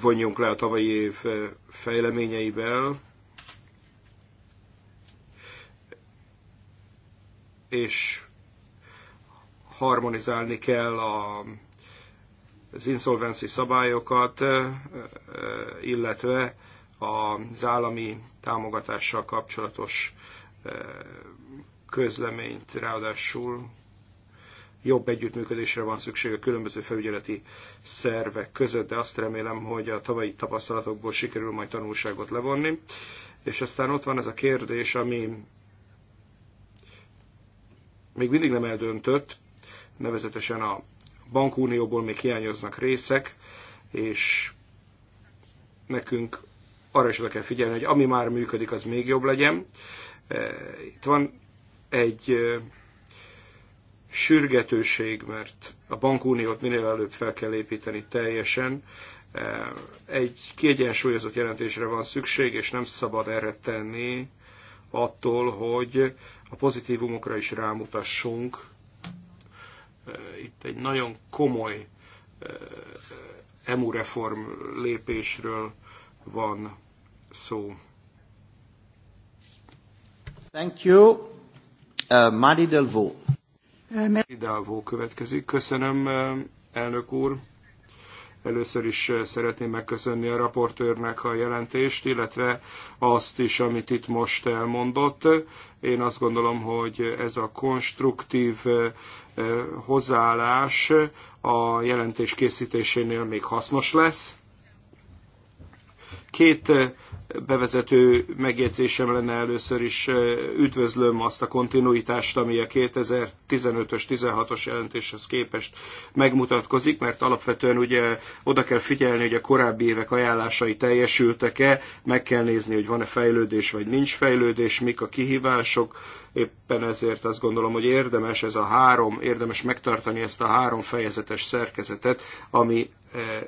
vonjunk le a tavalyi év eh, fejleményeivel, és harmonizálni kell a, az insolvenci szabályokat, eh, eh, illetve az állami támogatással kapcsolatos közleményt, ráadásul jobb együttműködésre van szükség a különböző felügyeleti szervek között, de azt remélem, hogy a tavalyi tapasztalatokból sikerül majd tanulságot levonni. És aztán ott van ez a kérdés, ami még mindig nem eldöntött, nevezetesen a bankunióból még hiányoznak részek, és nekünk arra is oda kell figyelni, hogy ami már működik, az még jobb legyen. Eh, itt van egy sürgetőség, mert a bankuniót minél előbb fel kell építeni teljesen, egy kiegyensúlyozott jelentésre van szükség, és nem szabad erre tenni attól, hogy a pozitívumokra is rámutassunk. Itt egy nagyon komoly EMU reform lépésről van szó. Thank you. Uh, Mari Delvaux. Uh, Mari Delvaux következik. Köszönöm, uh, elnök úr. Először is szeretném megköszönni a raportőrnek a jelentést, illetve azt is, amit itt most elmondott. Én azt gondolom, hogy ez a konstruktív hozzáállás a jelentés készítésénél még hasznos lesz. Két bevezető megjegyzésem lenne először is üdvözlöm azt a kontinuitást, ami a 2015-ös, 16-os jelentéshez képest megmutatkozik, mert alapvetően ugye oda kell figyelni, hogy a korábbi évek ajánlásai teljesültek-e, meg kell nézni, hogy van-e fejlődés vagy nincs fejlődés, mik a kihívások, éppen ezért azt gondolom, hogy érdemes ez a három, érdemes megtartani ezt a három fejezetes szerkezetet, ami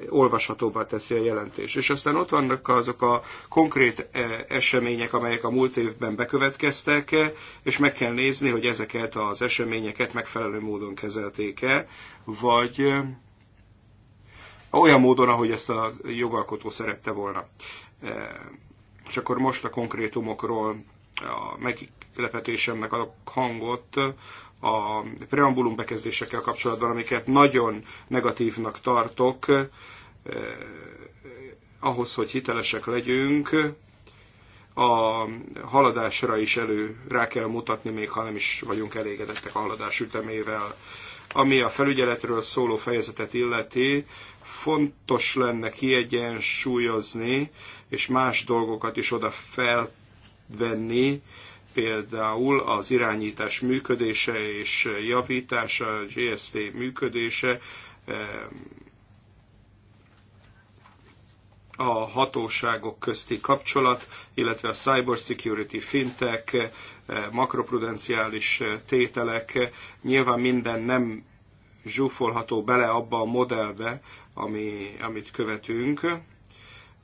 olvashatóbbá teszi a jelentés. És aztán ott vannak azok a konkrét konkrét e, események, amelyek a múlt évben bekövetkeztek, e, és meg kell nézni, hogy ezeket az eseményeket megfelelő módon kezelték-e, vagy e, olyan módon, ahogy ezt a jogalkotó szerette volna. És akkor most a konkrétumokról a meglepetésemnek a hangot a preambulum bekezdésekkel kapcsolatban, amiket nagyon negatívnak tartok, ahhoz, hogy hitelesek legyünk, a haladásra is elő rá kell mutatni, még ha nem is vagyunk elégedettek a haladás ütemével. Ami a felügyeletről szóló fejezetet illeti, fontos lenne kiegyensúlyozni, és más dolgokat is oda felvenni, például az irányítás működése és javítása, a GST működése, a hatóságok közti kapcsolat, illetve a cyber security, fintek, eh, makroprudenciális eh, tételek, eh, nyilván minden nem zsúfolható bele abba a modellbe, ami, amit követünk,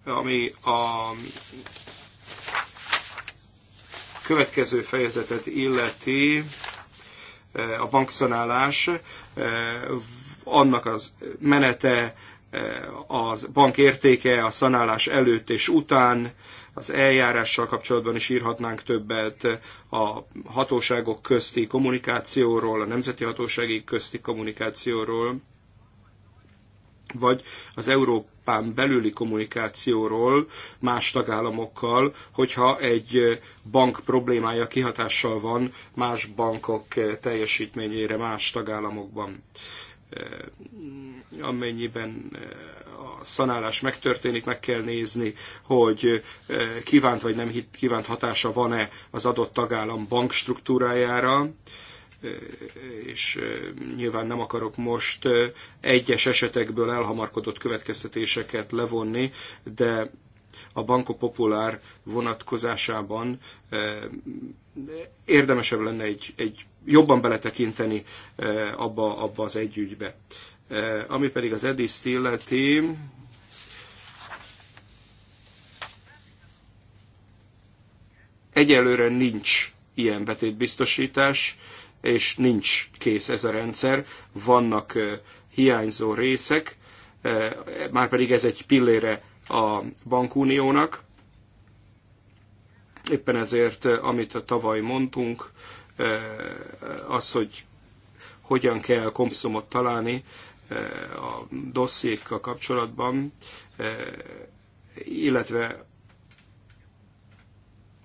ami a következő fejezetet illeti, a bankszanálás, annak az menete, az bank értéke a szanálás előtt és után, az eljárással kapcsolatban is írhatnánk többet, a hatóságok közti kommunikációról, a nemzeti hatósági közti kommunikációról, vagy az Európán belüli kommunikációról más tagállamokkal, hogyha egy bank problémája kihatással van más bankok teljesítményére más tagállamokban. Eh, amennyiben eh, a szanálás megtörténik, meg kell nézni, hogy eh, kívánt vagy nem kívánt hatása van-e az adott tagállam bankstruktúrájára, és nyilván nem akarok most egyes esetekből elhamarkodott következtetéseket levonni, de a Banco Populár vonatkozásában érdemesebb lenne egy, egy jobban beletekinteni e, abba, abba az együgybe. E, ami pedig az Edis illeti, egyelőre nincs ilyen betétbiztosítás, és nincs kész ez a rendszer. Vannak e, hiányzó részek, már pedig ez egy pillére a bankuniónak. Éppen ezért, amit a tavaly mondtunk, Eh, az, hogy hogyan kell kompromisszumot találni eh, a dossziékkal kapcsolatban, eh, illetve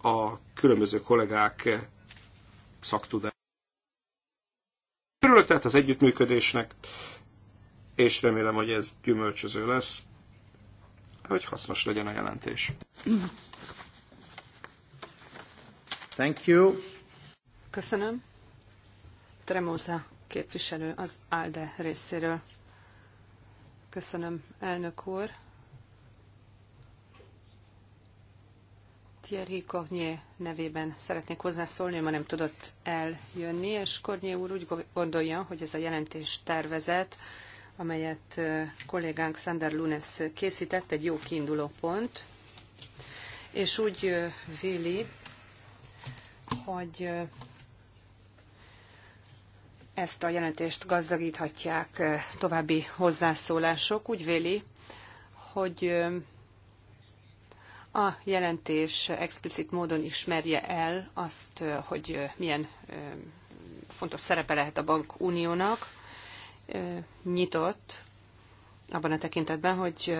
a különböző kollégák szaktudás. Örülök tehát az együttműködésnek, és remélem, hogy ez gyümölcsöző lesz, hogy hasznos legyen a jelentés. Thank you. Köszönöm. Tremóza képviselő az ALDE részéről. Köszönöm, elnök úr. Thierry Cornier nevében szeretnék hozzászólni, ma nem tudott eljönni, és Cornier úr úgy gondolja, hogy ez a jelentés tervezet, amelyet kollégánk Sander Lunes készített, egy jó kiinduló pont, és úgy véli, hogy ezt a jelentést gazdagíthatják további hozzászólások. Úgy véli, hogy a jelentés explicit módon ismerje el azt, hogy milyen fontos szerepe lehet a bankuniónak. Nyitott abban a tekintetben, hogy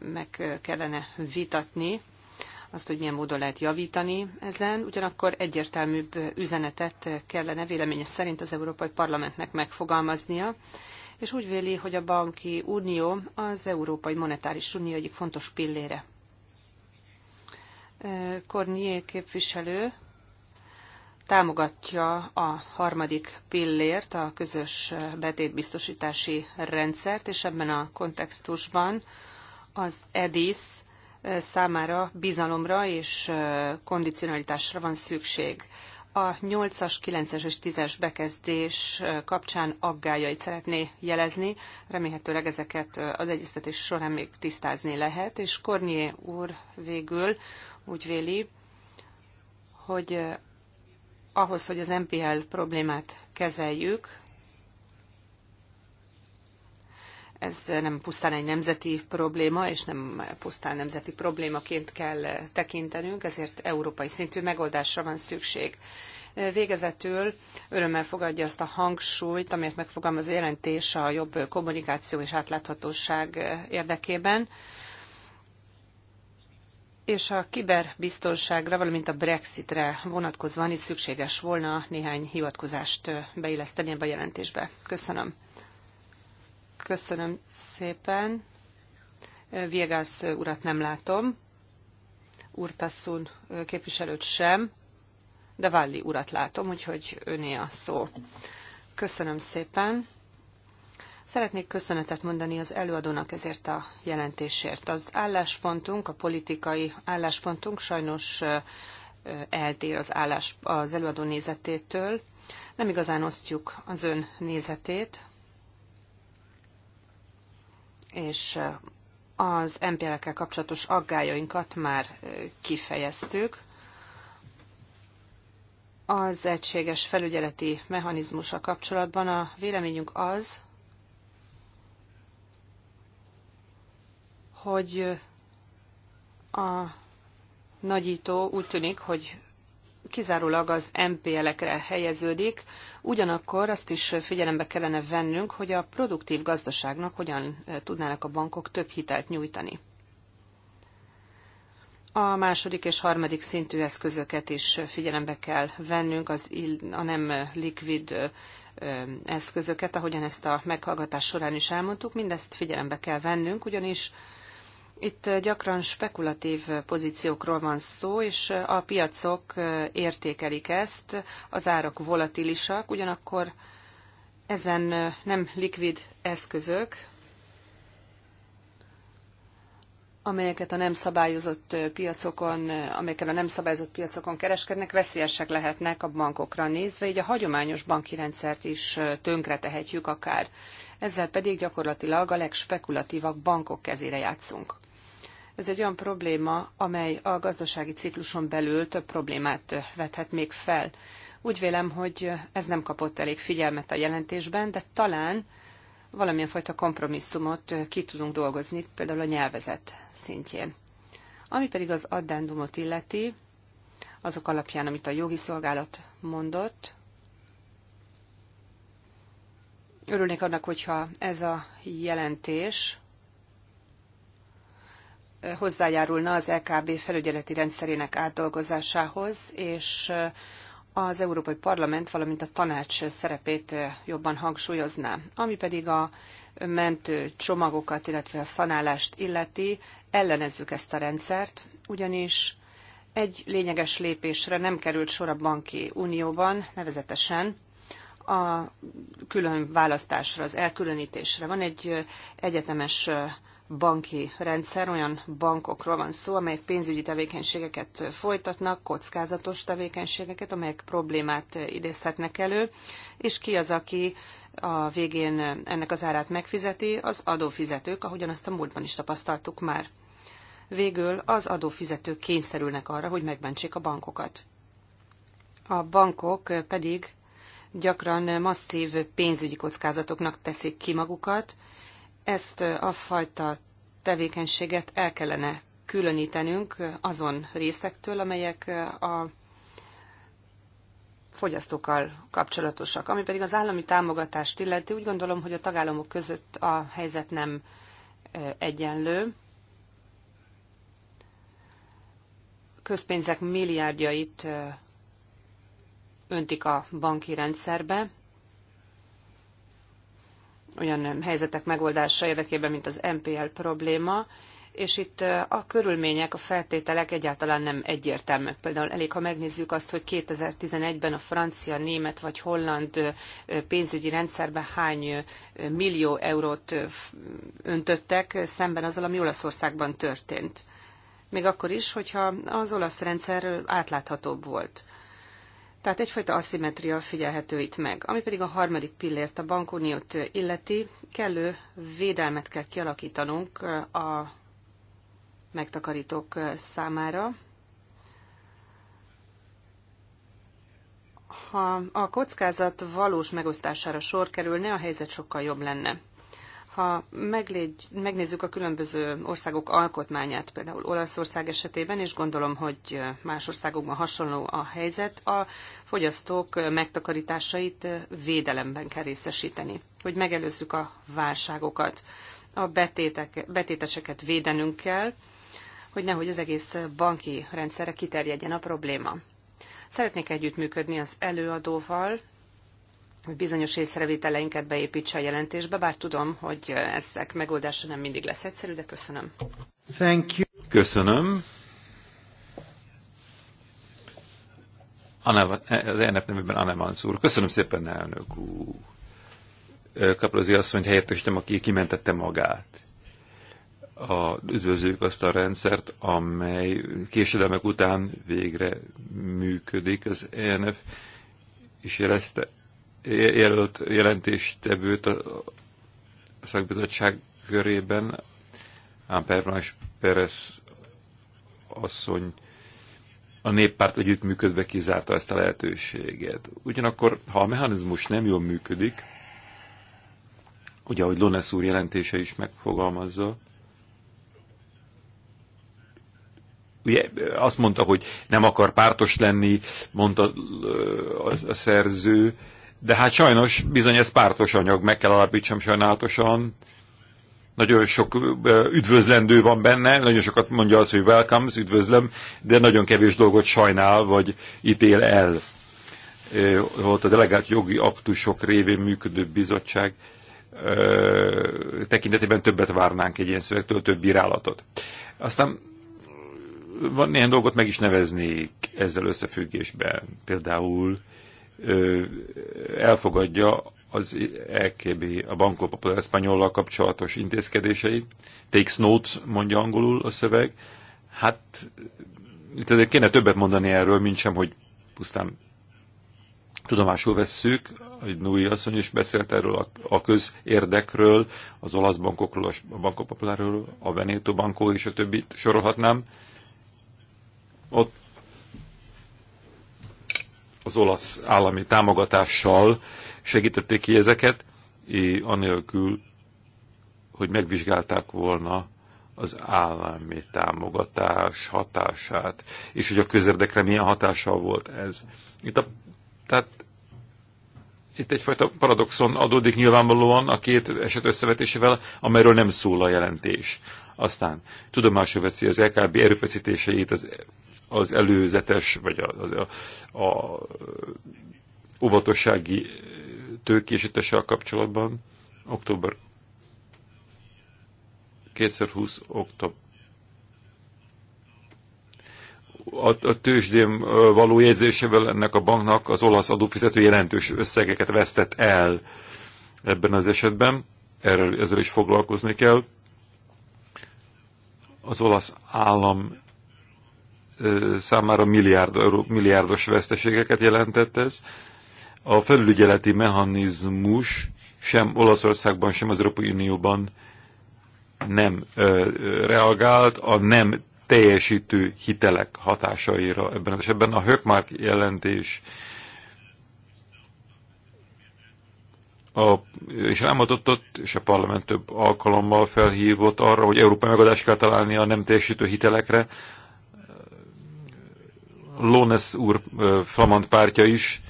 meg kellene vitatni azt, hogy milyen módon lehet javítani ezen, ugyanakkor egyértelműbb üzenetet kellene véleménye szerint az Európai Parlamentnek megfogalmaznia, és úgy véli, hogy a banki unió az Európai Monetáris Unió egyik fontos pillére. Kornier képviselő támogatja a harmadik pillért, a közös betétbiztosítási rendszert, és ebben a kontextusban az EDIS számára bizalomra és kondicionalitásra van szükség. A 8-as, 9-es és 10-es bekezdés kapcsán aggájait szeretné jelezni. Remélhetőleg ezeket az egyeztetés során még tisztázni lehet, és Kornié úr végül úgy véli, hogy ahhoz, hogy az MPL problémát kezeljük, ez nem pusztán egy nemzeti probléma, és nem pusztán nemzeti problémaként kell tekintenünk, ezért európai szintű megoldásra van szükség. Végezetül örömmel fogadja azt a hangsúlyt, amelyet megfogalmaz a jelentés a jobb kommunikáció és átláthatóság érdekében, és a kiberbiztonságra, valamint a Brexitre vonatkozva is szükséges volna néhány hivatkozást beilleszteni ebbe a jelentésbe. Köszönöm. Köszönöm szépen. Viegas urat nem látom, Urtasszun képviselőt sem, de Valli urat látom, úgyhogy öné a szó. Köszönöm szépen. Szeretnék köszönetet mondani az előadónak ezért a jelentésért. Az álláspontunk, a politikai álláspontunk sajnos eltér az, állás, az előadó nézetétől. Nem igazán osztjuk az ön nézetét, és az MPL-ekkel kapcsolatos aggályainkat már kifejeztük. Az egységes felügyeleti mechanizmusa kapcsolatban a véleményünk az, hogy a nagyító úgy tűnik, hogy kizárólag az MPL-ekre helyeződik, ugyanakkor azt is figyelembe kellene vennünk, hogy a produktív gazdaságnak hogyan e, tudnának a bankok több hitelt nyújtani. A második és harmadik szintű eszközöket is figyelembe kell vennünk, az a nem likvid e, e, eszközöket, ahogyan ezt a meghallgatás során is elmondtuk, mindezt figyelembe kell vennünk, ugyanis itt gyakran spekulatív pozíciókról van szó, és a piacok értékelik ezt, az árak volatilisak, ugyanakkor ezen nem likvid eszközök, amelyeket a nem szabályozott piacokon, amelyekkel a nem szabályozott piacokon kereskednek, veszélyesek lehetnek a bankokra nézve, így a hagyományos banki rendszert is tönkretehetjük akár. Ezzel pedig gyakorlatilag a legspekulatívabb bankok kezére játszunk. Ez egy olyan probléma, amely a gazdasági cikluson belül több problémát vethet még fel. Úgy vélem, hogy ez nem kapott elég figyelmet a jelentésben, de talán valamilyen fajta kompromisszumot ki tudunk dolgozni, például a nyelvezet szintjén. Ami pedig az addendumot illeti, azok alapján, amit a jogi szolgálat mondott, örülnék annak, hogyha ez a jelentés hozzájárulna az LKB e felügyeleti rendszerének átdolgozásához, és az Európai Parlament, valamint a tanács szerepét jobban hangsúlyozná. Ami pedig a mentő csomagokat, illetve a szanálást illeti, ellenezzük ezt a rendszert, ugyanis egy lényeges lépésre nem került sor a banki unióban, nevezetesen a külön választásra, az elkülönítésre. Van egy egyetemes banki rendszer, olyan bankokról van szó, amelyek pénzügyi tevékenységeket folytatnak, kockázatos tevékenységeket, amelyek problémát idézhetnek elő, és ki az, aki a végén ennek az árát megfizeti, az adófizetők, ahogyan azt a múltban is tapasztaltuk már. Végül az adófizetők kényszerülnek arra, hogy megmentsék a bankokat. A bankok pedig gyakran masszív pénzügyi kockázatoknak teszik ki magukat, ezt a fajta tevékenységet el kellene különítenünk azon részektől, amelyek a fogyasztókkal kapcsolatosak. Ami pedig az állami támogatást illeti, úgy gondolom, hogy a tagállamok között a helyzet nem egyenlő. Közpénzek milliárdjait öntik a banki rendszerbe, olyan helyzetek megoldása érdekében, mint az MPL probléma, és itt a körülmények, a feltételek egyáltalán nem egyértelműek. Például elég, ha megnézzük azt, hogy 2011-ben a francia, német vagy holland pénzügyi rendszerbe hány millió eurót öntöttek szemben azzal, ami Olaszországban történt. Még akkor is, hogyha az olasz rendszer átláthatóbb volt. Tehát egyfajta aszimetria figyelhető itt meg. Ami pedig a harmadik pillért, a bankuniót illeti, kellő védelmet kell kialakítanunk a megtakarítók számára. Ha a kockázat valós megosztására sor kerülne, a helyzet sokkal jobb lenne. Ha meglégy, megnézzük a különböző országok alkotmányát, például Olaszország esetében, és gondolom, hogy más országokban hasonló a helyzet, a fogyasztók megtakarításait védelemben kell részesíteni, hogy megelőzzük a válságokat. A betétek, betéteseket védenünk kell, hogy nehogy az egész banki rendszerre kiterjedjen a probléma. Szeretnék együttműködni az előadóval, hogy bizonyos észrevételeinket beépítse a jelentésbe, bár tudom, hogy ezek megoldása nem mindig lesz egyszerű, de köszönöm. Thank you. Köszönöm. Anna, az ENF nevében Anna Mansur. Köszönöm szépen, elnök úr. Kaprozi asszonyt helyettesítem, aki kimentette magát. A, üdvözlők azt a rendszert, amely késedelmek után végre működik. Az ENF és jelezte, jelölt jelentéstevőt a szakbizottság körében, ám Pervanás Perez asszony a néppárt együttműködve kizárta ezt a lehetőséget. Ugyanakkor, ha a mechanizmus nem jól működik, ugye ahogy Lones úr jelentése is megfogalmazza, ugye azt mondta, hogy nem akar pártos lenni, mondta a, a szerző, de hát sajnos bizony ez pártos anyag, meg kell alapítsam sajnálatosan. Nagyon sok üdvözlendő van benne, nagyon sokat mondja az, hogy welcomes, üdvözlöm, de nagyon kevés dolgot sajnál, vagy ítél el. Volt a delegált jogi aktusok révén működő bizottság tekintetében többet várnánk egy ilyen szövegtől, több bírálatot. Aztán van néhány dolgot meg is neveznék ezzel összefüggésben. Például elfogadja az EKB, a Banco Popular Espanyollal kapcsolatos intézkedései. Takes notes, mondja angolul a szöveg. Hát, itt azért kéne többet mondani erről, mint sem, hogy pusztán tudomásul vesszük, hogy Nui asszony is beszélt erről a, a közérdekről, az olasz bankokról, a Banco Popularról, a Veneto Banco és a többit sorolhatnám. Ott az olasz állami támogatással segítették ki ezeket, és anélkül, hogy megvizsgálták volna az állami támogatás hatását, és hogy a közérdekre milyen hatással volt ez. Itt a, tehát itt egyfajta paradoxon adódik nyilvánvalóan a két eset összevetésével, amelyről nem szól a jelentés. Aztán tudomásul veszi az LKB erőfeszítéseit az az előzetes, vagy a, a, a óvatossági tőkésítéssel kapcsolatban. Október 2020. október a, a tőzsdén való jegyzésével ennek a banknak az olasz adófizető jelentős összegeket vesztett el ebben az esetben. Erről ezzel is foglalkozni kell. Az olasz állam számára milliárd, euró, milliárdos veszteségeket jelentett ez. A felügyeleti mechanizmus sem Olaszországban, sem az Európai Unióban nem ö, reagált a nem teljesítő hitelek hatásaira ebben az esetben. A Höckmark jelentés a, és rámutatott, és a parlament több alkalommal felhívott arra, hogy Európa megadást kell találni a nem teljesítő hitelekre, Lónes úr flamand pártja is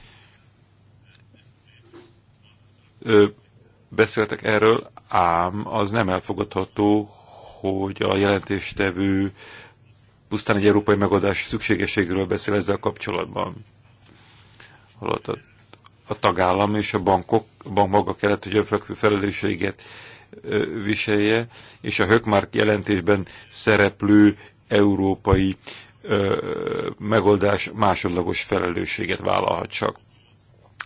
beszéltek erről, ám az nem elfogadható, hogy a jelentéstevő pusztán egy európai megoldás szükségességről beszél ezzel kapcsolatban. Holott a, a tagállam és a bankok, a bank maga kellett, hogy önfekvő felelősséget viselje, és a Hökmark jelentésben szereplő európai ö, megoldás másodlagos felelősséget vállalhat csak.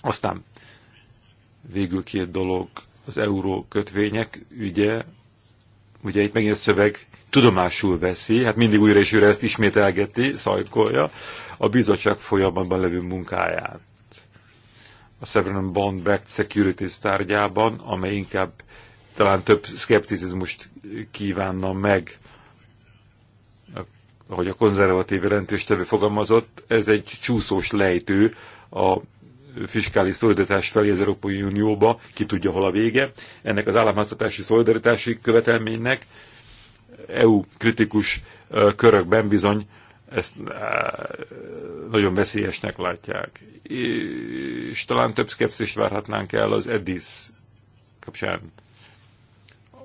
Aztán végül két dolog, az euró kötvények ügye, ugye itt megint a szöveg tudomásul veszi, hát mindig újra és újra ezt ismételgeti, szajkolja, a bizottság folyamatban levő munkáját. A Sovereign Bond Backed Securities tárgyában, amely inkább talán több szkepticizmust kívánna meg ahogy a konzervatív jelentéstevő fogalmazott, ez egy csúszós lejtő a fiskális szolidaritás felé az Európai Unióba, ki tudja, hol a vége. Ennek az államháztatási szolidaritási követelménynek EU kritikus körökben bizony ezt nagyon veszélyesnek látják. És talán több szkepszist várhatnánk el az EDIS kapcsán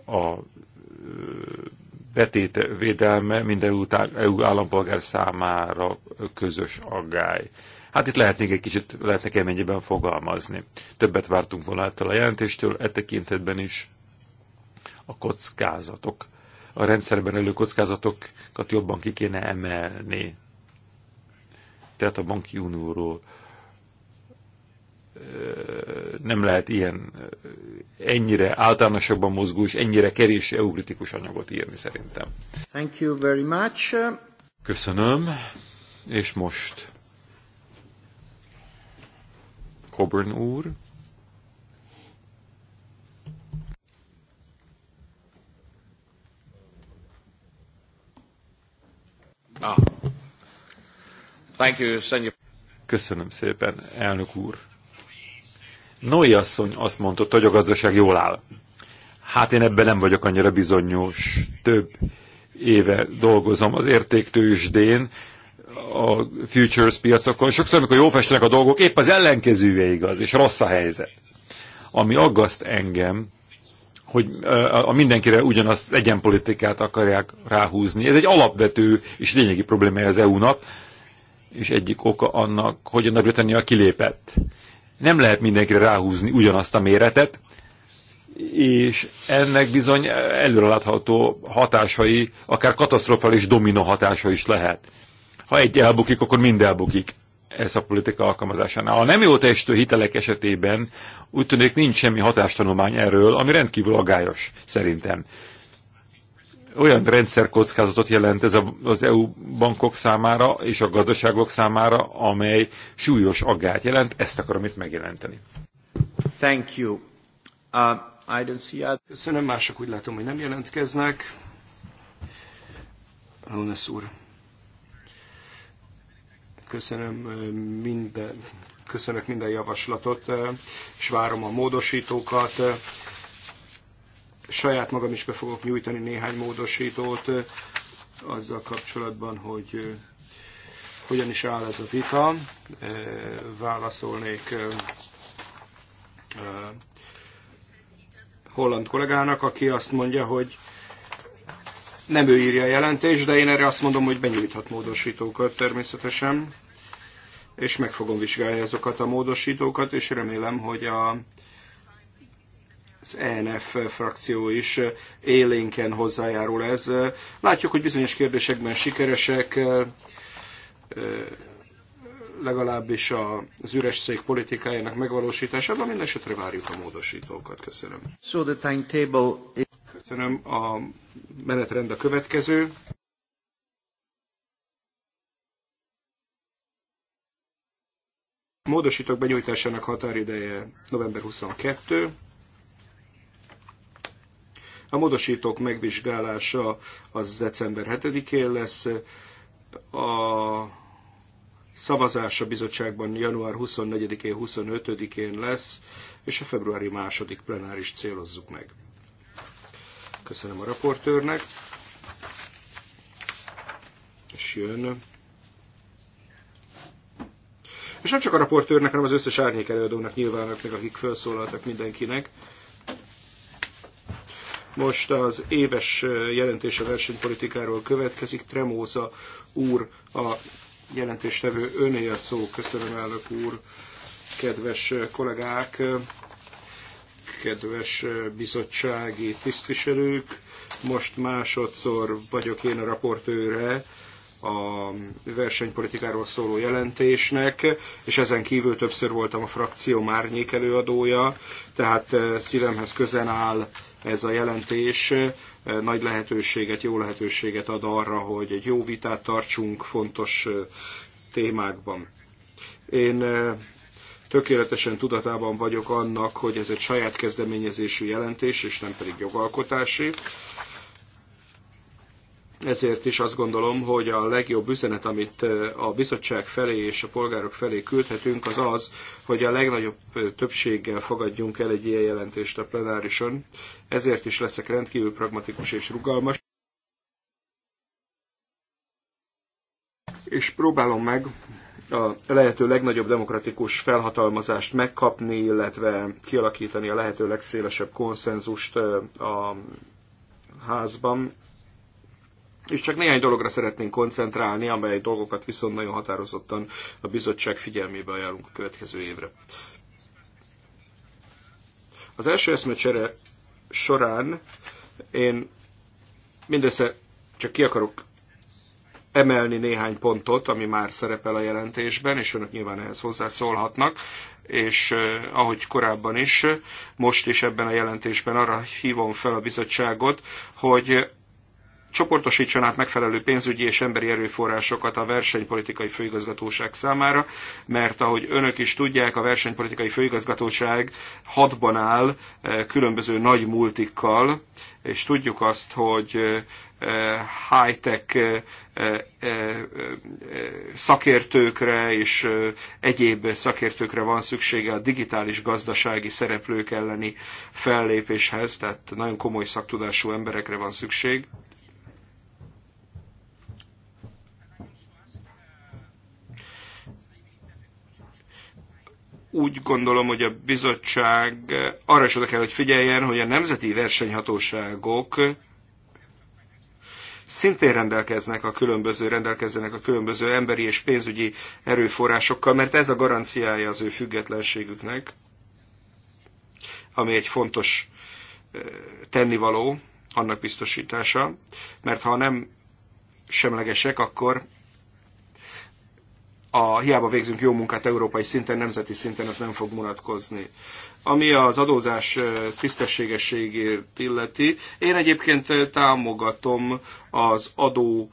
a betétvédelme minden EU állampolgár számára közös aggály. Hát itt lehetnék egy kicsit, lehetne keményebben fogalmazni. Többet vártunk volna ettől a jelentéstől, e tekintetben is a kockázatok, a rendszerben elő kockázatokat jobban ki kéne emelni. Tehát a banki unióról nem lehet ilyen ennyire általánosabban mozgó és ennyire kevés eukritikus anyagot írni szerintem. Thank you very much. Köszönöm. És most Coburn úr. Ah. Thank you, Köszönöm szépen, elnök úr. Noi asszony azt mondta, hogy a gazdaság jól áll. Hát én ebben nem vagyok annyira bizonyos. Több éve dolgozom az értéktősdén, a futures piacokon. Sokszor, amikor jól festenek a dolgok, épp az ellenkezője igaz, és rossz a helyzet. Ami aggaszt engem, hogy a mindenkire ugyanazt egyenpolitikát akarják ráhúzni. Ez egy alapvető és lényegi problémája az EU-nak, és egyik oka annak, hogy a Nagy-Britannia kilépett nem lehet mindenkire ráhúzni ugyanazt a méretet, és ennek bizony előrelátható hatásai, akár katasztrofális domino hatása is lehet. Ha egy elbukik, akkor mind elbukik ez a politika alkalmazásánál. A nem jó testő hitelek esetében úgy tűnik nincs semmi hatástanulmány erről, ami rendkívül agályos szerintem olyan rendszerkockázatot jelent ez az EU bankok számára és a gazdaságok számára, amely súlyos aggát jelent, ezt akarom itt megjelenteni. Thank you. Uh, I don't see that. Köszönöm, mások úgy látom, hogy nem jelentkeznek. Lunes úr. Köszönöm uh, minden, köszönök minden javaslatot, uh, és várom a módosítókat uh, saját magam is be fogok nyújtani néhány módosítót azzal kapcsolatban, hogy hogyan is áll ez a vita. Válaszolnék holland kollégának, aki azt mondja, hogy nem ő írja a jelentést, de én erre azt mondom, hogy benyújthat módosítókat természetesen, és meg fogom vizsgálni azokat a módosítókat, és remélem, hogy a az ENF frakció is élénken hozzájárul ez. Látjuk, hogy bizonyos kérdésekben sikeresek, legalábbis az üres szék politikájának megvalósításában, minden esetre várjuk a módosítókat. Köszönöm. So the timetable is... Köszönöm. A menetrend a következő. Módosítók benyújtásának határideje november 22. A módosítók megvizsgálása az december 7-én lesz. A szavazás a bizottságban január 24-én, 25-én lesz, és a februári második plenáris célozzuk meg. Köszönöm a raportőrnek. És jön. És nem csak a raportőrnek, hanem az összes árnyék előadónak, meg, akik felszólaltak mindenkinek. Most az éves jelentés a versenypolitikáról következik. Tremóza úr, a jelentéstevő öné a szó. Köszönöm, elnök úr, kedves kollégák, kedves bizottsági tisztviselők. Most másodszor vagyok én a raportőre a versenypolitikáról szóló jelentésnek, és ezen kívül többször voltam a frakció márnyék előadója, tehát szívemhez közen áll ez a jelentés nagy lehetőséget, jó lehetőséget ad arra, hogy egy jó vitát tartsunk fontos témákban. Én tökéletesen tudatában vagyok annak, hogy ez egy saját kezdeményezésű jelentés, és nem pedig jogalkotási ezért is azt gondolom, hogy a legjobb üzenet, amit a bizottság felé és a polgárok felé küldhetünk, az az, hogy a legnagyobb többséggel fogadjunk el egy ilyen jelentést a plenárison. Ezért is leszek rendkívül pragmatikus és rugalmas. És próbálom meg a lehető legnagyobb demokratikus felhatalmazást megkapni, illetve kialakítani a lehető legszélesebb konszenzust a házban és csak néhány dologra szeretnénk koncentrálni, amely dolgokat viszont nagyon határozottan a bizottság figyelmébe ajánlunk a következő évre. Az első eszmecsere során én mindössze csak ki akarok emelni néhány pontot, ami már szerepel a jelentésben, és önök nyilván ehhez hozzászólhatnak, és ahogy korábban is, most is ebben a jelentésben arra hívom fel a bizottságot, hogy csoportosítson át megfelelő pénzügyi és emberi erőforrásokat a versenypolitikai főigazgatóság számára, mert ahogy önök is tudják, a versenypolitikai főigazgatóság hadban áll eh, különböző nagy multikkal, és tudjuk azt, hogy eh, eh, high-tech szakértőkre és egyéb szakértőkre van szüksége a digitális gazdasági szereplők elleni fellépéshez, tehát nagyon komoly szaktudású emberekre van szükség. úgy gondolom, hogy a bizottság eh, arra is oda kell, hogy figyeljen, hogy a nemzeti versenyhatóságok szintén rendelkeznek a különböző, rendelkezzenek a különböző emberi és pénzügyi erőforrásokkal, mert ez a garanciája az ő függetlenségüknek, ami egy fontos eh, tennivaló, annak biztosítása, mert ha nem semlegesek, akkor a hiába végzünk jó munkát európai szinten, nemzeti szinten ez nem fog mutatkozni. Ami az adózás tisztességességét illeti, én egyébként támogatom az adó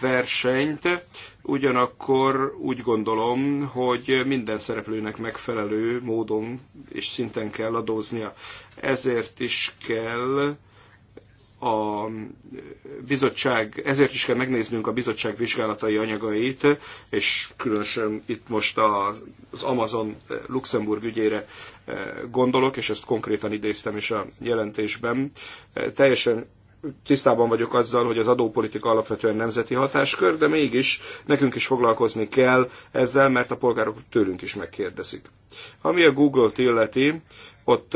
versenyt, ugyanakkor úgy gondolom, hogy minden szereplőnek megfelelő módon és szinten kell adóznia. Ezért is kell a bizottság, ezért is kell megnéznünk a bizottság vizsgálatai anyagait, és különösen itt most az, az Amazon eh, Luxemburg ügyére eh, gondolok, és ezt konkrétan idéztem is a jelentésben. Eh, teljesen tisztában vagyok azzal, hogy az adópolitika alapvetően nemzeti hatáskör, de mégis nekünk is foglalkozni kell ezzel, mert a polgárok tőlünk is megkérdezik. Ami a Google-t illeti, ott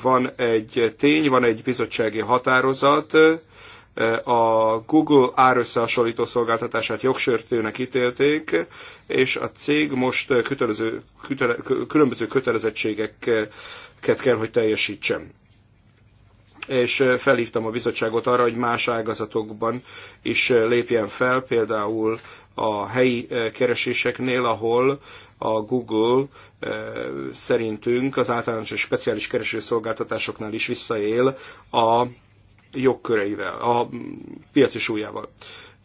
van egy tény, van egy bizottsági határozat, a Google árösszehasonlító szolgáltatását jogsértőnek ítélték, és a cég most kötelező, kütele, különböző kötelezettségeket kell, hogy teljesítsen és felhívtam a bizottságot arra, hogy más ágazatokban is lépjen fel, például a helyi eh, kereséseknél, ahol a Google eh, szerintünk az általános és speciális keresőszolgáltatásoknál is visszaél a jogköreivel, a piaci súlyával.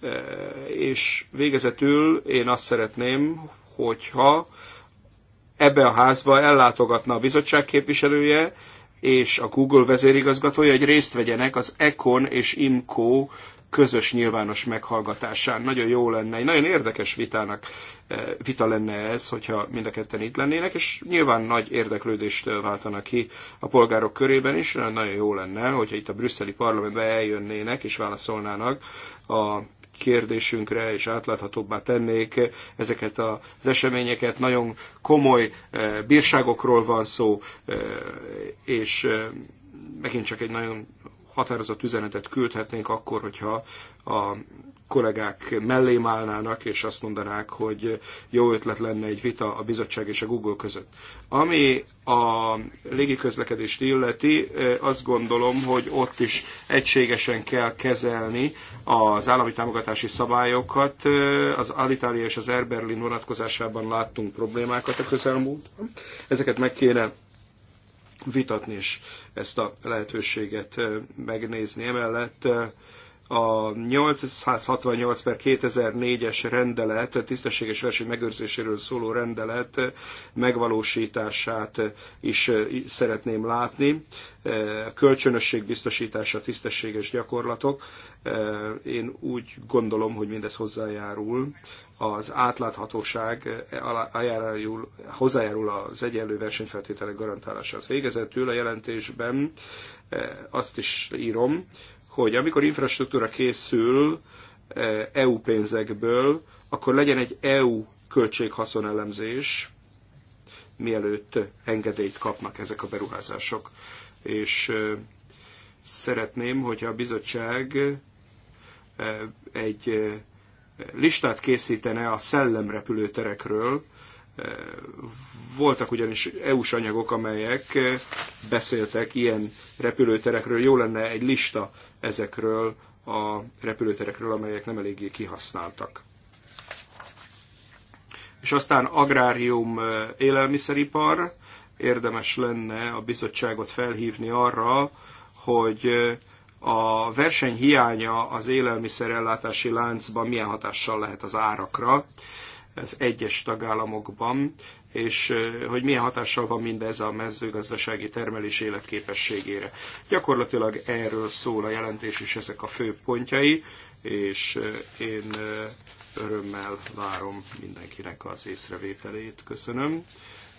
Eh, és végezetül én azt szeretném, hogyha ebbe a házba ellátogatna a bizottság képviselője, és a Google vezérigazgatója, hogy részt vegyenek az Econ és Imco közös nyilvános meghallgatásán. Nagyon jó lenne, egy nagyon érdekes vitának, eh, vita lenne ez, hogyha mind a ketten itt lennének, és nyilván nagy érdeklődést váltanak ki a polgárok körében is. Nagyon jó lenne, hogyha itt a brüsszeli parlamentbe eljönnének és válaszolnának a kérdésünkre, és átláthatóbbá tennék ezeket az eseményeket. Nagyon komoly eh, bírságokról van szó, eh, és eh, megint csak egy nagyon határozott üzenetet küldhetnénk akkor, hogyha a kollégák mellé állnának, és azt mondanák, hogy jó ötlet lenne egy vita a bizottság és a Google között. Ami a légiközlekedést illeti, azt gondolom, hogy ott is egységesen kell kezelni az állami támogatási szabályokat. Az Alitalia és az Air Berlin vonatkozásában láttunk problémákat a közelmúltban. Ezeket meg kéne vitatni, és ezt a lehetőséget megnézni. Emellett a 868 per 2004-es rendelet, a tisztességes verseny megőrzéséről szóló rendelet megvalósítását is eh, szeretném látni. Eh, kölcsönösség biztosítása, tisztességes gyakorlatok. Eh, én úgy gondolom, hogy mindez hozzájárul az átláthatóság ajárul, hozzájárul az egyenlő versenyfeltételek garantálásához. Végezetül a jelentésben azt is írom, hogy amikor infrastruktúra készül eh, EU pénzekből, akkor legyen egy EU költséghaszonelemzés, mielőtt engedélyt kapnak ezek a beruházások. És eh, szeretném, hogyha a bizottság eh, egy listát készítene a szellemrepülőterekről, voltak ugyanis EU-s anyagok, amelyek eh, beszéltek ilyen repülőterekről. Jó lenne egy lista ezekről a repülőterekről, amelyek nem eléggé kihasználtak. És aztán agrárium eh, élelmiszeripar. Érdemes lenne a bizottságot felhívni arra, hogy eh, a verseny hiánya az élelmiszerellátási láncban milyen hatással lehet az árakra, az egyes tagállamokban, és hogy milyen hatással van mindez a mezőgazdasági termelés életképességére. Gyakorlatilag erről szól a jelentés, és ezek a fő pontjai, és én örömmel várom mindenkinek az észrevételét. Köszönöm.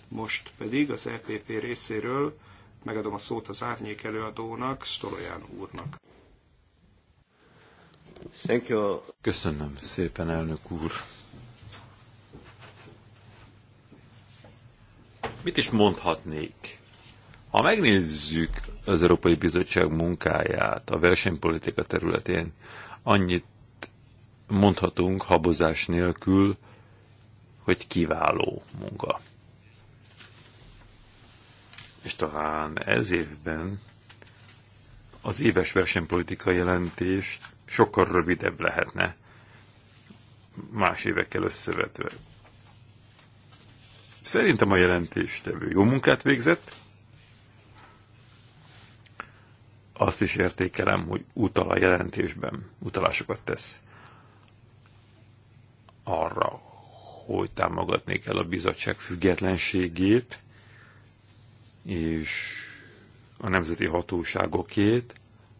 Most pedig az EPP részéről megadom a szót az árnyék előadónak, Stoloján úrnak. Köszönöm szépen, elnök úr. Mit is mondhatnék? Ha megnézzük az Európai Bizottság munkáját a versenypolitika területén, annyit mondhatunk habozás nélkül, hogy kiváló munka. És talán ez évben az éves versenypolitika jelentés sokkal rövidebb lehetne más évekkel összevetve. Szerintem a jelentéstevő jó munkát végzett. Azt is értékelem, hogy utal a jelentésben, utalásokat tesz arra, hogy támogatni kell a bizottság függetlenségét és a nemzeti hatóságokét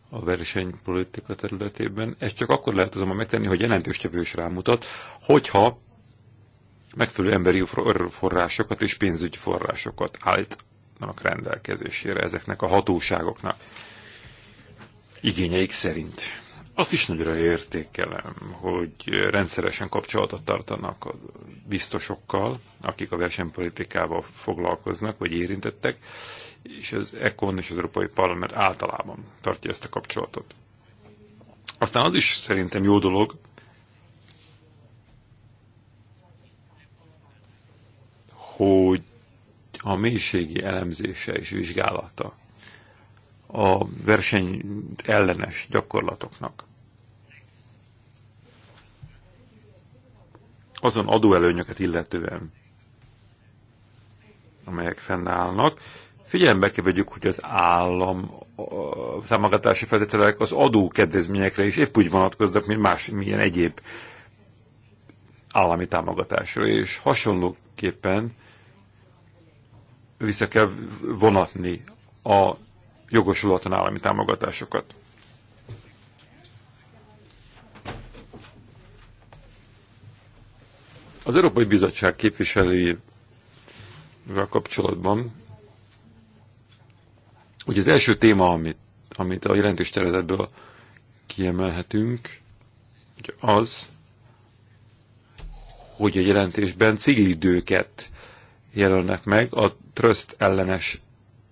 a versenypolitika területében. Ezt csak akkor lehet azonban megtenni, hogy jelentős is rámutat, hogyha megfelelő emberi forrásokat és pénzügyi forrásokat állítanak rendelkezésére ezeknek a hatóságoknak igényeik szerint. Azt is nagyra értékelem, hogy rendszeresen kapcsolatot tartanak a biztosokkal, akik a versenypolitikával foglalkoznak, vagy érintettek, és az ECON és az Európai Parlament általában tartja ezt a kapcsolatot. Aztán az is szerintem jó dolog, hogy a mélységi elemzése és vizsgálata a verseny ellenes gyakorlatoknak azon adóelőnyöket illetően, amelyek fennállnak, figyelembe kell vegyük, hogy az állam támogatási feltételek az adókedvezményekre is épp úgy vonatkoznak, mint más milyen egyéb állami támogatásra, és hasonló képpen vissza kell vonatni a jogosulatlan állami támogatásokat. Az Európai Bizottság képviselőjével kapcsolatban ugye az első téma, amit, amit a jelentős területből kiemelhetünk, az, hogy a jelentésben cigidőket jelölnek meg a tröszt ellenes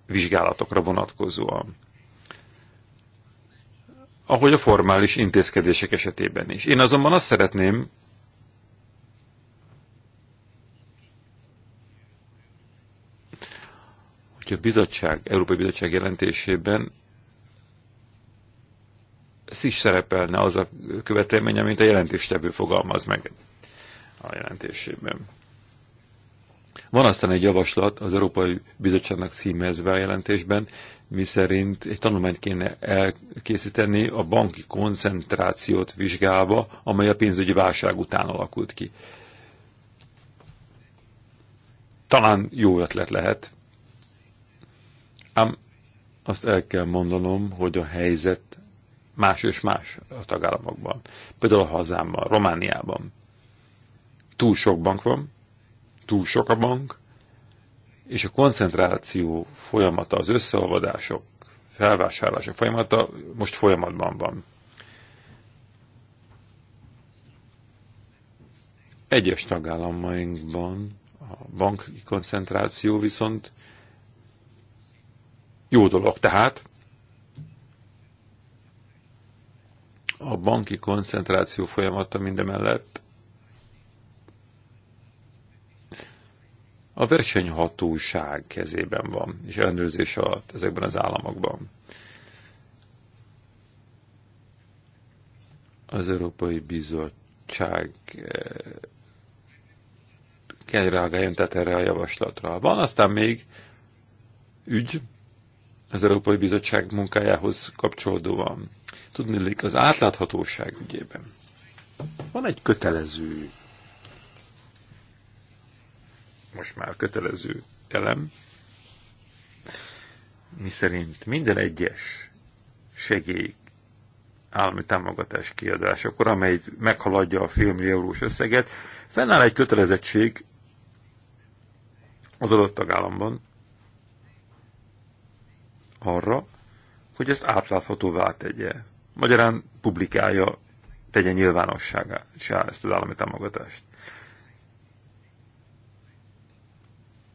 vizsgálatokra vonatkozóan. Ahogy a formális intézkedések esetében is. Én azonban azt szeretném, hogy a bizottság, Európai Bizottság jelentésében ez is szerepelne az a követelmény, amit a jelentéstevő fogalmaz meg a jelentésében. Van aztán egy javaslat az Európai Bizottságnak címezve a jelentésben, miszerint egy tanulmányt kéne elkészíteni a banki koncentrációt vizsgálva, amely a pénzügyi válság után alakult ki. Talán jó ötlet lehet, ám azt el kell mondanom, hogy a helyzet más és más a tagállamokban. Például a hazámban, Romániában túl sok bank van, túl sok a bank, és a koncentráció folyamata, az összeolvadások, felvásárlások folyamata most folyamatban van. Egyes tagállamainkban a banki koncentráció viszont jó dolog. Tehát a banki koncentráció folyamata mindemellett a versenyhatóság kezében van, és ellenőrzés alatt ezekben az államokban. Az Európai Bizottság eh, kell reagáljon tehát erre a javaslatra. Van aztán még ügy az Európai Bizottság munkájához kapcsolódóan. Tudni, az átláthatóság ügyében. Van egy kötelező most már kötelező elem, miszerint minden egyes segély állami támogatás kiadásakor, amely meghaladja a film eurós összeget, fennáll egy kötelezettség az adott tagállamban arra, hogy ezt átláthatóvá tegye. Magyarán publikálja, tegye nyilvánosságá ezt az állami támogatást.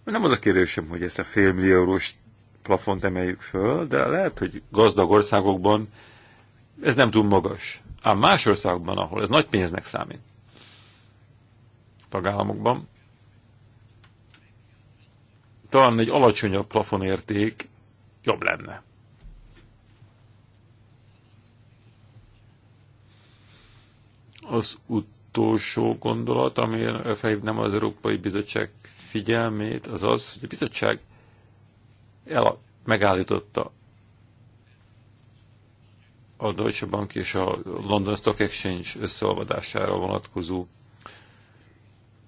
Nem az a kérdésem, hogy ezt a félmillió eurós plafont emeljük föl, de lehet, hogy gazdag országokban ez nem túl magas. Ám más országokban, ahol ez nagy pénznek számít, tagállamokban, talán egy alacsonyabb plafonérték jobb lenne. Az utolsó gondolat, amire nem az Európai Bizottság figyelmét, az az, hogy a bizottság el megállította a Deutsche Bank és a London Stock Exchange összeolvadására vonatkozó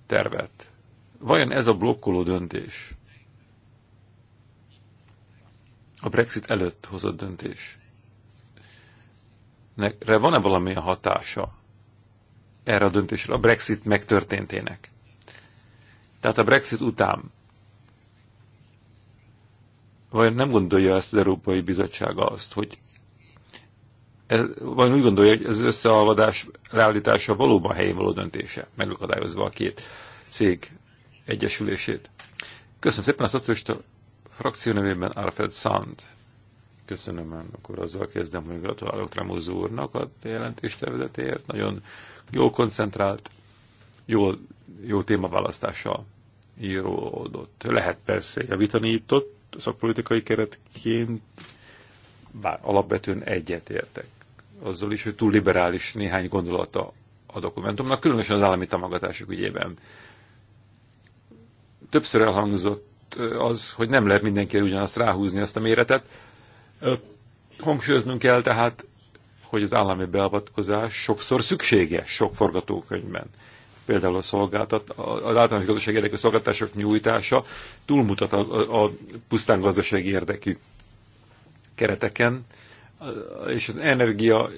tervet. Vajon ez a blokkoló döntés a Brexit előtt hozott döntés? Nekre van-e valamilyen hatása erre a döntésre, a Brexit megtörténtének? Tehát a Brexit után vajon nem gondolja ezt az Európai Bizottság azt, hogy ez, vajon úgy gondolja, hogy az összealvadás leállítása valóban helyén való döntése, megakadályozva a két cég egyesülését. Köszönöm szépen azt, hogy a frakció nevében Alfred Sand. Köszönöm, akkor azzal kezdem, hogy gratulálok Tremózó úrnak a jelentéstervezetéért. Nagyon jól koncentrált, jó, jó témaválasztással íródott. Lehet persze javítani itt ott szakpolitikai keretként, bár alapvetően egyetértek. Azzal is, hogy túl liberális néhány gondolata a dokumentumnak, különösen az állami támogatások ügyében. Többször elhangzott az, hogy nem lehet mindenkire ugyanazt ráhúzni azt a méretet. Hangsúlyoznunk kell tehát, hogy az állami beavatkozás sokszor szükséges sok forgatókönyvben például a szolgáltat, az általános gazdasági érdekű szolgáltatások nyújtása túlmutat a, a, a pusztán gazdasági érdekű kereteken, és az energia e,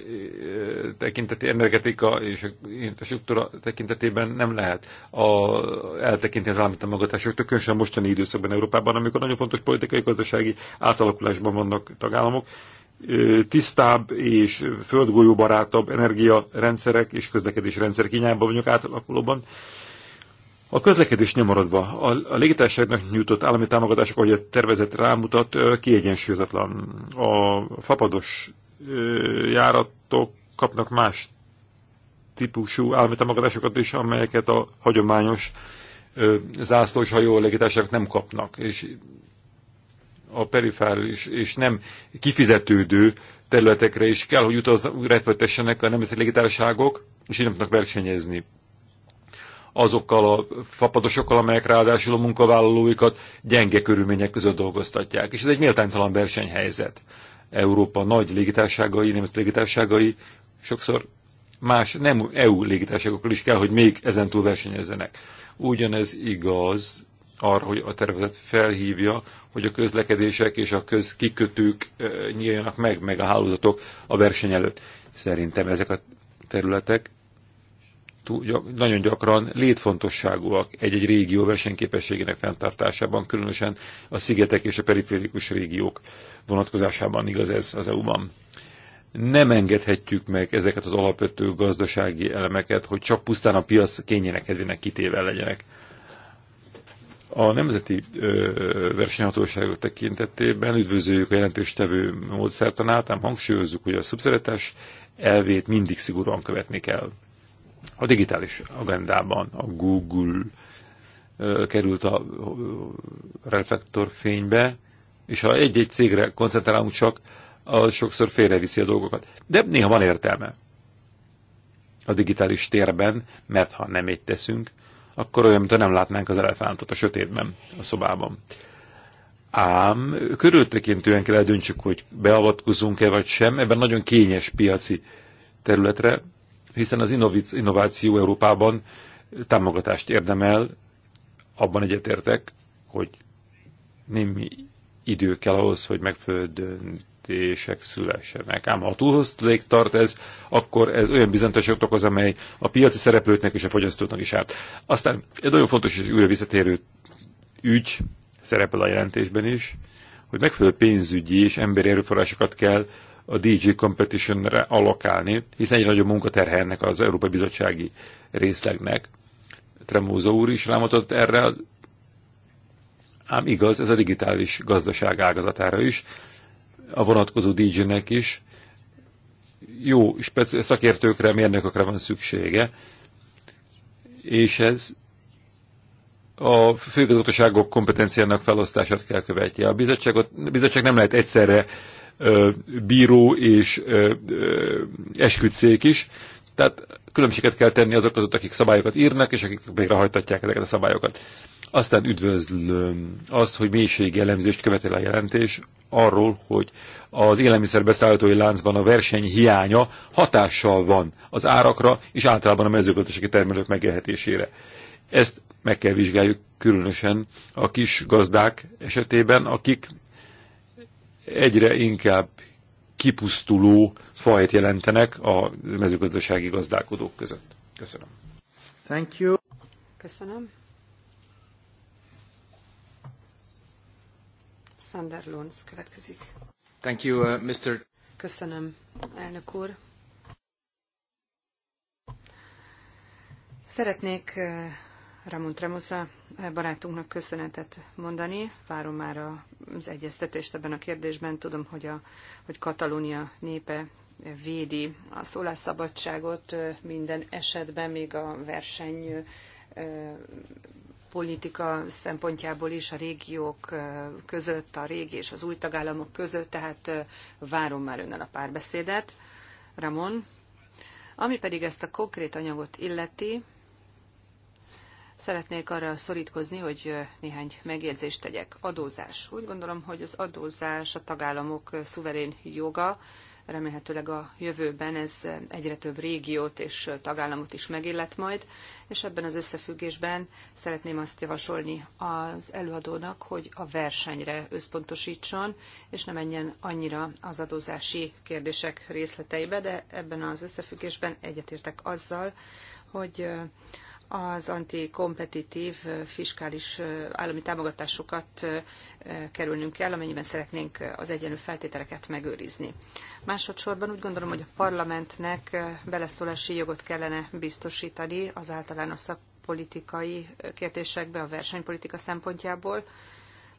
tekinteti, energetika és a infrastruktúra tekintetében nem lehet a, eltekinteni az állami támogatásoktól, különösen mostani időszakban Európában, amikor nagyon fontos politikai, gazdasági átalakulásban vannak tagállamok, tisztább és földgolyóbarátabb energiarendszerek és rendszerek irányába vagyunk átalakulóban. A közlekedés nem a, a légitársaságnak nyújtott állami támogatások, ahogy a tervezet rámutat, kiegyensúlyozatlan. A fapados járatok kapnak más típusú állami támogatásokat is, amelyeket a hagyományos zászlós hajó légitársaságok nem kapnak. És a perifális és nem kifizetődő területekre is kell, hogy repetessenek a nemzeti légitárságok, és így nem tudnak versenyezni azokkal a fapadosokkal, amelyek ráadásul a munkavállalóikat gyenge körülmények között dolgoztatják. És ez egy méltánytalan versenyhelyzet. Európa nagy légitárságai, nemzeti légitárságai sokszor más nem EU légitárságokkal is kell, hogy még ezen túl versenyezzenek. Ugyanez igaz arra, hogy a tervezet felhívja, hogy a közlekedések és a közkikötők nyíljanak meg, meg a hálózatok a verseny előtt. Szerintem ezek a területek nagyon gyakran létfontosságúak egy-egy régió versenyképességének fenntartásában, különösen a szigetek és a periférikus régiók vonatkozásában igaz ez az EU-ban. Nem engedhetjük meg ezeket az alapvető gazdasági elemeket, hogy csak pusztán a piac kényének kedvének kitéve legyenek. A nemzeti ö, versenyhatóságok tekintetében üdvözöljük a jelentéstevő módszertanát, ám hangsúlyozzuk, hogy a szubszeretes elvét mindig szigorúan követni kell. A digitális agendában a Google ö, került a reflektorfénybe, és ha egy-egy cégre koncentrálunk csak, az sokszor félreviszi a dolgokat. De néha van értelme a digitális térben, mert ha nem így teszünk, akkor olyan, mintha nem látnánk az elefántot a sötétben, a szobában. Ám körültekintően kell eldöntsük, hogy beavatkozunk-e vagy sem, ebben nagyon kényes piaci területre, hiszen az innováció Európában támogatást érdemel, abban egyetértek, hogy némi idő kell ahhoz, hogy megfelelő döntések szülesenek, Ám ha túlhosszúig tart ez, akkor ez olyan bizonytalanságot okoz, amely a piaci szereplőknek és a fogyasztóknak is árt. Aztán egy nagyon fontos és újra visszatérő ügy szerepel a jelentésben is, hogy megfelelő pénzügyi és emberi erőforrásokat kell a DJ Competition-re alokálni, hiszen egy nagyobb munkaterhe ennek az Európai Bizottsági részlegnek. Tremózó úr is rámutatott erre, ám igaz, ez a digitális gazdaság ágazatára is, a vonatkozó DJ-nek is jó szakértőkre, mérnökökre van szüksége, és ez a főgazdaságok kompetenciának felosztását kell követje. A, bizottságot, a bizottság nem lehet egyszerre ö, bíró és ö, ö, esküdszék is, tehát különbséget kell tenni azok között, akik szabályokat írnak, és akik végrehajtatják ezeket a szabályokat. Aztán üdvözlöm azt, hogy mélységi elemzést követel a jelentés arról, hogy az élelmiszerbeszállítói láncban a verseny hiánya hatással van az árakra és általában a mezőgazdasági termelők megélhetésére. Ezt meg kell vizsgáljuk különösen a kis gazdák esetében, akik egyre inkább kipusztuló fajt jelentenek a mezőgazdasági gazdálkodók között. Köszönöm. Thank you. Köszönöm. Sander Lunds következik. Thank you, uh, Mr. Köszönöm, elnök úr. Szeretnék uh, Ramon Tremosa barátunknak köszönetet mondani. Várom már az egyeztetést ebben a kérdésben. Tudom, hogy, a, hogy Katalónia népe védi a szólásszabadságot minden esetben, még a verseny politika szempontjából is a régiók között, a régi és az új tagállamok között, tehát várom már önnel a párbeszédet. Ramon, ami pedig ezt a konkrét anyagot illeti, Szeretnék arra szorítkozni, hogy néhány megjegyzést tegyek. Adózás. Úgy gondolom, hogy az adózás a tagállamok szuverén joga, remélhetőleg a jövőben ez egyre több régiót és tagállamot is megillet majd, és ebben az összefüggésben szeretném azt javasolni az előadónak, hogy a versenyre összpontosítson, és ne menjen annyira az adózási kérdések részleteibe, de ebben az összefüggésben egyetértek azzal, hogy az antikompetitív fiskális állami támogatásokat kerülnünk kell, amennyiben szeretnénk az egyenlő feltételeket megőrizni. Másodszorban úgy gondolom, hogy a parlamentnek beleszólási jogot kellene biztosítani az általános szakpolitikai kérdésekbe a versenypolitika szempontjából,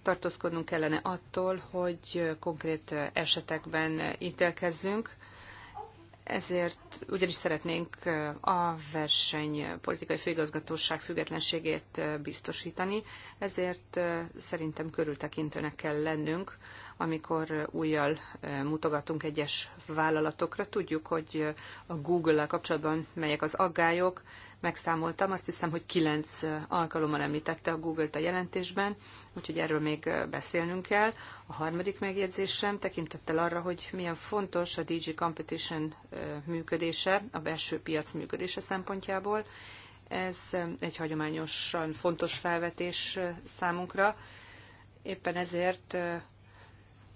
tartózkodnunk kellene attól, hogy konkrét esetekben ítélkezzünk, ezért ugyanis szeretnénk a politikai főigazgatóság függetlenségét biztosítani, ezért szerintem körültekintőnek kell lennünk, amikor újjal mutogatunk egyes vállalatokra. Tudjuk, hogy a Google-lel kapcsolatban melyek az aggályok, megszámoltam, azt hiszem, hogy kilenc alkalommal említette a Google-t a jelentésben, úgyhogy erről még beszélnünk kell. A harmadik megjegyzésem tekintettel arra, hogy milyen fontos a DG Competition működése, a belső piac működése szempontjából. Ez egy hagyományosan fontos felvetés számunkra. Éppen ezért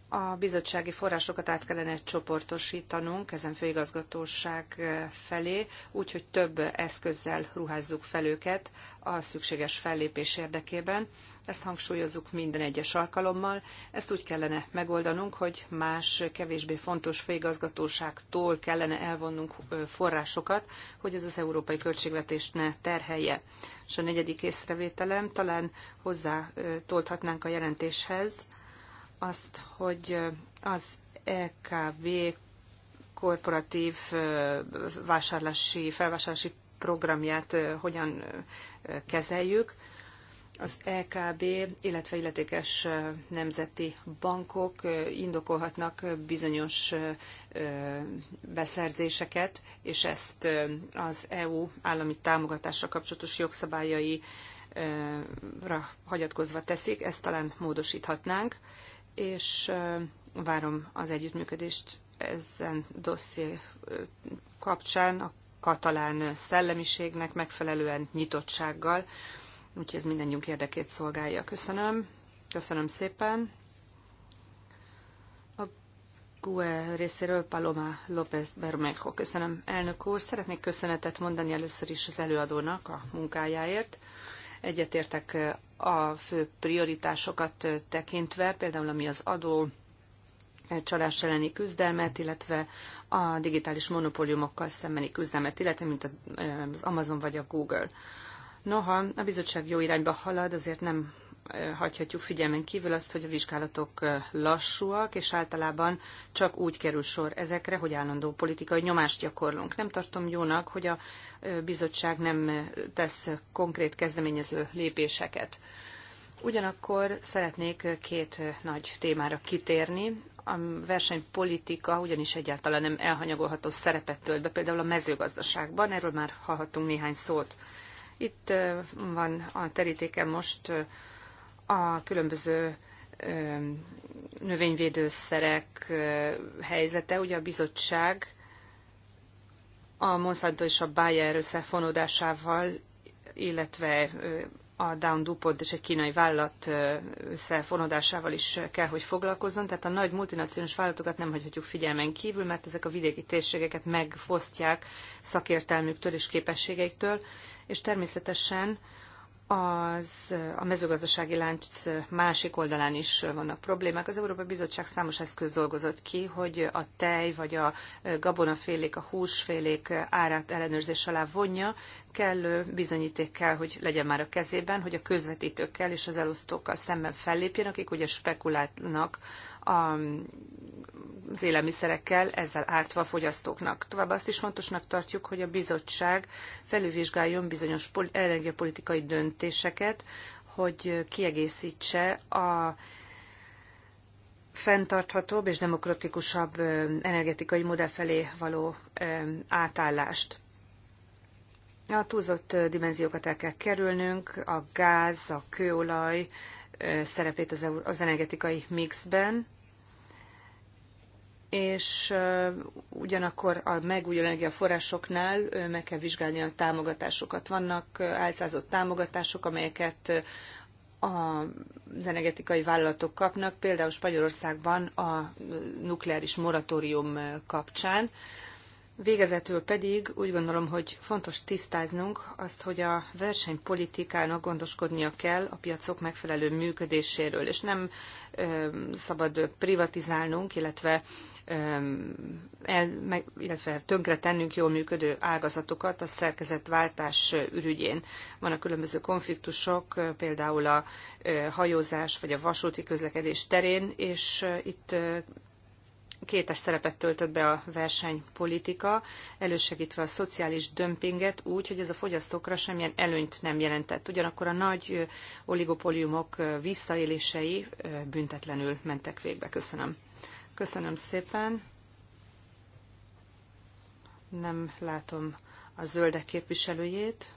a bizottsági forrásokat át kellene csoportosítanunk ezen főigazgatóság felé, úgyhogy több eszközzel ruházzuk fel őket a szükséges fellépés érdekében, ezt hangsúlyozzuk minden egyes alkalommal. Ezt úgy kellene megoldanunk, hogy más, kevésbé fontos főigazgatóságtól kellene elvonnunk forrásokat, hogy ez az európai költségvetést ne terhelje. És a negyedik észrevételem talán hozzá tolthatnánk a jelentéshez azt, hogy az EKB korporatív vásárlási, felvásárlási programját hogyan kezeljük az EKB, illetve illetékes nemzeti bankok indokolhatnak bizonyos beszerzéseket, és ezt az EU állami támogatásra kapcsolatos jogszabályai hagyatkozva teszik, ezt talán módosíthatnánk, és várom az együttműködést ezen dosszié kapcsán a katalán szellemiségnek megfelelően nyitottsággal, úgyhogy ez mindannyiunk érdekét szolgálja. Köszönöm. Köszönöm szépen. A GUE részéről Paloma López Bermejo. Köszönöm, elnök úr. Szeretnék köszönetet mondani először is az előadónak a munkájáért. Egyetértek eh, a fő prioritásokat eh, tekintve, például ami az adó eh, csalás elleni küzdelmet, illetve a digitális monopóliumokkal szembeni küzdelmet, illetve mint az Amazon vagy a Google. Noha a bizottság jó irányba halad, azért nem hagyhatjuk figyelmen kívül azt, hogy a vizsgálatok lassúak, és általában csak úgy kerül sor ezekre, hogy állandó politikai nyomást gyakorlunk. Nem tartom jónak, hogy a bizottság nem tesz konkrét kezdeményező lépéseket. Ugyanakkor szeretnék két nagy témára kitérni. A versenypolitika ugyanis egyáltalán nem elhanyagolható szerepet tölt be, például a mezőgazdaságban, erről már hallhattunk néhány szót. Itt van a terítéken most a különböző növényvédőszerek helyzete. Ugye a bizottság a Monsanto és a Bayer összefonódásával, illetve a Down DuPont és egy kínai vállalat összefonodásával is kell, hogy foglalkozzon. Tehát a nagy multinacionális vállalatokat nem hagyhatjuk figyelmen kívül, mert ezek a vidéki térségeket megfosztják szakértelmüktől és képességeiktől, és természetesen az, a mezőgazdasági lánc másik oldalán is vannak problémák. Az Európai Bizottság számos eszköz dolgozott ki, hogy a tej vagy a gabonafélék, a húsfélék árát ellenőrzés alá vonja, kellő bizonyíték kell, hogy legyen már a kezében, hogy a közvetítőkkel és az elosztókkal szemben fellépjen, akik ugye spekulálnak a az élelmiszerekkel, ezzel ártva a fogyasztóknak. Továbbá azt is fontosnak tartjuk, hogy a bizottság felülvizsgáljon bizonyos energiapolitikai döntéseket, hogy kiegészítse a fenntarthatóbb és demokratikusabb energetikai modell felé való átállást. A túlzott dimenziókat el kell kerülnünk, a gáz, a kőolaj szerepét az energetikai mixben, és ugyanakkor a megújuló energiaforrásoknál meg kell vizsgálni a támogatásokat. Vannak álcázott támogatások, amelyeket az energetikai vállalatok kapnak, például Spanyolországban a nukleáris moratórium kapcsán. Végezetül pedig úgy gondolom, hogy fontos tisztáznunk azt, hogy a versenypolitikának gondoskodnia kell a piacok megfelelő működéséről, és nem ö, szabad privatizálnunk, illetve el, meg, illetve tönkre tennünk jól működő ágazatokat a szerkezetváltás ürügyén. Vannak különböző konfliktusok, például a hajózás vagy a vasúti közlekedés terén, és itt kétes szerepet töltött be a versenypolitika, elősegítve a szociális dömpinget úgy, hogy ez a fogyasztókra semmilyen előnyt nem jelentett. Ugyanakkor a nagy oligopóliumok visszaélései büntetlenül mentek végbe. Köszönöm. Köszönöm szépen. Nem látom a zöldek képviselőjét,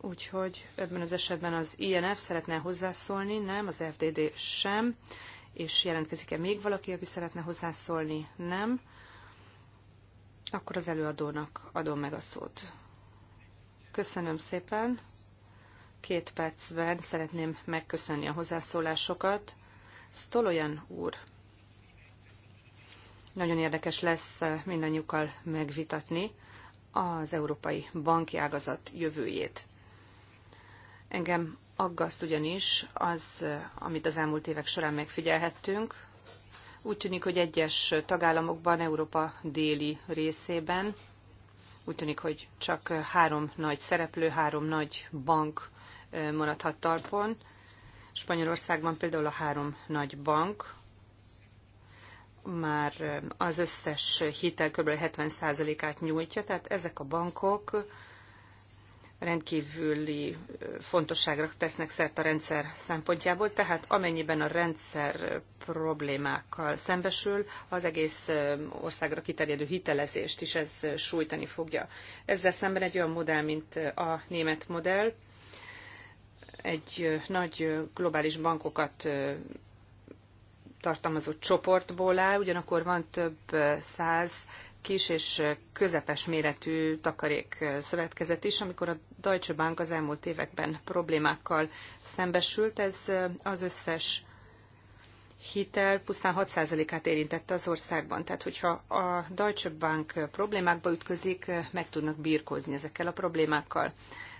úgyhogy ebben az esetben az INF szeretne hozzászólni, nem, az FDD sem, és jelentkezik-e még valaki, aki szeretne hozzászólni, nem. Akkor az előadónak adom meg a szót. Köszönöm szépen. Két percben szeretném megköszönni a hozzászólásokat. Stolojan úr. Nagyon érdekes lesz eh, mindannyiukkal megvitatni az európai banki ágazat jövőjét. Engem aggaszt ugyanis az, eh, amit az elmúlt évek során megfigyelhettünk. Úgy tűnik, hogy egyes tagállamokban, Európa déli részében, úgy tűnik, hogy csak három nagy szereplő, három nagy bank eh, maradhat talpon, Spanyolországban például a három nagy bank már az összes hitel kb. 70%-át nyújtja, tehát ezek a bankok rendkívüli fontosságra tesznek szert a rendszer szempontjából, tehát amennyiben a rendszer problémákkal szembesül, az egész országra kiterjedő hitelezést is ez sújtani fogja. Ezzel szemben egy olyan modell, mint a német modell, egy nagy globális bankokat tartalmazó csoportból áll, ugyanakkor van több száz kis és közepes méretű takarék szövetkezet is, amikor a Deutsche Bank az elmúlt években problémákkal szembesült. Ez az összes hitel pusztán 6%-át érintette az országban. Tehát, hogyha a Deutsche Bank problémákba ütközik, meg tudnak birkózni ezekkel a problémákkal.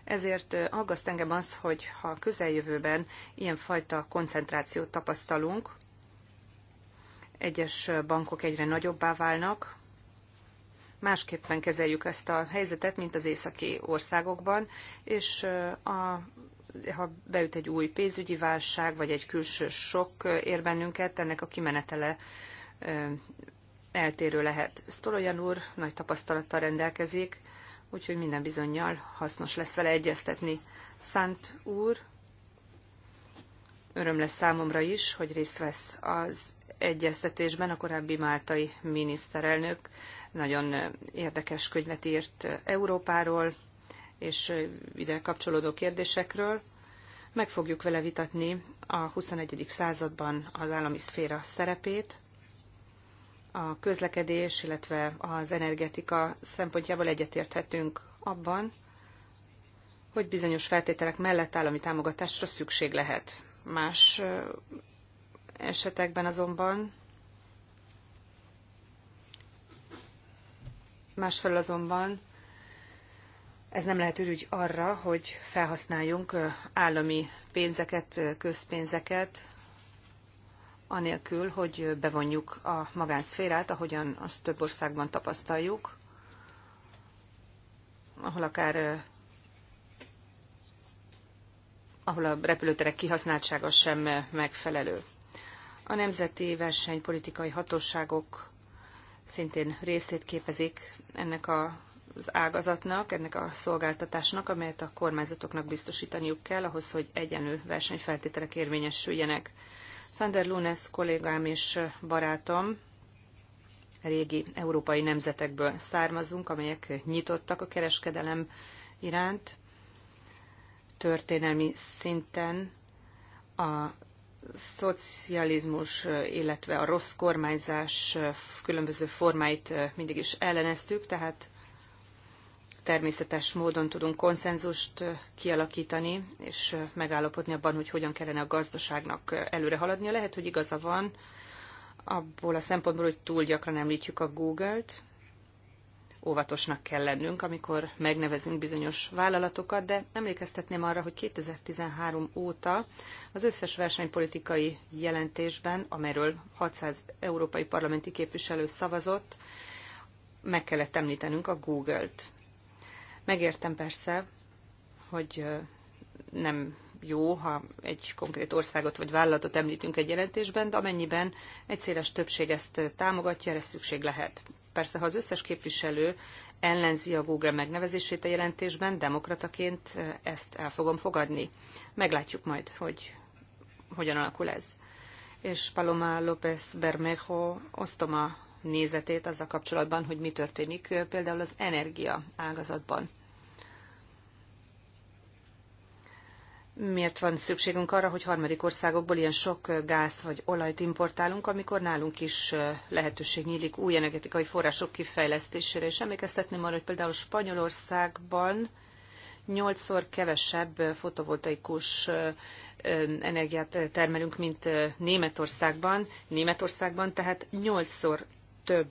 Ezért aggaszt engem az, hogy ha közeljövőben ilyenfajta koncentrációt tapasztalunk, egyes bankok egyre nagyobbá válnak, másképpen kezeljük ezt a helyzetet, mint az északi országokban, és a ha beüt egy új pénzügyi válság, vagy egy külső sok ér bennünket, ennek a kimenetele eltérő lehet. Sztolojan úr nagy tapasztalattal rendelkezik, úgyhogy minden bizonyal hasznos lesz vele egyeztetni. Szent úr, öröm lesz számomra is, hogy részt vesz az egyeztetésben a korábbi máltai miniszterelnök. Nagyon érdekes könyvet írt Európáról és ide kapcsolódó kérdésekről. Meg fogjuk vele vitatni a 21. században az állami szféra szerepét, a közlekedés, illetve az energetika szempontjából egyetérthetünk abban, hogy bizonyos feltételek mellett állami támogatásra szükség lehet. Más esetekben azonban másfelől azonban ez nem lehet ürügy arra, hogy felhasználjunk állami pénzeket, közpénzeket anélkül, hogy bevonjuk a magánszférát, ahogyan azt több országban tapasztaljuk, ahol akár ahol a repülőterek kihasználtsága sem megfelelő. A nemzeti versenypolitikai hatóságok szintén részét képezik ennek a az ágazatnak, ennek a szolgáltatásnak, amelyet a kormányzatoknak biztosítaniuk kell ahhoz, hogy egyenlő versenyfeltételek érvényesüljenek. Sander Lunes kollégám és barátom, régi európai nemzetekből származunk, amelyek nyitottak a kereskedelem iránt. Történelmi szinten a szocializmus, illetve a rossz kormányzás különböző formáit mindig is elleneztük, tehát természetes módon tudunk konszenzust kialakítani, és megállapodni abban, hogy hogyan kellene a gazdaságnak előre haladnia. Lehet, hogy igaza van abból a szempontból, hogy túl gyakran említjük a Google-t, óvatosnak kell lennünk, amikor megnevezünk bizonyos vállalatokat, de emlékeztetném arra, hogy 2013 óta az összes versenypolitikai jelentésben, amelyről 600 európai parlamenti képviselő szavazott, meg kellett említenünk a Google-t. Megértem persze, hogy nem jó, ha egy konkrét országot vagy vállalatot említünk egy jelentésben, de amennyiben egy széles többség ezt támogatja, erre szükség lehet. Persze, ha az összes képviselő ellenzi a Google megnevezését a jelentésben, demokrataként ezt el fogom fogadni. Meglátjuk majd, hogy hogyan alakul ez és Paloma López Bermejo osztom a nézetét azzal kapcsolatban, hogy mi történik például az energia ágazatban. Miért van szükségünk arra, hogy harmadik országokból ilyen sok gáz vagy olajt importálunk, amikor nálunk is lehetőség nyílik új energetikai források kifejlesztésére? És emlékeztetném arra, hogy például Spanyolországban nyolcszor kevesebb fotovoltaikus energiát termelünk, mint Németországban. Németországban tehát nyolcszor több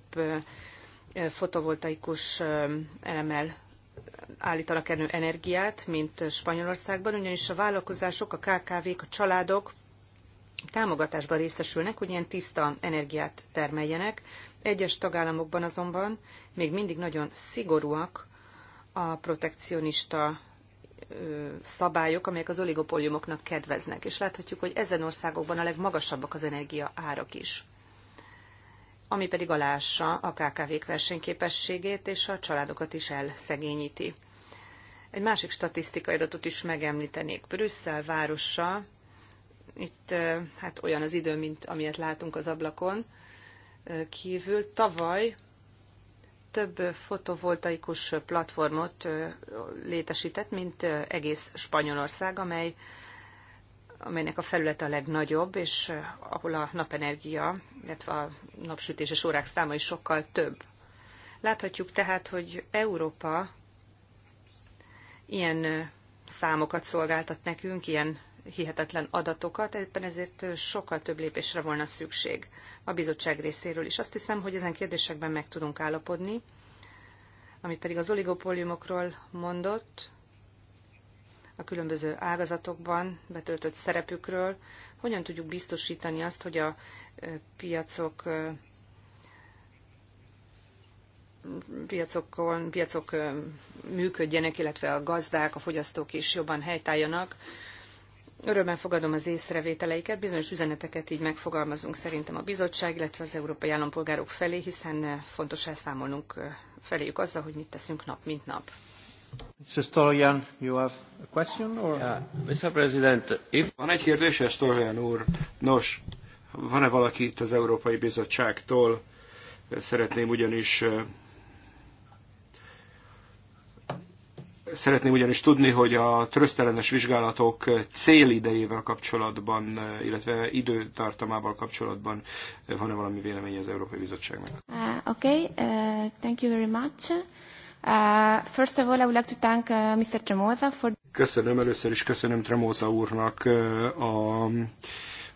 fotovoltaikus elemmel állítanak elő energiát, mint Spanyolországban, ugyanis a vállalkozások, a KKV-k, a családok támogatásban részesülnek, hogy ilyen tiszta energiát termeljenek. Egyes tagállamokban azonban még mindig nagyon szigorúak a protekcionista szabályok, amelyek az oligopóliumoknak kedveznek. És láthatjuk, hogy ezen országokban a legmagasabbak az energia árak is ami pedig alássa a KKV-k versenyképességét és a családokat is elszegényíti. Egy másik statisztikai adatot is megemlítenék. Brüsszel városa, itt hát olyan az idő, mint amilyet látunk az ablakon kívül. Tavaly több fotovoltaikus platformot létesített, mint egész Spanyolország, amely, amelynek a felülete a legnagyobb, és ahol a napenergia, illetve a napsütéses órák száma is sokkal több. Láthatjuk tehát, hogy Európa ilyen számokat szolgáltat nekünk, ilyen hihetetlen adatokat, éppen ezért sokkal több lépésre volna szükség a bizottság részéről is. Azt hiszem, hogy ezen kérdésekben meg tudunk állapodni, amit pedig az oligopóliumokról mondott, a különböző ágazatokban betöltött szerepükről, hogyan tudjuk biztosítani azt, hogy a e, piacok e, piacokon, piacok e, működjenek, illetve a gazdák, a fogyasztók is jobban helytálljanak, Örömmel fogadom az észrevételeiket, bizonyos üzeneteket így megfogalmazunk szerintem a bizottság, illetve az európai állampolgárok felé, hiszen eh, fontos elszámolnunk eh, feléjük azzal, hogy mit teszünk nap, mint nap. Mr. Stolian, you have a question? Or... Yeah. Mr. President, if... Van egy kérdése, eh, Stolian úr. Nos, van-e valaki itt az Európai Bizottságtól? Szeretném ugyanis Szeretném ugyanis tudni, hogy a trösztelenes vizsgálatok célidejével kapcsolatban, illetve időtartamával kapcsolatban van-e valami vélemény az Európai Bizottságnak? Uh, okay, uh, thank you very much. Uh, first of all, I would like to thank uh, Mr. Tremosa for... Köszönöm, először is köszönöm Tremosa úrnak uh, a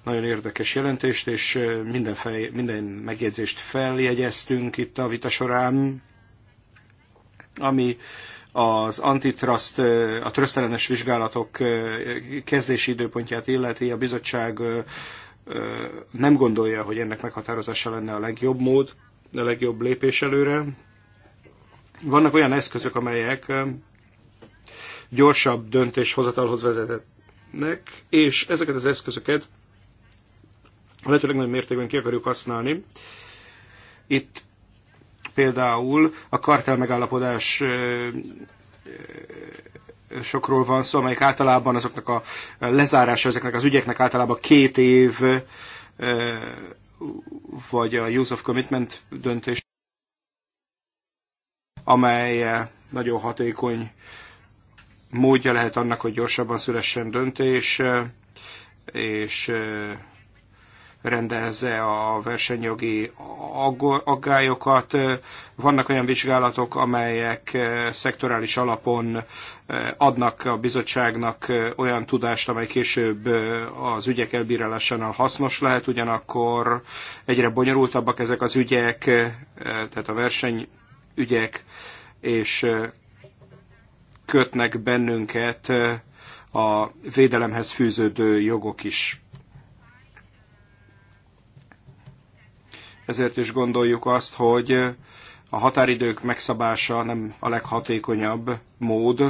nagyon érdekes jelentést, és uh, minden, fej, minden megjegyzést feljegyeztünk itt a vita során, ami uh, az antitrust, a trösztelenes vizsgálatok kezdési időpontját illeti, a bizottság nem gondolja, hogy ennek meghatározása lenne a legjobb mód, a legjobb lépés előre. Vannak olyan eszközök, amelyek gyorsabb döntéshozatalhoz vezetnek, és ezeket az eszközöket a lehető legnagyobb mértékben ki akarjuk használni. Itt Például a kartel megállapodás sokról van szó, amelyik általában azoknak a lezárása ezeknek az ügyeknek általában két év, vagy a use of commitment döntés, amely nagyon hatékony módja lehet annak, hogy gyorsabban szülessen döntés, és rendezze a versenyjogi aggályokat. Vannak olyan vizsgálatok, amelyek eh, szektorális alapon eh, adnak a bizottságnak eh, olyan tudást, amely később az ügyek elbírálásánál hasznos lehet, ugyanakkor egyre bonyolultabbak ezek az ügyek, tehát a versenyügyek, és kötnek bennünket a védelemhez fűződő jogok is. ezért is gondoljuk azt, hogy a határidők megszabása nem a leghatékonyabb mód,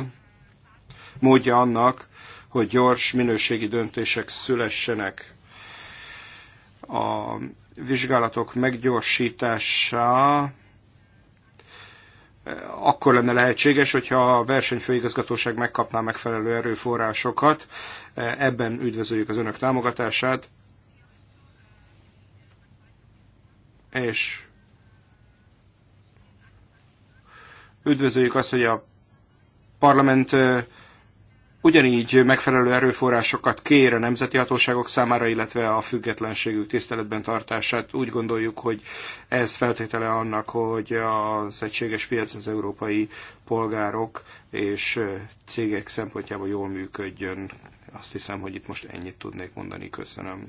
módja annak, hogy gyors, minőségi döntések szülessenek. A vizsgálatok meggyorsítása akkor lenne lehetséges, hogyha a versenyfőigazgatóság megkapná megfelelő erőforrásokat. Ebben üdvözöljük az önök támogatását. és üdvözöljük azt, hogy a parlament ugyanígy megfelelő erőforrásokat kér a nemzeti hatóságok számára, illetve a függetlenségük tiszteletben tartását. Úgy gondoljuk, hogy ez feltétele annak, hogy az egységes piac az európai polgárok és cégek szempontjából jól működjön. Azt hiszem, hogy itt most ennyit tudnék mondani. Köszönöm.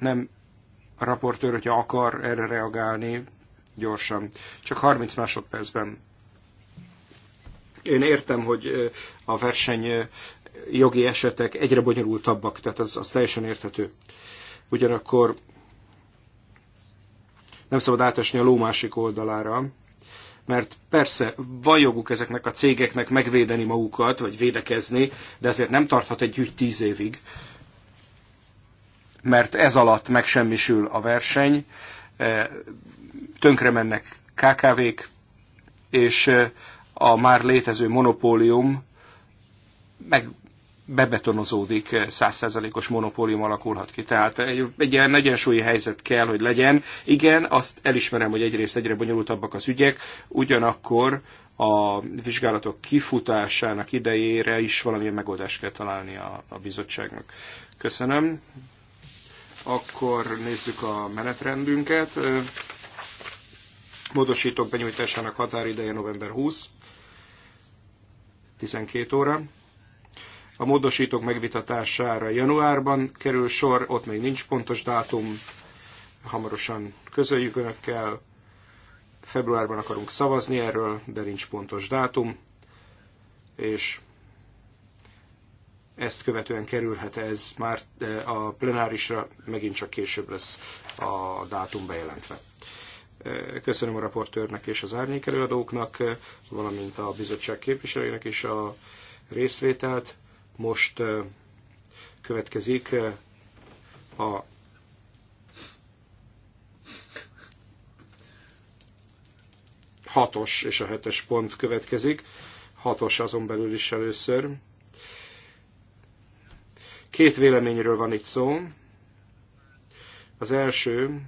nem a raportőr, hogyha akar erre reagálni, gyorsan. Csak 30 másodpercben. Én értem, hogy a verseny jogi esetek egyre bonyolultabbak, tehát az, az teljesen érthető. Ugyanakkor nem szabad átesni a ló másik oldalára, mert persze van joguk ezeknek a cégeknek megvédeni magukat, vagy védekezni, de ezért nem tarthat egy ügy tíz évig mert ez alatt megsemmisül a verseny, e, tönkre mennek KKV-k, és e, a már létező monopólium meg bebetonozódik, e, százszerzelékos monopólium alakulhat ki. Tehát egy, egy ilyen egyensúlyi helyzet kell, hogy legyen. Igen, azt elismerem, hogy egyrészt egyre bonyolultabbak az ügyek, ugyanakkor a vizsgálatok kifutásának idejére is valamilyen megoldást kell találni a, a bizottságnak. Köszönöm akkor nézzük a menetrendünket. Módosítók benyújtásának határideje november 20, 12 óra. A módosítók megvitatására januárban kerül sor, ott még nincs pontos dátum, hamarosan közöljük önökkel. Februárban akarunk szavazni erről, de nincs pontos dátum, és ezt követően kerülhet ez már a plenárisra, megint csak később lesz a dátum bejelentve. Köszönöm a raportőrnek és az árnyékelőadóknak, valamint a bizottság képviselőinek is a részvételt. Most következik a hatos és a hetes pont következik. Hatos azon belül is először. Két véleményről van itt szó. Az első,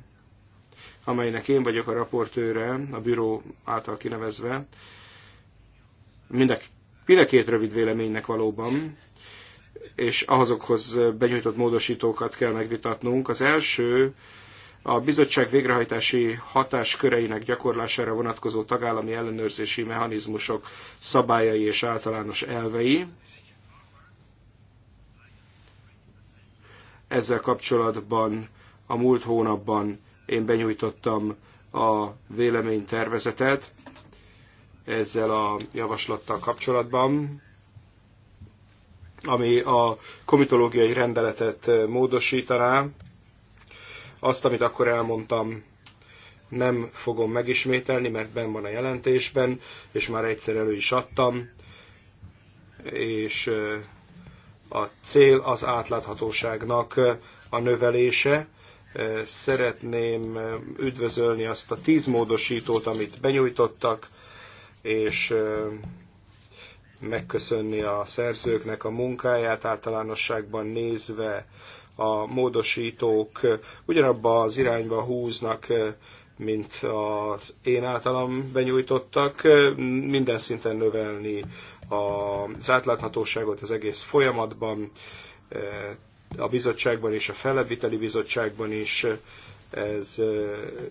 amelynek én vagyok a raportőre, a büró által kinevezve, mind a, mind a két rövid véleménynek valóban, és ahhozokhoz benyújtott módosítókat kell megvitatnunk. Az első a bizottság végrehajtási hatásköreinek gyakorlására vonatkozó tagállami ellenőrzési mechanizmusok szabályai és általános elvei. Ezzel kapcsolatban a múlt hónapban én benyújtottam a véleménytervezetet ezzel a javaslattal kapcsolatban, ami a komitológiai rendeletet módosítaná. Azt, amit akkor elmondtam, nem fogom megismételni, mert ben van a jelentésben, és már egyszer elő is adtam, és a cél az átláthatóságnak a növelése. Szeretném üdvözölni azt a tíz módosítót, amit benyújtottak, és megköszönni a szerzőknek a munkáját általánosságban nézve a módosítók ugyanabba az irányba húznak, mint az én általam benyújtottak, minden szinten növelni az átláthatóságot az egész folyamatban, eh, a bizottságban és a fellebbviteli bizottságban is. Eh, ez eh,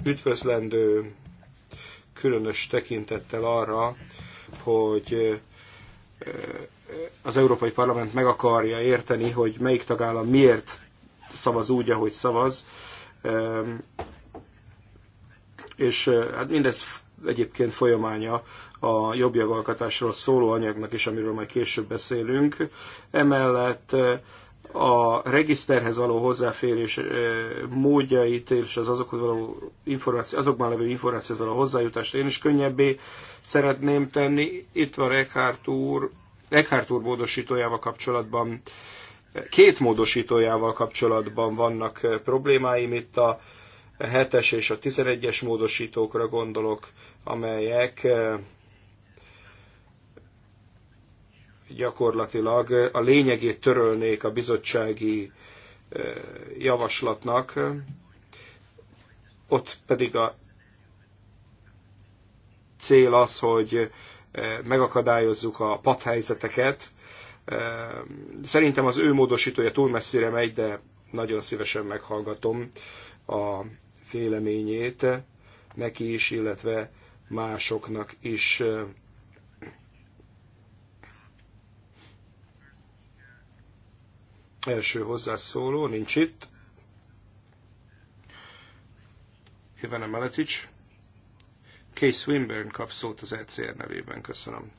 üdvözlendő, különös tekintettel arra, hogy az Európai Parlament meg akarja érteni, hogy melyik tagállam miért szavaz úgy, ahogy szavaz. És hát mindez egyébként folyamánya a jobb jogalkotásról szóló anyagnak is, amiről majd később beszélünk. Emellett eh, a regiszterhez való hozzáférés eh, módjait és az azokhoz való információ, azokban levő információhoz való hozzájutást én is könnyebbé szeretném tenni. Itt van Eckhart úr, Eckhart úr módosítójával kapcsolatban, két módosítójával kapcsolatban vannak eh, problémáim itt a 7-es és a 11-es módosítókra gondolok, amelyek gyakorlatilag a lényegét törölnék a bizottsági eh, javaslatnak, ott pedig a cél az, hogy eh, megakadályozzuk a padhelyzeteket. Eh, szerintem az ő módosítója túl messzire megy, de nagyon szívesen meghallgatom a véleményét neki is, illetve másoknak is. Első hozzászóló nincs itt. Ivana Maletics. Kay Swinburne kap szót az ECR nevében. Köszönöm.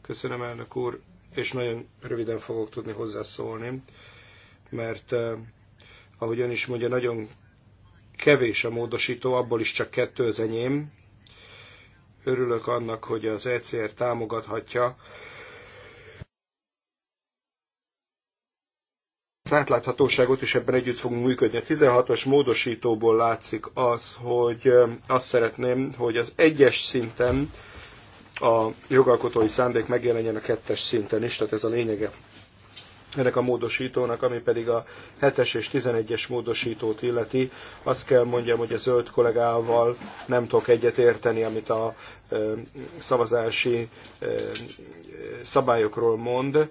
Köszönöm, elnök úr, és nagyon röviden fogok tudni hozzászólni, mert eh, ahogy ön is mondja, nagyon kevés a módosító, abból is csak kettő az enyém. Örülök annak, hogy az ECR támogathatja az átláthatóságot, és ebben együtt fogunk működni. A 16-os módosítóból látszik az, hogy azt szeretném, hogy az egyes szinten a jogalkotói szándék megjelenjen a kettes szinten is, tehát ez a lényege ennek a módosítónak, ami pedig a 7-es és 11-es módosítót illeti. Azt kell mondjam, hogy a zöld kollégával nem tudok egyet érteni, amit a szavazási szabályokról mond.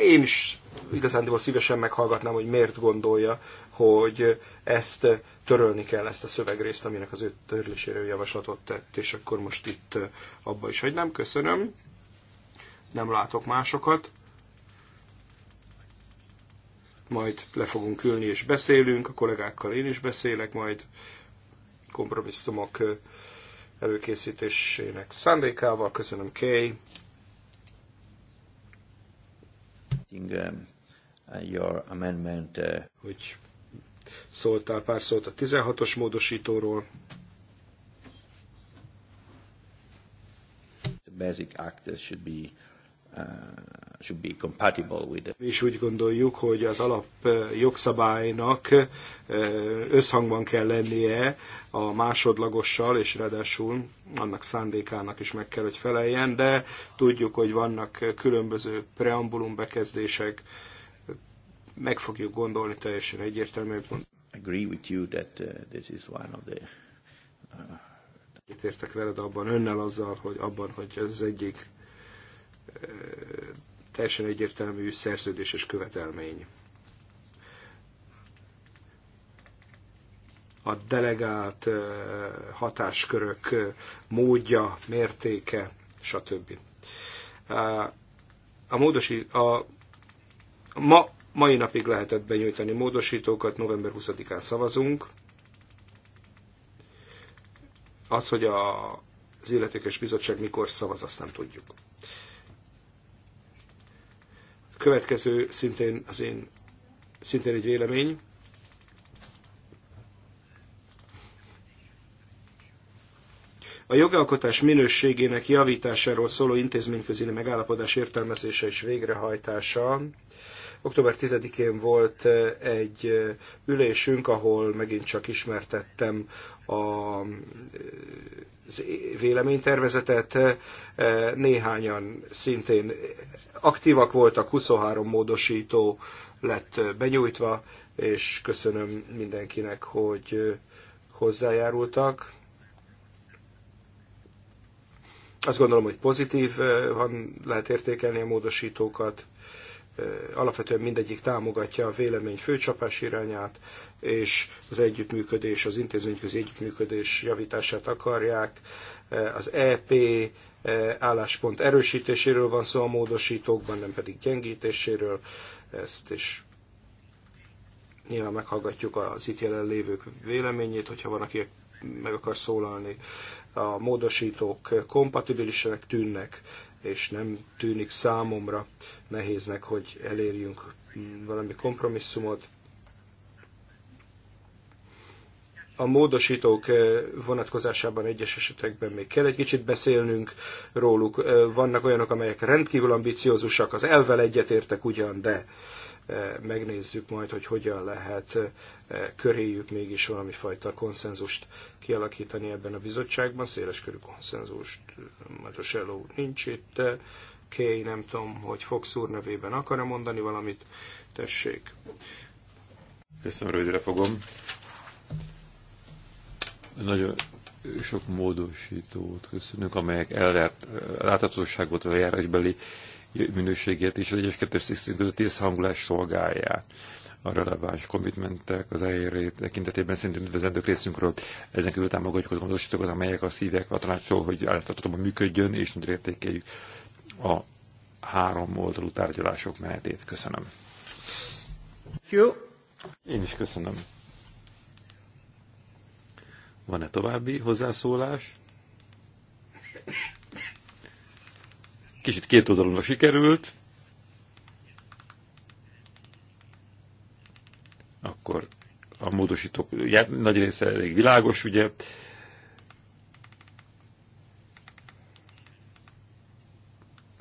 Én is igazán szívesen meghallgatnám, hogy miért gondolja, hogy ezt törölni kell, ezt a szövegrészt, aminek az ő törlésére javaslatot tett, és akkor most itt abba is hagynám. Köszönöm. Nem látok másokat majd le fogunk ülni és beszélünk, a kollégákkal én is beszélek, majd kompromisszumok előkészítésének szándékával. Köszönöm, Kay. Um, uh, your amendment, uh, Hogy szóltál pár szót a 16-os módosítóról. Basic act should be Uh, should be compatible with it. És úgy gondoljuk, hogy az alap uh, jogszabálynak uh, összhangban kell lennie a másodlagossal, és ráadásul annak szándékának is meg kell, hogy feleljen, de tudjuk, hogy vannak különböző preambulum bekezdések, meg fogjuk gondolni teljesen egyértelműen. Agree with you that this is one of the Itt értek veled abban, önnel azzal, hogy abban, hogy ez az egyik teljesen egyértelmű és követelmény. A delegált hatáskörök módja, mértéke, stb. A, módosi, a ma, mai napig lehetett benyújtani módosítókat, november 20-án szavazunk. Az, hogy a, az illetékes bizottság mikor szavaz, azt nem tudjuk. Következő szintén az én, szintén egy vélemény. A jogalkotás minőségének javításáról szóló intézményközi megállapodás értelmezése és végrehajtása Október 10-én volt egy ülésünk, ahol megint csak ismertettem a, véleménytervezetet. Néhányan szintén aktívak voltak, 23 módosító lett benyújtva, és köszönöm mindenkinek, hogy hozzájárultak. Azt gondolom, hogy pozitív, van, lehet értékelni a módosítókat alapvetően mindegyik támogatja a vélemény főcsapás irányát, és az együttműködés, az intézményközi együttműködés javítását akarják. Az EP álláspont erősítéséről van szó a módosítókban, nem pedig gyengítéséről. Ezt is nyilván meghallgatjuk az itt jelenlévők véleményét, hogyha van, aki meg akar szólalni. A módosítók kompatibilisenek tűnnek és nem tűnik számomra nehéznek, hogy elérjünk valami kompromisszumot. A módosítók eh, vonatkozásában egyes esetekben még kell egy kicsit beszélnünk róluk. Eh, vannak olyanok, amelyek rendkívül ambiciózusak, az elvel egyetértek ugyan, de Eh, megnézzük majd, hogy hogyan lehet eh, köréjük mégis valami fajta konszenzust kialakítani ebben a bizottságban. széles körű konszenzust eh, Matosello úr nincs itt. Kay, nem tudom, hogy Fox úr nevében akar-e mondani valamit. Tessék. Köszönöm, rövidre fogom. Nagyon sok módosítót köszönünk, amelyek elvárt láthatóságot a járásbeli minőségét és az egyes kettős szisztik közötti összhangulást szolgálják a releváns komitmentek, az elérő tekintetében szintén üdvözlendők részünkről. Ezen kívül támogatjuk az gondolatokat, amelyek a szívek a tanácsol, hogy állítatóban működjön, és nagy értékeljük a három oldalú tárgyalások menetét. Köszönöm. Jó. Én is köszönöm. Van-e további hozzászólás? Kicsit két oldalonra sikerült. Akkor a módosítók nagy része elég világos, ugye.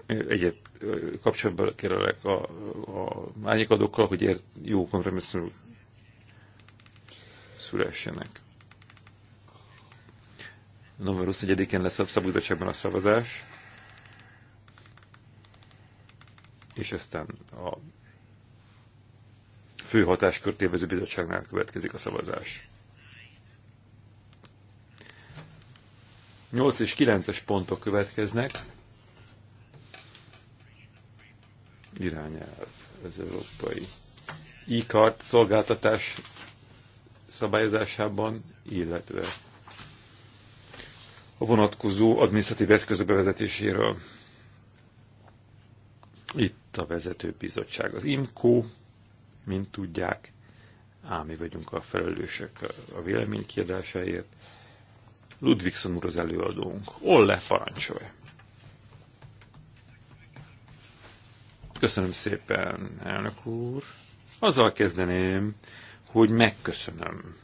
Egyet kapcsolatban kérlek a, a mányikadókkal, hogy ért, jó kompromisszum szülessenek. November 21-én lesz a szabadságban a szavazás. és aztán a fő hatáskört élvező bizottságnál következik a szavazás. 8 és 9-es pontok következnek. Irányelv az európai e-kart szolgáltatás szabályozásában, illetve a vonatkozó adminisztratív eszközök bevezetéséről. Itt a vezető bizottság. Az IMCO, mint tudják, ám mi vagyunk a felelősek a vélemény kiadásáért. Ludvigson úr az előadónk. Olle Farancsoly. Köszönöm szépen, elnök úr. Azzal kezdeném, hogy megköszönöm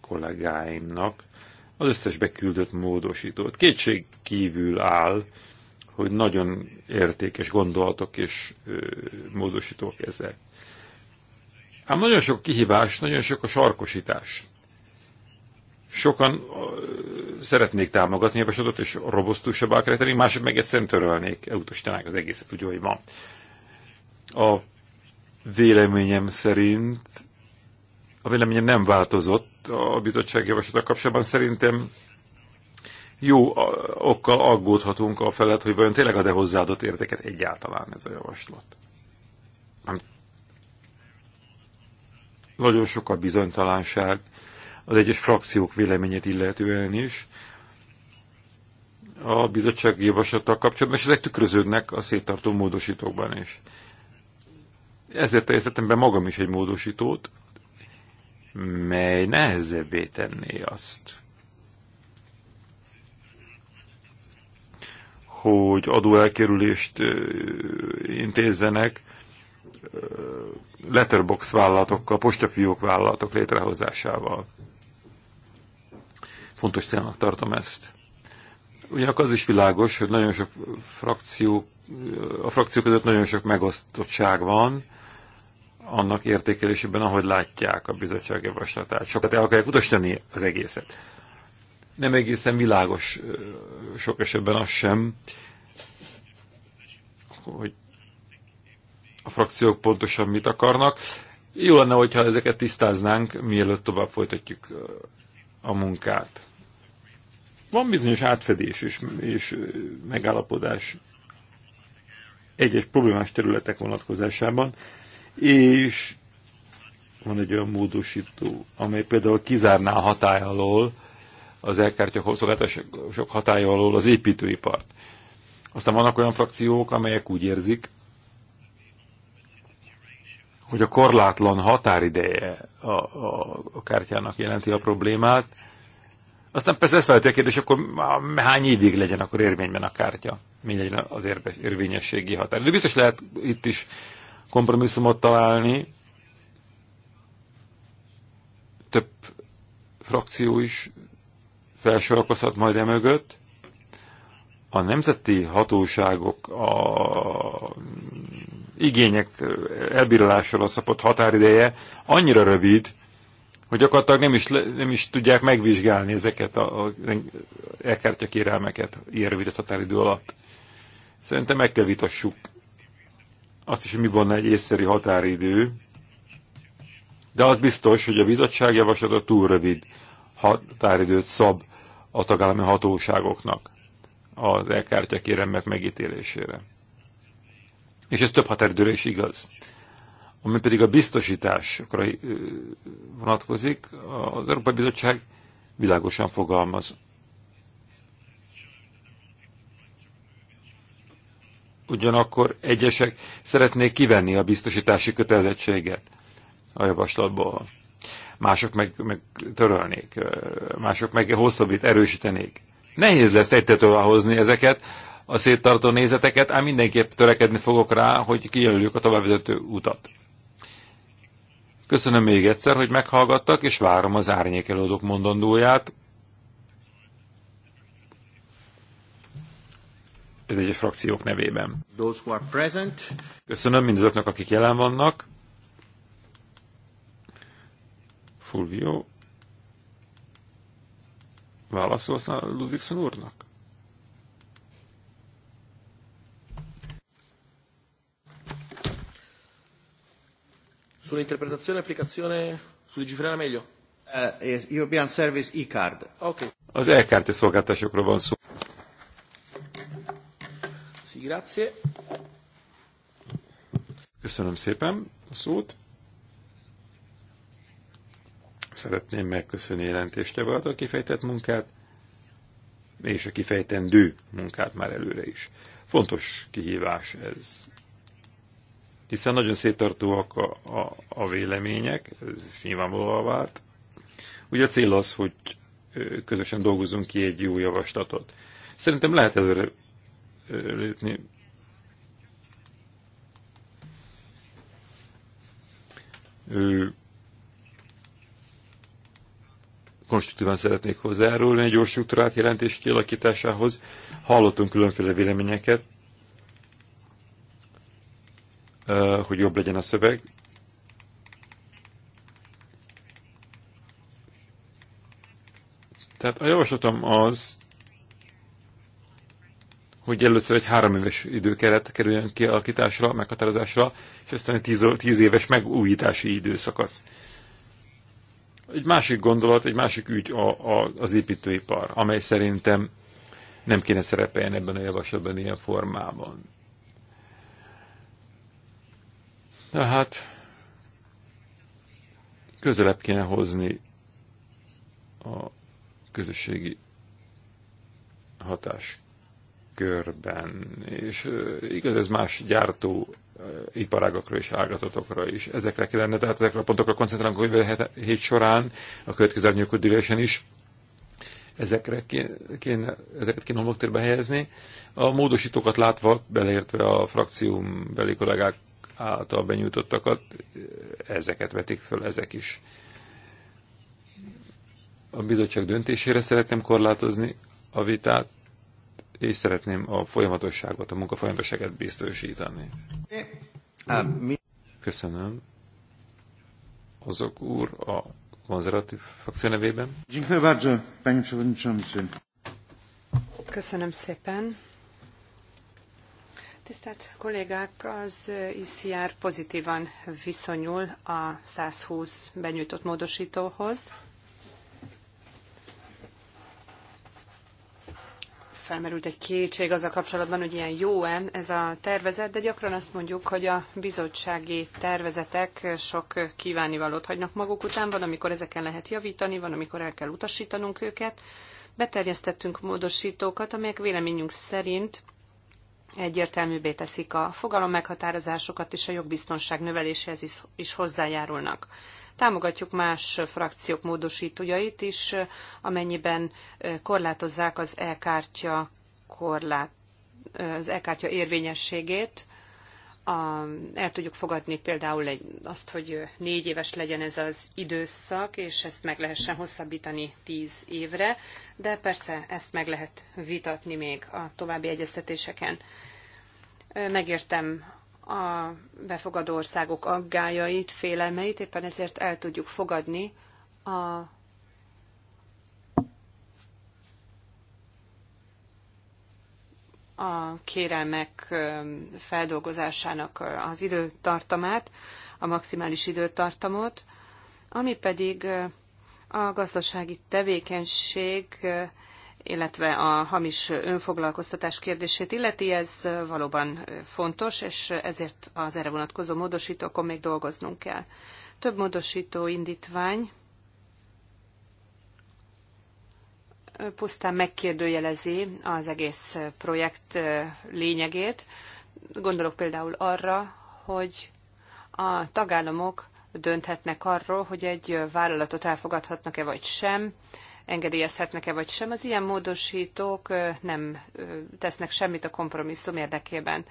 kollégáimnak az összes beküldött módosítót. Kétség kívül áll, hogy nagyon értékes gondolatok és módosítók ezek. Ám hát nagyon sok kihívás, nagyon sok a sarkosítás. Sokan szeretnék támogatni a javaslatot, és robosztusabbá kell tenni, mások meg egyszerűen törölnék, elutasítanák az egészet, úgy, hogy van. A véleményem szerint, a véleményem nem változott a bizottság javaslata kapcsolatban, szerintem jó okkal aggódhatunk a felett, hogy vajon tényleg ad-e hozzáadott értéket egyáltalán ez a javaslat. Nem. Nagyon sok a bizonytalanság az egyes frakciók véleményét illetően is a bizottsági javaslattal kapcsolatban, és ezek tükröződnek a széttartó módosítókban is. Ezért teljesítettem be magam is egy módosítót, mely nehezebbé tenné azt, hogy adóelkerülést intézzenek letterbox vállalatokkal, postafiók vállalatok létrehozásával. Fontos célnak tartom ezt. Ugye az is világos, hogy nagyon sok frakció, a frakciók között nagyon sok megosztottság van, annak értékelésében, ahogy látják a bizottság javaslatát. Sokat el akarják utasítani az egészet nem egészen világos sok esetben az sem, hogy a frakciók pontosan mit akarnak. Jó lenne, hogyha ezeket tisztáznánk, mielőtt tovább folytatjuk a munkát. Van bizonyos átfedés és, és megállapodás egyes problémás területek vonatkozásában, és van egy olyan módosító, amely például kizárná a hatály alól az elkártya sok hatája alól az építőipart. Aztán vannak olyan frakciók, amelyek úgy érzik, hogy a korlátlan határideje a, a, a kártyának jelenti a problémát. Aztán persze ez felteti a kérdés, akkor hány évig legyen akkor érvényben a kártya, mi legyen az érvényességi határ. De biztos lehet itt is kompromisszumot találni. Több frakció is felsorakozhat majd emögött. A nemzeti hatóságok a igények elbírálására szabott határideje annyira rövid, hogy gyakorlatilag nem is, nem is tudják megvizsgálni ezeket a, a elkártya kérelmeket ilyen rövid határidő alatt. Szerintem meg kell vitassuk azt is, hogy mi volna egy észszerű határidő, de az biztos, hogy a bizottság javaslata túl rövid határidőt szab a tagállami hatóságoknak az elkártya kéremek megítélésére. És ez több határidőre is igaz. Ami pedig a biztosításokra vonatkozik, az Európai Bizottság világosan fogalmaz. Ugyanakkor egyesek szeretnék kivenni a biztosítási kötelezettséget a javaslatból mások meg, meg törölnék, mások meg hosszabbít, erősítenék. Nehéz lesz egytetől hozni ezeket a széttartó nézeteket, ám mindenképp törekedni fogok rá, hogy kijelöljük a továbbvezető utat. Köszönöm még egyszer, hogy meghallgattak, és várom az árnyékelődők mondandóját. Ez egyes frakciók nevében. Köszönöm mindazoknak, akik jelen vannak. Fulvio, válaszolsz Ludvigson úrnak? Sull'interpretazione e applicazione, sul legiferare meglio. Uh, European Service e-card. Okay. Az e-card szolgáltatásokról van szó. Sì, grazie. Köszönöm szépen a szót. Szeretném megköszönni jelentéstevőt a kifejtett munkát, és a kifejtendő munkát már előre is. Fontos kihívás ez. Hiszen nagyon széttartóak a, a, a vélemények, ez nyilvánvalóan vált. Ugye a cél az, hogy közösen dolgozunk ki egy jó javaslatot. Szerintem lehet előre lépni. Ő konstruktívan szeretnék hozzájárulni egy gyors struktúrát jelentés kialakításához. Hallottunk különféle véleményeket, hogy jobb legyen a szöveg. Tehát a javaslatom az, hogy először egy három éves időkeret kerüljön kialakításra, meghatározásra, és aztán egy tíz, tíz éves megújítási időszakasz egy másik gondolat, egy másik ügy a, a, az építőipar, amely szerintem nem kéne szerepeljen ebben a javaslatban ilyen formában. Tehát közelebb kéne hozni a közösségi körben, És igaz, ez más gyártó iparágakra és ágazatokra is. Ezekre kellene, tehát ezekre a pontokra koncentrálunk a jövő hét során, a következő árnyékodülésen is. Ezekre kéne, ezeket kéne homoktérbe helyezni. A módosítókat látva, beleértve a frakcióm beli kollégák által benyújtottakat, ezeket vetik föl, ezek is. A bizottság döntésére szeretném korlátozni a vitát, és szeretném a folyamatosságot, a munka folyamatosságát biztosítani. Köszönöm. Azok úr a konzervatív frakció nevében. Köszönöm szépen. Tisztelt kollégák, az ICR pozitívan viszonyul a 120 benyújtott módosítóhoz felmerült egy kétség az a kapcsolatban, hogy ilyen jó-e ez a tervezet, de gyakran azt mondjuk, hogy a bizottsági tervezetek sok kívánivalót hagynak maguk után, van, amikor ezeken lehet javítani, van, amikor el kell utasítanunk őket. Beterjesztettünk módosítókat, amelyek véleményünk szerint egyértelműbbé teszik a fogalom meghatározásokat, és a jogbiztonság növeléséhez is, is hozzájárulnak. Támogatjuk más frakciók módosítójait is, amennyiben korlátozzák az e-kártya korlát, az e-kártya érvényességét, el tudjuk fogadni például azt, hogy négy éves legyen ez az időszak, és ezt meg lehessen hosszabbítani tíz évre, de persze ezt meg lehet vitatni még a további egyeztetéseken. Megértem a befogadó országok aggájait, félelmeit, éppen ezért el tudjuk fogadni a a kérelmek feldolgozásának az időtartamát, a maximális időtartamot, ami pedig a gazdasági tevékenység illetve a hamis önfoglalkoztatás kérdését illeti, ez valóban fontos, és ezért az erre vonatkozó módosítókon még dolgoznunk kell. Több módosító indítvány pusztán megkérdőjelezi az egész projekt lényegét. Gondolok például arra, hogy a tagállamok dönthetnek arról, hogy egy vállalatot elfogadhatnak-e vagy sem, engedélyezhetnek-e vagy sem. Az ilyen módosítók nem tesznek semmit a kompromisszum érdekében.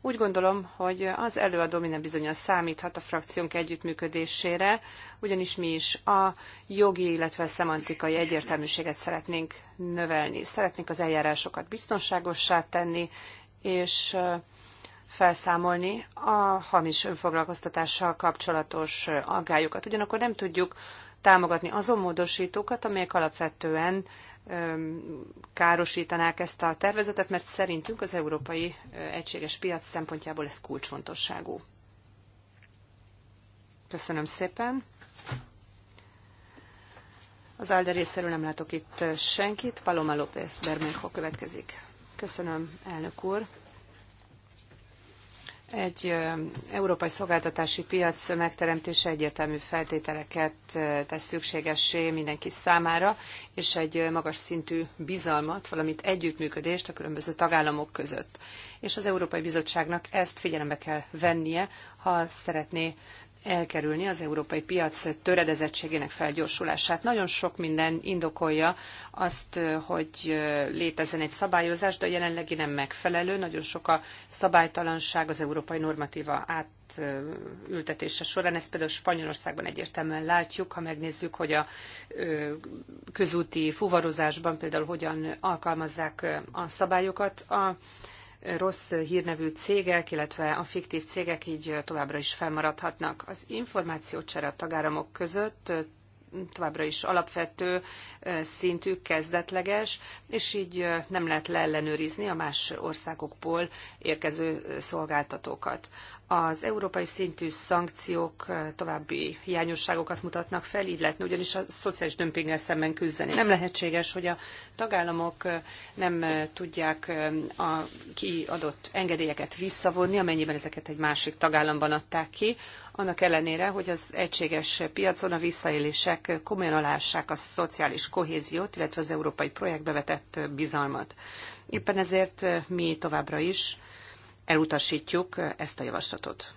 Úgy gondolom, hogy az előadó minden bizonyos számíthat a frakciónk együttműködésére, ugyanis mi is a jogi, illetve szemantikai egyértelműséget szeretnénk növelni. Szeretnénk az eljárásokat biztonságossá tenni, és felszámolni a hamis önfoglalkoztatással kapcsolatos aggályokat. Ugyanakkor nem tudjuk támogatni azon módosítókat, amelyek alapvetően károsítanák ezt a tervezetet, mert szerintünk az európai egységes piac szempontjából ez kulcsfontosságú. Köszönöm szépen. Az Alde részéről nem látok itt senkit. Paloma López Bermejo következik. Köszönöm, elnök úr. Egy európai szolgáltatási piac megteremtése egyértelmű feltételeket tesz szükségessé mindenki számára, és egy magas szintű bizalmat, valamint együttműködést a különböző tagállamok között. És az Európai Bizottságnak ezt figyelembe kell vennie, ha szeretné elkerülni az európai piac töredezettségének felgyorsulását. Nagyon sok minden indokolja azt, hogy létezzen egy szabályozás, de a jelenlegi nem megfelelő. Nagyon sok a szabálytalanság az európai normatíva átültetése során. Ezt például Spanyolországban egyértelműen látjuk, ha megnézzük, hogy a közúti fuvarozásban például hogyan alkalmazzák a szabályokat. A rossz hírnevű cégek, illetve a fiktív cégek így továbbra is felmaradhatnak. Az információcsere a tagáramok között továbbra is alapvető szintű, kezdetleges, és így nem lehet leellenőrizni a más országokból érkező szolgáltatókat az európai szintű szankciók további hiányosságokat mutatnak fel, így lehetne ugyanis a szociális dömpinggel szemben küzdeni. Nem lehetséges, hogy a tagállamok nem tudják a kiadott engedélyeket visszavonni, amennyiben ezeket egy másik tagállamban adták ki, annak ellenére, hogy az egységes piacon a visszaélések komolyan alássák a szociális kohéziót, illetve az európai projektbe vetett bizalmat. Éppen ezért mi továbbra is elutasítjuk ezt a javaslatot.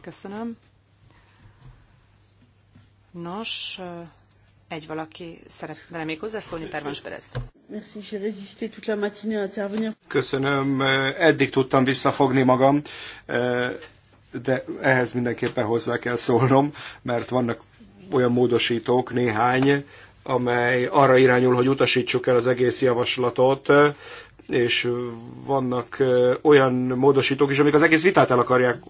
Köszönöm. Nos, egy valaki szeretne még hozzászólni, Pervans Berez. Köszönöm, eddig tudtam visszafogni magam, de ehhez mindenképpen hozzá kell szólnom, mert vannak olyan módosítók, néhány, amely arra irányul, hogy utasítsuk el az egész javaslatot, és vannak olyan módosítók is, amik az egész vitát el akarják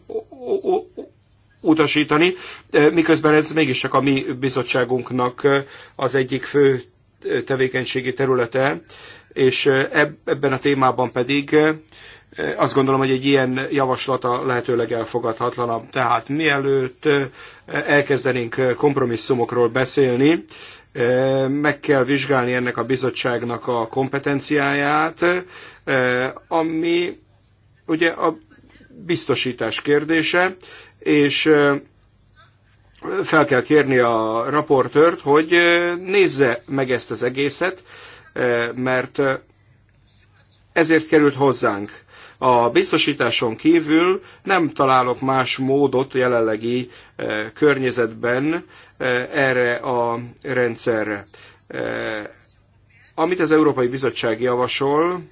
utasítani, miközben ez mégiscsak a mi bizottságunknak az egyik fő tevékenységi területe, és ebben a témában pedig azt gondolom, hogy egy ilyen javaslata lehetőleg elfogadhatlanabb. Tehát mielőtt elkezdenénk kompromisszumokról beszélni, meg kell vizsgálni ennek a bizottságnak a kompetenciáját, ami ugye a biztosítás kérdése, és fel kell kérni a raportört, hogy nézze meg ezt az egészet, mert ezért került hozzánk. A biztosításon kívül nem találok más módot jelenlegi eh, környezetben eh, erre a rendszerre. Eh, amit az Európai Bizottság javasol,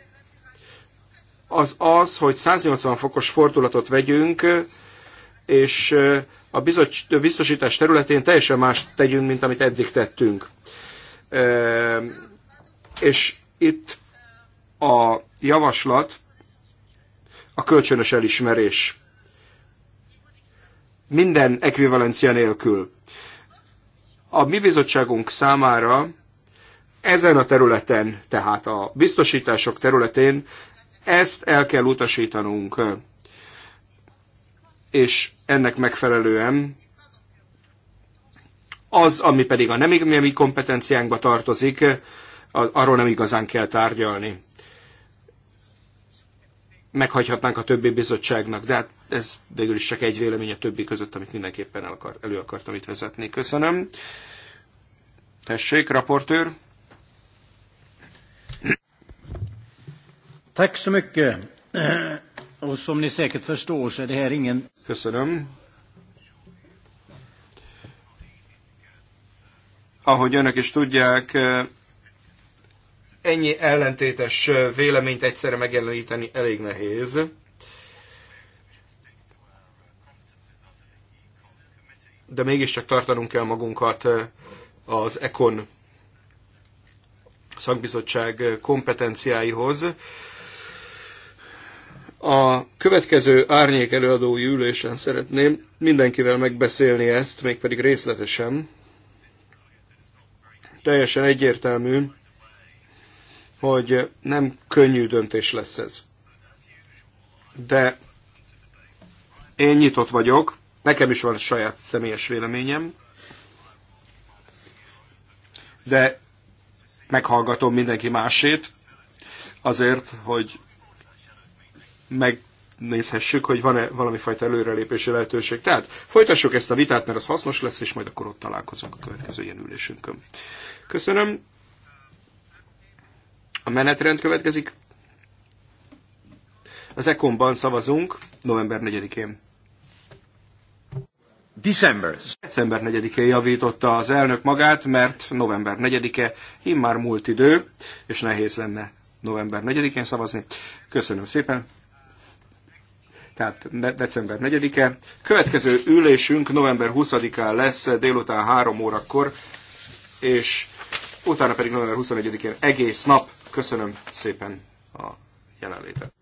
az az, hogy 180 fokos fordulatot vegyünk, és a biztosítás területén teljesen más tegyünk, mint amit eddig tettünk. És itt a javaslat a kölcsönös elismerés. Minden ekvivalencia nélkül. A mi bizottságunk számára ezen a területen, tehát a biztosítások területén ezt el kell utasítanunk. És ennek megfelelően az, ami pedig a nem, kompetenciánkba tartozik, arról nem igazán kell tárgyalni meghagyhatnánk a többi bizottságnak, de hát ez végül is csak egy vélemény a többi között, amit mindenképpen el akar, elő akartam itt vezetni. Köszönöm. Tessék, raportőr. Tack så mycket. Eh, och som ni säkert förstår så är det här ingen... Köszönöm. Ahogy önök is tudják, eh, ennyi ellentétes véleményt egyszerre megjeleníteni elég nehéz. De mégiscsak tartanunk kell magunkat eh, az ECON szakbizottság kompetenciáihoz. A következő árnyék előadói ülésen szeretném mindenkivel megbeszélni ezt, mégpedig részletesen. Teljesen egyértelmű, hogy nem könnyű döntés lesz ez. De én nyitott vagyok, nekem is van saját személyes véleményem, de meghallgatom mindenki másét, azért, hogy megnézhessük, hogy van-e valami fajta előrelépési lehetőség. Tehát folytassuk ezt a vitát, mert az hasznos lesz, és majd akkor ott találkozunk a következő ilyen ülésünkön. Köszönöm. A menetrend következik. Az ekonban szavazunk november 4-én. December. December 4-én javította az elnök magát, mert november 4-e immár múlt idő, és nehéz lenne november 4-én szavazni. Köszönöm szépen. Tehát december 4-e. Következő ülésünk november 20-án lesz délután 3 órakor, és utána pedig november 21-én egész nap Köszönöm szépen a jelenlétet.